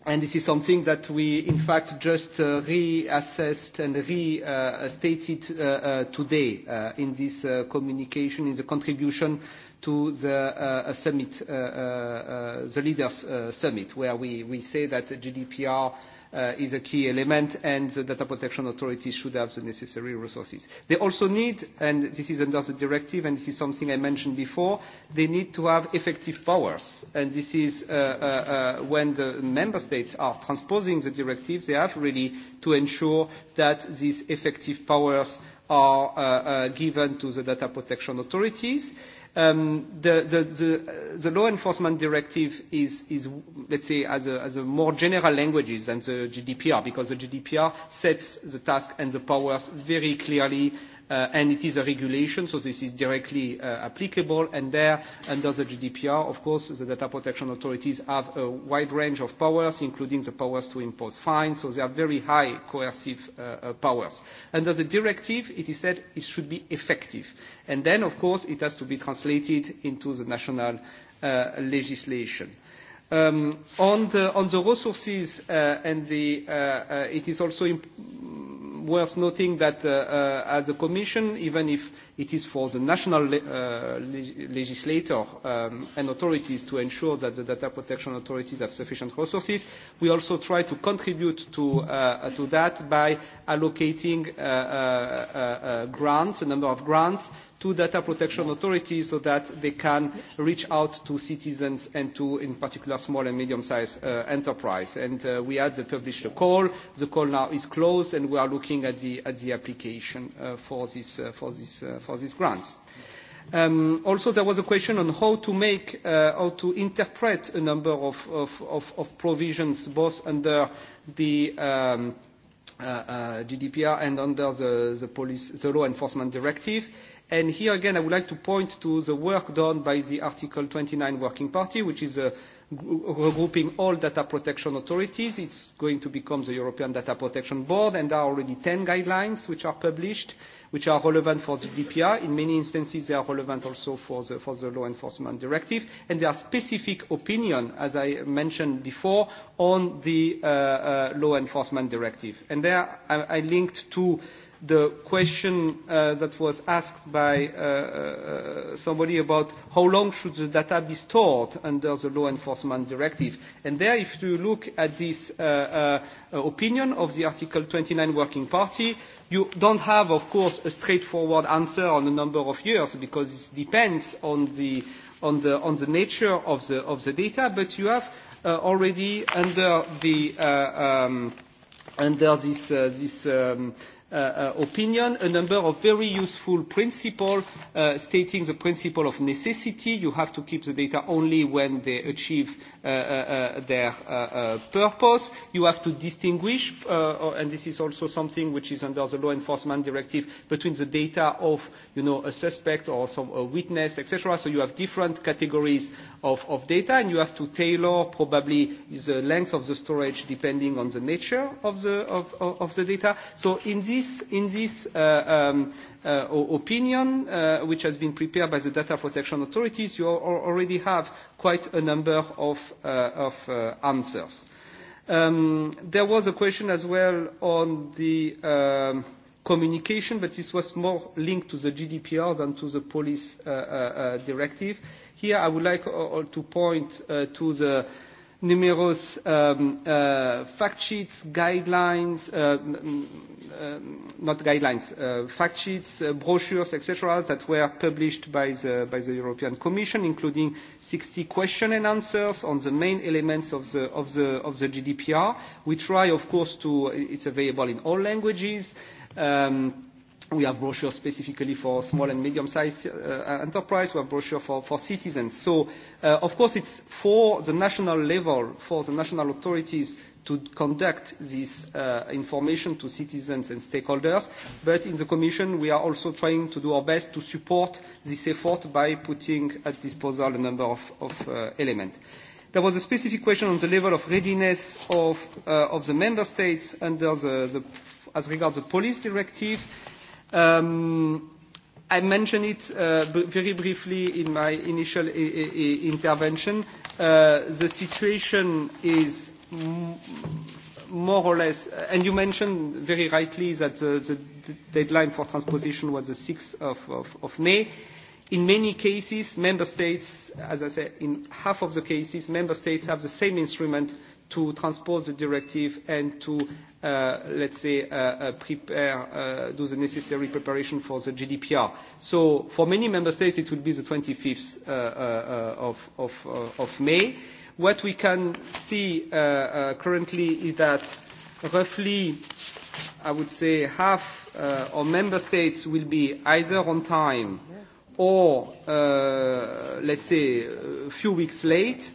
And this is something that we, in fact, just uh, reassessed and restated uh, uh, today uh, in this uh, communication, in the contribution to the uh, summit, uh, uh, uh the leaders' uh, summit, where we, we say that GDPR Uh, is a key element, and the data protection authorities should have the necessary resources. They also need, and this is under the directive, and this is something I mentioned before, they need to have effective powers. And this is uh, uh, uh, when the member states are transposing the directive, they have really to ensure that these effective powers are uh, uh, given to the data protection authorities. Uh, um, the, the, the, the law enforcement directive is, is let's say, as a, as a more general language than the GDPR, because the GDPR sets the task and the powers very clearly Uh, and it is a regulation, so this is directly uh, applicable. And there, under the GDPR, of course, the data protection authorities have a wide range of powers, including the powers to impose fines, so they have very high coercive uh, uh, powers. Under the directive, it is said it should be effective. And then, of course, it has to be translated into the national uh, legislation. Um, on, the, resources, uh, and uh, uh, it is also worth noting that as a commission, even if it is for the national le uh, le legislator um, and authorities to ensure that the data protection authorities have sufficient resources. We also try to contribute to, uh, to that by allocating uh, uh, uh, uh, grants, a number of grants, to data protection authorities so that they can reach out to citizens and to, in particular, small and medium-sized uh, enterprise. And uh, we had the published a call. The call now is closed, and we are looking at the, at the application uh, for this, uh, for this, uh, for for these grants. Um, also, there was a question on how to make, uh, how to interpret a number of, of, of, of provisions, both under the um, uh, uh, GDPR and under the, the, police, the law enforcement directive. And here again, I would like to point to the work done by the Article 29 Working Party, which is a regrouping all data protection authorities. It's going to become the European Data Protection Board, and there are already 10 guidelines which are published, which are relevant for the DPR. In many instances, they are relevant also for the, for the law enforcement directive. And there are specific opinion, as I mentioned before, on the uh, uh, law enforcement directive. And there I, I linked to the question uh, that was asked by uh, uh, uh, somebody about how long should the data be stored under the law enforcement directive. And there, if you look at this uh, uh, opinion of the Article 29 Working Party, you don't have, of course, a straightforward answer on the number of years because it depends on the, on the, on the nature of the, of the data, but you have uh, already under the uh, um, under this, uh, this um, Uh, uh, opinion a number of very useful principles uh, stating the principle of necessity. You have to keep the data only when they achieve uh, uh, uh their uh, uh, purpose. You have to distinguish, uh, uh, and this is also something which is under the law enforcement directive, between the data of you know, a suspect or some, a witness, etc. So you have different categories of, of data, and you have to tailor probably the length of the storage depending on the nature of the, of, of, of the data. So in this this, in this uh, um, uh, opinion, uh, which has been prepared by the data protection authorities, you already have quite a number of, of answers. Um, there was a question as well on the um, communication, but this was more linked to the GDPR than to the police uh, uh, directive. Here, I would like uh, to point uh, to the uh, numerous um, uh, fact sheets, guidelines, uh, um, not guidelines, uh, fact sheets, uh, brochures, etc., that were published by the, by the European Commission, including 60 question and answers on the main elements of the, of the, of the GDPR. We try, of course, to, it's available in all languages. Um, We have brochures specifically for small and medium-sized uh, uh, enterprise. We have brochure for, for citizens. So, uh, of course, it's for the national level, for the national authorities to conduct this uh, information to citizens and stakeholders. But in the Commission, we are also trying to do our best to support this effort by putting at disposal a number of, of uh, elements. There was a specific question on the level of readiness of, uh, of the member states under the, the, as regards the police directive. Um, I mentioned it uh, very briefly in my initial intervention. Uh, the situation is more or less, uh, and you mentioned very rightly that the, the deadline for transposition was the 6th of, of, of May. In many cases, member states, as I said, in half of the cases, member states have the same instrument to transpose the directive and to, uh, let's say, uh, uh, prepare, uh, do the necessary preparation for the GDPR. So for many member states, it will be the 25th uh, uh, uh, of, of, uh, of May. What we can see uh, uh, currently is that roughly, I would say, half uh, of member states will be either on time or, uh, let's say, a few weeks late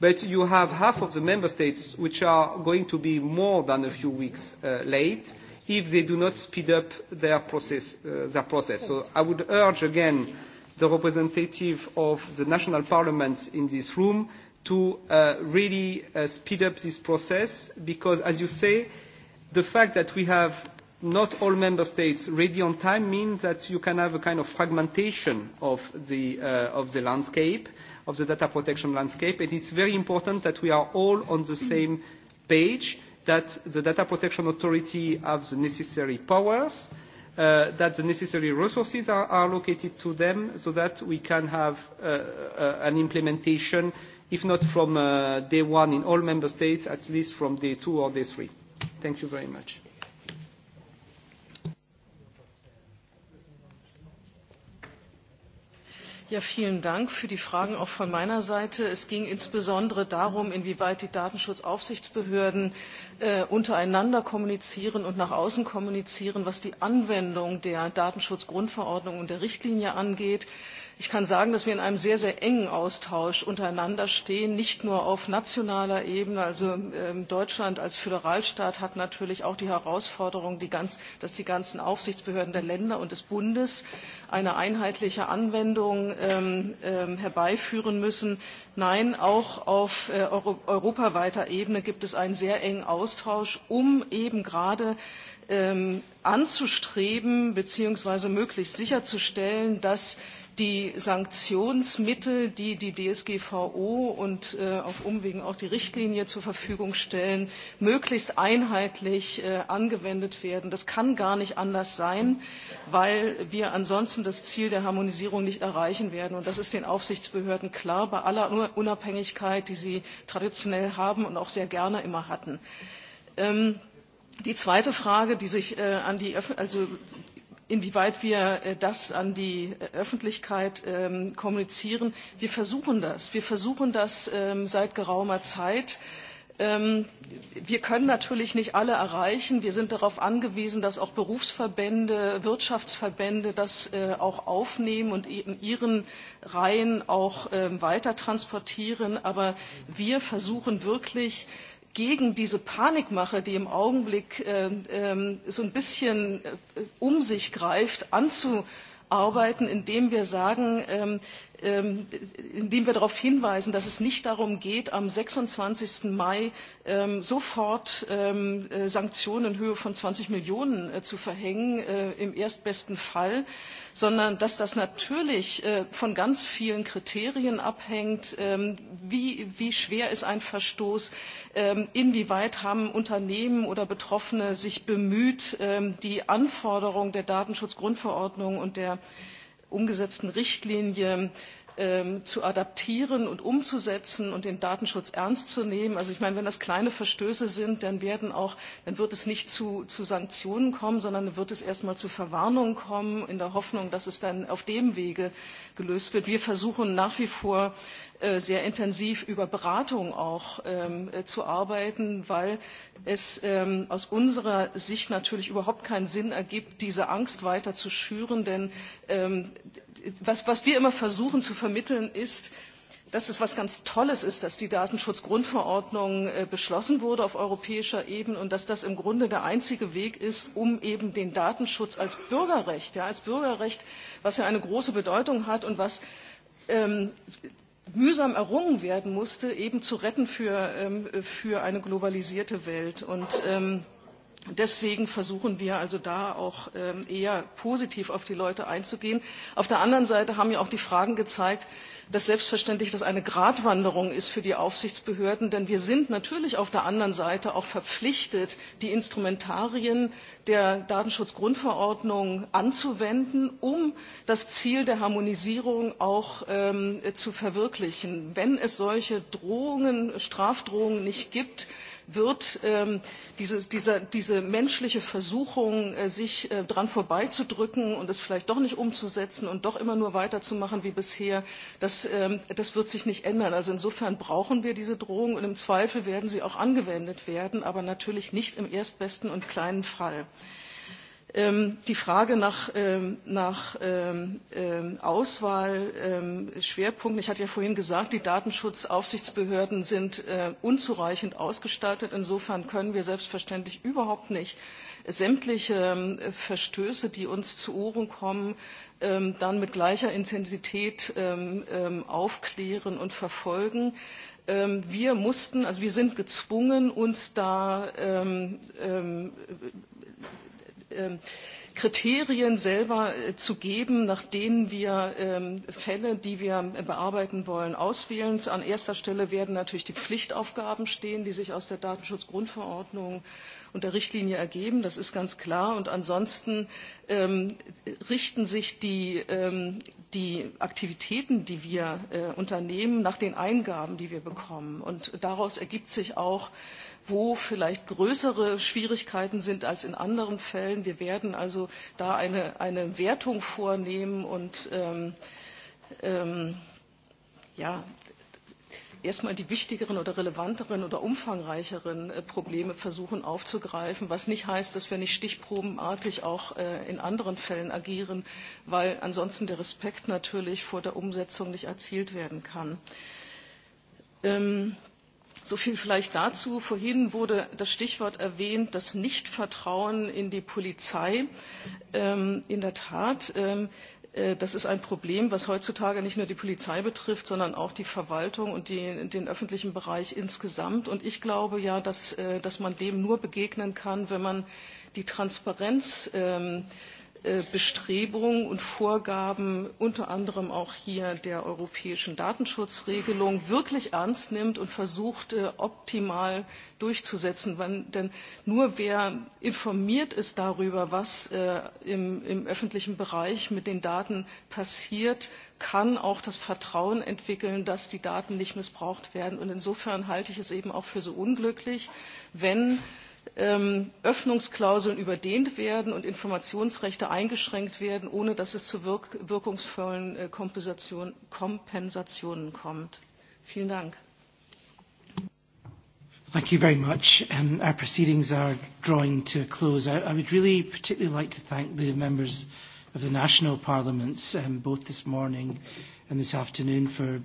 but you have half of the member states which are going to be more than a few weeks uh, late if they do not speed up their process, uh, their process. So I would urge again the representative of the national parliaments in this room to uh, really uh, speed up this process because, as you say, the fact that we have not all member states ready on time means that you can have a kind of fragmentation of the, uh, of the landscape of the data protection landscape. And it's very important that we are all on the same page, that the data protection authority have the necessary powers, uh, that the necessary resources are, allocated to them so that we can have uh, uh, an implementation, if not from day one in all member states, at least from day two or day three. Thank you very much. Ja, vielen Dank für die Fragen auch von meiner Seite. Es ging insbesondere darum, inwieweit die Datenschutzaufsichtsbehörden äh, untereinander kommunizieren und nach außen kommunizieren, was die Anwendung der Datenschutzgrundverordnung und der Richtlinie angeht. Ich kann sagen, dass wir in einem sehr, sehr engen Austausch untereinander stehen, nicht nur auf nationaler Ebene. Also ähm, Deutschland als Föderalstaat hat natürlich auch die Herausforderung, die ganz, dass die ganzen Aufsichtsbehörden der Länder und des Bundes eine einheitliche Anwendung ähm, ähm, herbeiführen müssen. Nein, auch auf äh, europaweiter Ebene gibt es einen sehr engen Austausch, um eben gerade ähm, anzustreben bzw. möglichst sicherzustellen, dass die Sanktionsmittel, die die DSGVO und äh, auf Umwegen auch die Richtlinie zur Verfügung stellen, möglichst einheitlich äh, angewendet werden. Das kann gar nicht anders sein, weil wir ansonsten das Ziel der Harmonisierung nicht erreichen werden. Und das ist den Aufsichtsbehörden klar, bei aller Unabhängigkeit, die sie traditionell haben und auch sehr gerne immer hatten. Ähm, die zweite Frage, die sich äh, an die, also inwieweit wir äh, das an die äh, Öffentlichkeit ähm, kommunizieren. Wir versuchen das. Wir versuchen das ähm, seit geraumer Zeit. Ähm, wir können natürlich nicht alle erreichen. Wir sind darauf angewiesen, dass auch Berufsverbände, Wirtschaftsverbände das äh, auch aufnehmen und in ihren Reihen auch weiter transportieren. Aber wir versuchen wirklich, gegen diese Panikmache, die im Augenblick ähm, ähm, so ein bisschen äh, um sich greift, anzuarbeiten, indem wir sagen, ähm, Ähm, indem wir darauf hinweisen, dass es nicht darum geht, am 26. Mai ähm, sofort ähm, äh, Sanktionen in Höhe von 20 Millionen äh, zu verhängen, äh, im erstbesten Fall, sondern dass das natürlich von ganz vielen Kriterien abhängt, wie, wie schwer ist ein Verstoß, inwieweit haben Unternehmen oder Betroffene sich bemüht, die Anforderungen der Datenschutzgrundverordnung und der umgesetzten richtlinie Ähm, zu adaptieren und umzusetzen und den Datenschutz ernst zu nehmen. Also ich meine, wenn das kleine Verstöße sind, dann werden auch, dann wird es nicht zu, zu Sanktionen kommen, sondern dann wird es erstmal zu Verwarnungen kommen, in der Hoffnung, dass es dann auf dem Wege gelöst wird. Wir versuchen nach wie vor äh, sehr intensiv über Beratung auch ähm, äh, zu arbeiten, weil es ähm, aus unserer Sicht natürlich überhaupt keinen Sinn ergibt, diese Angst weiter zu schüren, denn ähm, was, was wir immer versuchen zu vermitteln, ist, dass es was ganz Tolles ist, dass die Datenschutzgrundverordnung äh, beschlossen wurde auf europäischer Ebene und dass das im Grunde der einzige Weg ist, um eben den Datenschutz als Bürgerrecht, ja, als Bürgerrecht, was ja eine große Bedeutung hat und was ähm, mühsam errungen werden musste, eben zu retten für, ähm, für eine globalisierte Welt. Und ähm, Deswegen versuchen wir also da auch ähm, eher positiv auf die Leute einzugehen. Auf der anderen Seite haben ja auch die Fragen gezeigt, dass selbstverständlich das eine Gratwanderung ist für die Aufsichtsbehörden, denn wir sind natürlich auf der anderen Seite auch verpflichtet, die Instrumentarien der Datenschutzgrundverordnung anzuwenden, um das Ziel der Harmonisierung auch ähm, zu verwirklichen. Wenn es solche Drohungen, Strafdrohungen nicht gibt, wird ähm, diese, diese, diese menschliche Versuchung, äh, sich äh, dran vorbeizudrücken und es vielleicht doch nicht umzusetzen und doch immer nur weiterzumachen wie bisher, das, ähm, das wird sich nicht ändern. Also insofern brauchen wir diese Drohung und im Zweifel werden sie auch angewendet werden, aber natürlich nicht im erstbesten und kleinen Fall. Ähm, die Frage nach, ähm, nach ähm, Auswahlschwerpunkten, ich hatte ja vorhin gesagt, die Datenschutzaufsichtsbehörden sind äh, unzureichend ausgestattet. Insofern können wir selbstverständlich überhaupt nicht sämtliche Verstöße, die uns zu Ohren kommen, dann mit gleicher Intensität aufklären und verfolgen wir mussten, also wir sind gezwungen, uns da ähm, ähm, Ähm, Kriterien selber äh, zu geben, nach denen wir ähm, Fälle, die wir äh, bearbeiten wollen, auswählen. An erster Stelle werden natürlich die Pflichtaufgaben stehen, die sich aus der Datenschutzgrundverordnung und der Richtlinie ergeben. Das ist ganz klar. Und ansonsten ähm, richten sich die, ähm, die Aktivitäten, die wir äh, unternehmen, nach den Eingaben, die wir bekommen. Und daraus ergibt sich auch, wo vielleicht größere Schwierigkeiten sind als in anderen Fällen. Wir werden also da eine, eine Wertung vornehmen und ähm, ähm, ja, erstmal die wichtigeren oder relevanteren oder umfangreicheren äh, Probleme versuchen aufzugreifen, was nicht heißt, dass wir nicht stichprobenartig auch äh, in anderen Fällen agieren, weil ansonsten der Respekt natürlich vor der Umsetzung nicht erzielt werden kann. Ähm So viel vielleicht dazu. Vorhin wurde das Stichwort erwähnt, das Nichtvertrauen in die Polizei. Ähm, in der Tat, ähm, äh, das ist ein Problem, was heutzutage nicht nur die Polizei betrifft, sondern auch die Verwaltung und die, den öffentlichen Bereich insgesamt. Und ich glaube ja, dass, äh, dass man dem nur begegnen kann, wenn man die Transparenz ähm, Äh, Bestrebungen und Vorgaben, unter anderem auch hier der europäischen Datenschutzregelung, wirklich ernst nimmt und versucht, äh, optimal durchzusetzen. denn nur wer informiert ist darüber, was äh, im, im öffentlichen Bereich mit den Daten passiert, kann auch das Vertrauen entwickeln, dass die Daten nicht missbraucht werden. Und insofern halte ich es eben auch für so unglücklich, wenn Ähm, öffnungsklauseln überdehnt werden und informationsrechte eingeschränkt werden ohne dass es zu wirk wirkungsvollen äh, kompensationen kommt. vielen dank. Thank you very much. Um, our proceedings are drawing to a close. I, I would really particularly like to thank the members of the national parliaments, um, both this morning and this afternoon, for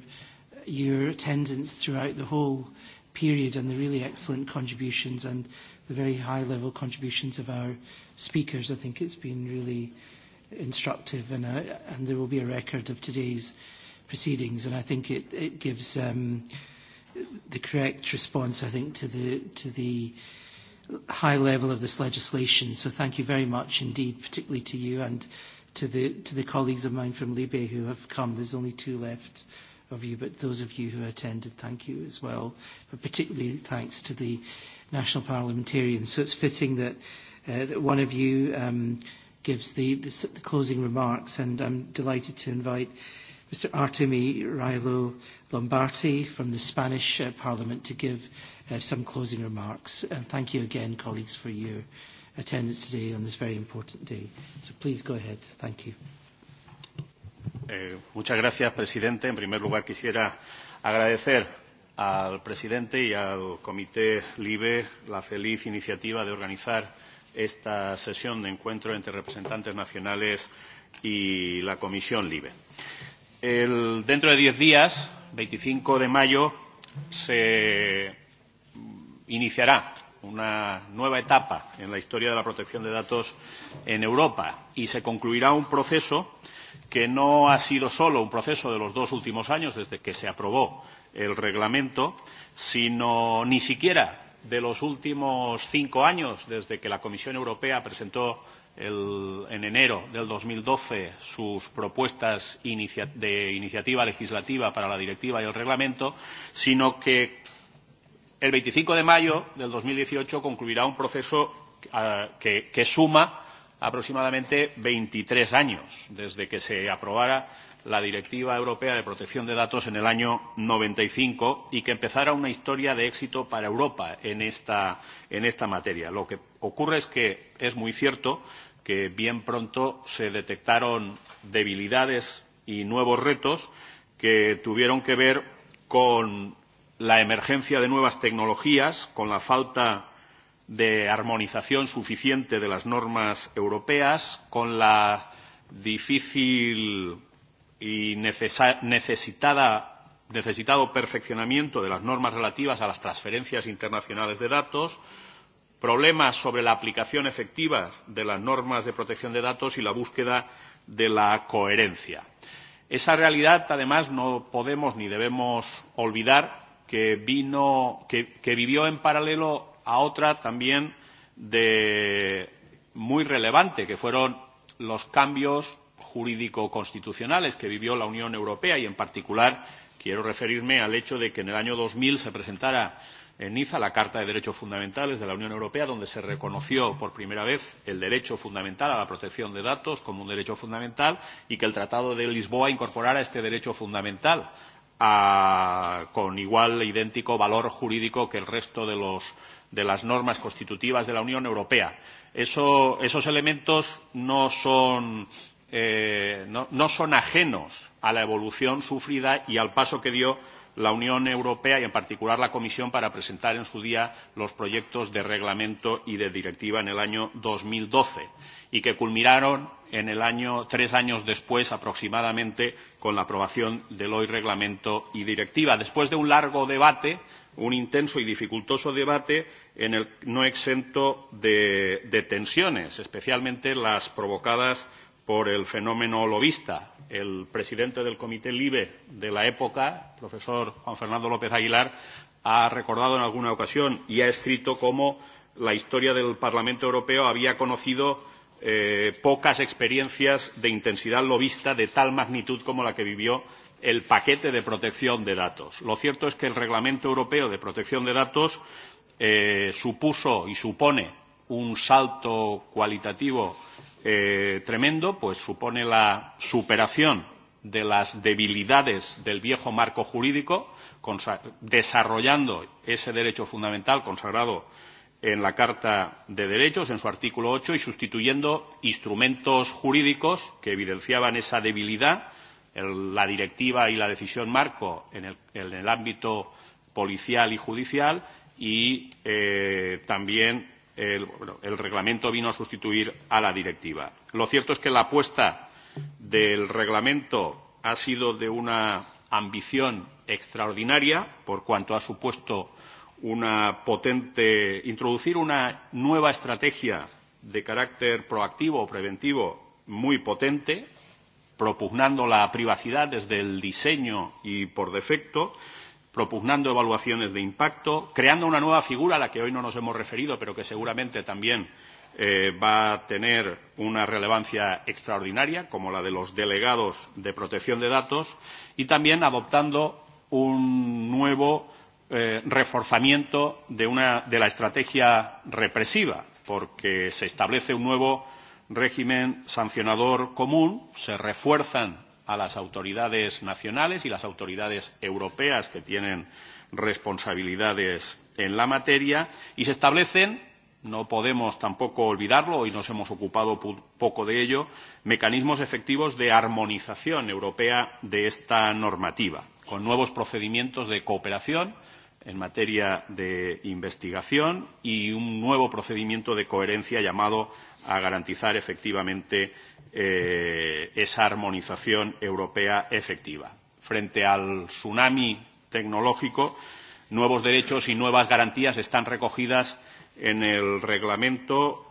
your attendance throughout the whole period and the really excellent contributions and the very high-level contributions of our speakers. I think it's been really instructive, and, uh, and there will be a record of today's proceedings. And I think it, it gives um, the correct response, I think, to the, to the high level of this legislation. So thank you very much indeed, particularly to you and to the, to the colleagues of mine from Libe who have come. There's only two left of you, but those of you who attended, thank you as well. But particularly thanks to the national parliamentarian. So it's fitting that, uh, that one of you um, gives the, the, the closing remarks, and I'm delighted to invite Mr. Artemi Rilo Lombardi from the Spanish uh, Parliament to give uh, some closing remarks. And thank you again, colleagues, for your attendance today on this very important day. So please go ahead. Thank you. Eh, muchas gracias, presidente. En primer lugar, quisiera agradecer al presidente y al comité LIBE la feliz iniciativa de organizar esta sesión de encuentro entre representantes nacionales y la comisión LIBE. El, dentro de diez días, 25 de mayo, se iniciará una nueva etapa en la historia de la protección de datos en Europa y se concluirá un proceso que no ha sido solo un proceso de los dos últimos años desde que se aprobó el reglamento, sino ni siquiera de los últimos cinco años, desde que la Comisión Europea presentó el, en enero del 2012 sus propuestas inicia, de iniciativa legislativa para la directiva y el reglamento, sino que el 25 de mayo del 2018 concluirá un proceso uh, que, que suma aproximadamente 23 años desde que se aprobara la Directiva Europea de Protección de Datos en el año 95 y que empezara una historia de éxito para Europa en esta, en esta materia. Lo que ocurre es que es muy cierto que bien pronto se detectaron debilidades y nuevos retos que tuvieron que ver con la emergencia de nuevas tecnologías, con la falta de armonización suficiente de las normas europeas, con la difícil y necesitada, necesitado perfeccionamiento de las normas relativas a las transferencias internacionales de datos, problemas sobre la aplicación efectiva de las normas de protección de datos y la búsqueda de la coherencia. Esa realidad, además, no podemos ni debemos olvidar que, vino, que, que vivió en paralelo a otra también de, muy relevante, que fueron los cambios jurídico constitucionales que vivió la Unión Europea y, en particular, quiero referirme al hecho de que en el año 2000 se presentara en Niza la Carta de Derechos Fundamentales de la Unión Europea, donde se reconoció por primera vez el derecho fundamental a la protección de datos como un derecho fundamental y que el Tratado de Lisboa incorporara este derecho fundamental a, con igual e idéntico valor jurídico que el resto de, los, de las normas constitutivas de la Unión Europea. Eso, esos elementos no son eh, no, no son ajenos a la evolución sufrida y al paso que dio la Unión Europea y, en particular, la Comisión para presentar en su día los proyectos de reglamento y de directiva en el año 2012 y que culminaron en el año, tres años después aproximadamente con la aprobación del hoy reglamento y directiva. Después de un largo debate, un intenso y dificultoso debate en el no exento de, de tensiones, especialmente las provocadas por el fenómeno lobista. El presidente del Comité LIBE de la época, profesor Juan Fernando López Aguilar, ha recordado en alguna ocasión y ha escrito cómo la historia del Parlamento Europeo había conocido eh, pocas experiencias de intensidad lobista de tal magnitud como la que vivió el paquete de protección de datos. Lo cierto es que el Reglamento Europeo de Protección de Datos eh, supuso y supone un salto cualitativo eh, tremendo, pues supone la superación de las debilidades del viejo marco jurídico, desarrollando ese derecho fundamental consagrado en la Carta de Derechos, en su artículo 8, y sustituyendo instrumentos jurídicos que evidenciaban esa debilidad, el, la directiva y la decisión marco en el, en el ámbito policial y judicial, y eh, también el, bueno, el reglamento vino a sustituir a la directiva. Lo cierto es que la apuesta del reglamento ha sido de una ambición extraordinaria, por cuanto ha supuesto una potente introducir una nueva estrategia de carácter proactivo o preventivo muy potente, propugnando la privacidad desde el diseño y por defecto, propugnando evaluaciones de impacto, creando una nueva figura a la que hoy no nos hemos referido, pero que seguramente también eh, va a tener una relevancia extraordinaria, como la de los delegados de protección de datos, y también adoptando un nuevo eh, reforzamiento de, una, de la estrategia represiva, porque se establece un nuevo régimen sancionador común, se refuerzan a las autoridades nacionales y las autoridades europeas que tienen responsabilidades en la materia y se establecen no podemos tampoco olvidarlo, hoy nos hemos ocupado poco de ello, mecanismos efectivos de armonización europea de esta normativa, con nuevos procedimientos de cooperación en materia de investigación y un nuevo procedimiento de coherencia llamado a garantizar efectivamente eh, esa armonización europea efectiva. Frente al tsunami tecnológico, nuevos derechos y nuevas garantías están recogidas en el reglamento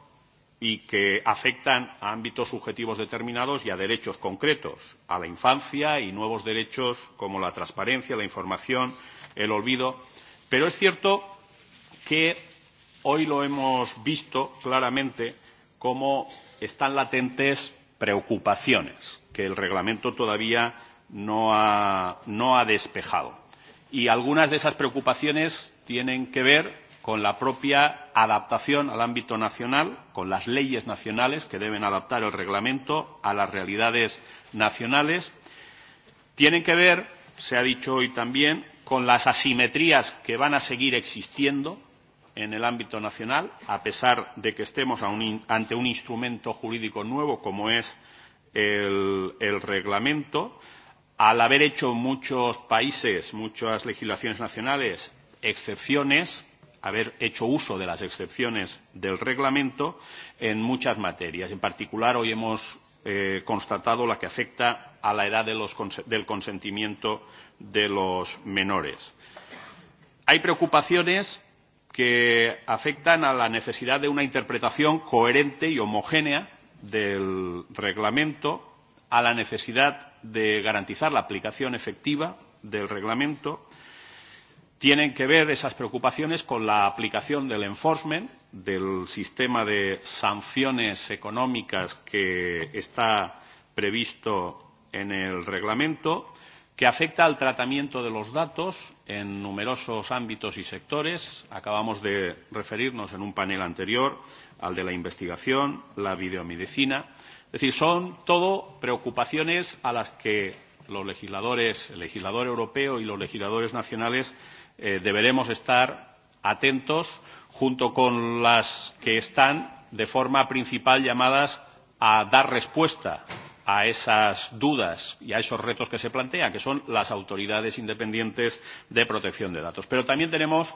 y que afectan a ámbitos subjetivos determinados y a derechos concretos, a la infancia y nuevos derechos como la transparencia, la información, el olvido. Pero es cierto que hoy lo hemos visto claramente cómo están latentes preocupaciones que el reglamento todavía no ha, no ha despejado. Y algunas de esas preocupaciones tienen que ver con la propia adaptación al ámbito nacional, con las leyes nacionales que deben adaptar el reglamento a las realidades nacionales. Tienen que ver, se ha dicho hoy también, con las asimetrías que van a seguir existiendo en el ámbito nacional, a pesar de que estemos a un, ante un instrumento jurídico nuevo como es el, el reglamento. Al haber hecho muchos países, muchas legislaciones nacionales, excepciones, haber hecho uso de las excepciones del reglamento en muchas materias. En particular, hoy hemos eh, constatado la que afecta a la edad de los, del consentimiento de los menores. Hay preocupaciones que afectan a la necesidad de una interpretación coherente y homogénea del reglamento, a la necesidad de garantizar la aplicación efectiva del reglamento, tienen que ver esas preocupaciones con la aplicación del enforcement, del sistema de sanciones económicas que está previsto en el reglamento que afecta al tratamiento de los datos en numerosos ámbitos y sectores. Acabamos de referirnos en un panel anterior al de la investigación, la videomedicina. Es decir, son todo preocupaciones a las que los legisladores, el legislador europeo y los legisladores nacionales eh, deberemos estar atentos junto con las que están de forma principal llamadas a dar respuesta a esas dudas y a esos retos que se plantean, que son las autoridades independientes de protección de datos. Pero también tenemos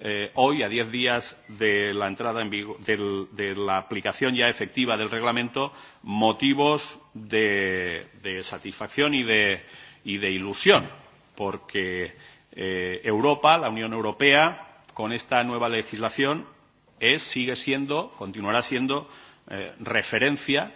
eh, hoy, a diez días de la entrada en vigor, del, de la aplicación ya efectiva del reglamento, motivos de, de satisfacción y de, y de ilusión, porque eh, Europa, la Unión Europea, con esta nueva legislación es, sigue siendo, continuará siendo eh, referencia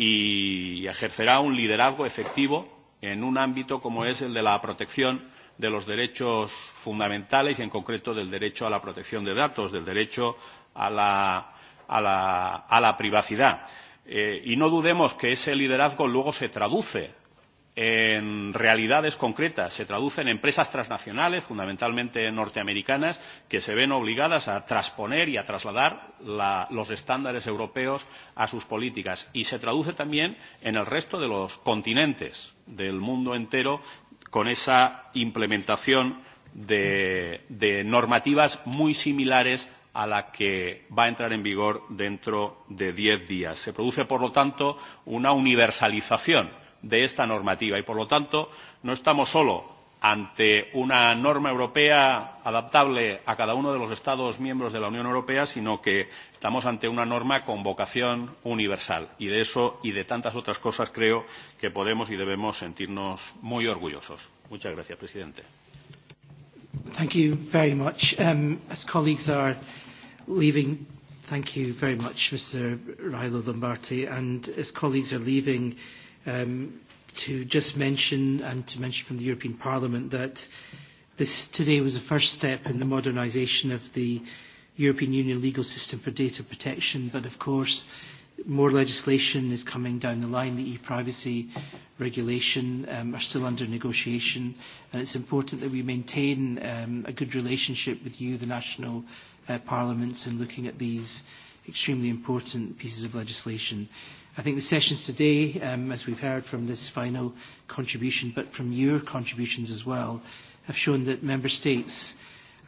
y ejercerá un liderazgo efectivo en un ámbito como es el de la protección de los derechos fundamentales y en concreto del derecho a la protección de datos, del derecho a la, a la, a la privacidad. Eh, y no dudemos que ese liderazgo luego se traduce en realidades concretas, se traduce en empresas transnacionales, fundamentalmente norteamericanas, que se ven obligadas a transponer y a trasladar la, los estándares europeos a sus políticas. Y se traduce también en el resto de los continentes del mundo entero con esa implementación de, de normativas muy similares a la que va a entrar en vigor dentro de diez días. Se produce, por lo tanto, una universalización de esta normativa. Y, por lo tanto, no estamos solo ante una norma europea adaptable a cada uno de los Estados miembros de la Unión Europea, sino que estamos ante una norma con vocación universal. Y de eso y de tantas otras cosas creo que podemos y debemos sentirnos muy orgullosos. Muchas gracias, presidente. Thank you very much. Um, as colleagues are leaving, thank you very much, Mr. Rilo Lombardi. And as colleagues are leaving, um, to just mention, and to mention from the European Parliament, that this today was a first step in the modernisation of the European Union legal system for data protection. But of course, more legislation is coming down the line. The e-privacy regulation um, are still under negotiation, and it's important that we maintain um, a good relationship with you, the national uh, parliaments, in looking at these extremely important pieces of legislation. I think the sessions today, um, as we've heard from this final contribution, but from your contributions as well, have shown that member states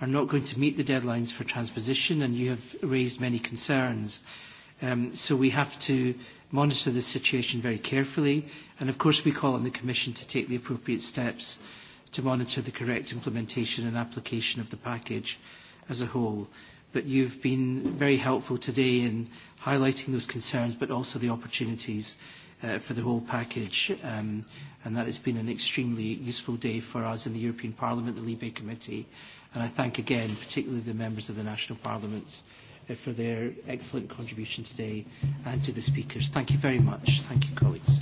are not going to meet the deadlines for transposition, and you have raised many concerns. Um, so we have to monitor this situation very carefully, and of course we call on the Commission to take the appropriate steps to monitor the correct implementation and application of the package as a whole. But you've been very helpful today in highlighting those concerns, but also the opportunities uh, for the whole package. Um, and that has been an extremely useful day for us in the European Parliament, the Libe Committee. And I thank again, particularly the members of the national parliaments, uh, for their excellent contribution today and to the speakers. Thank you very much. Thank you, colleagues.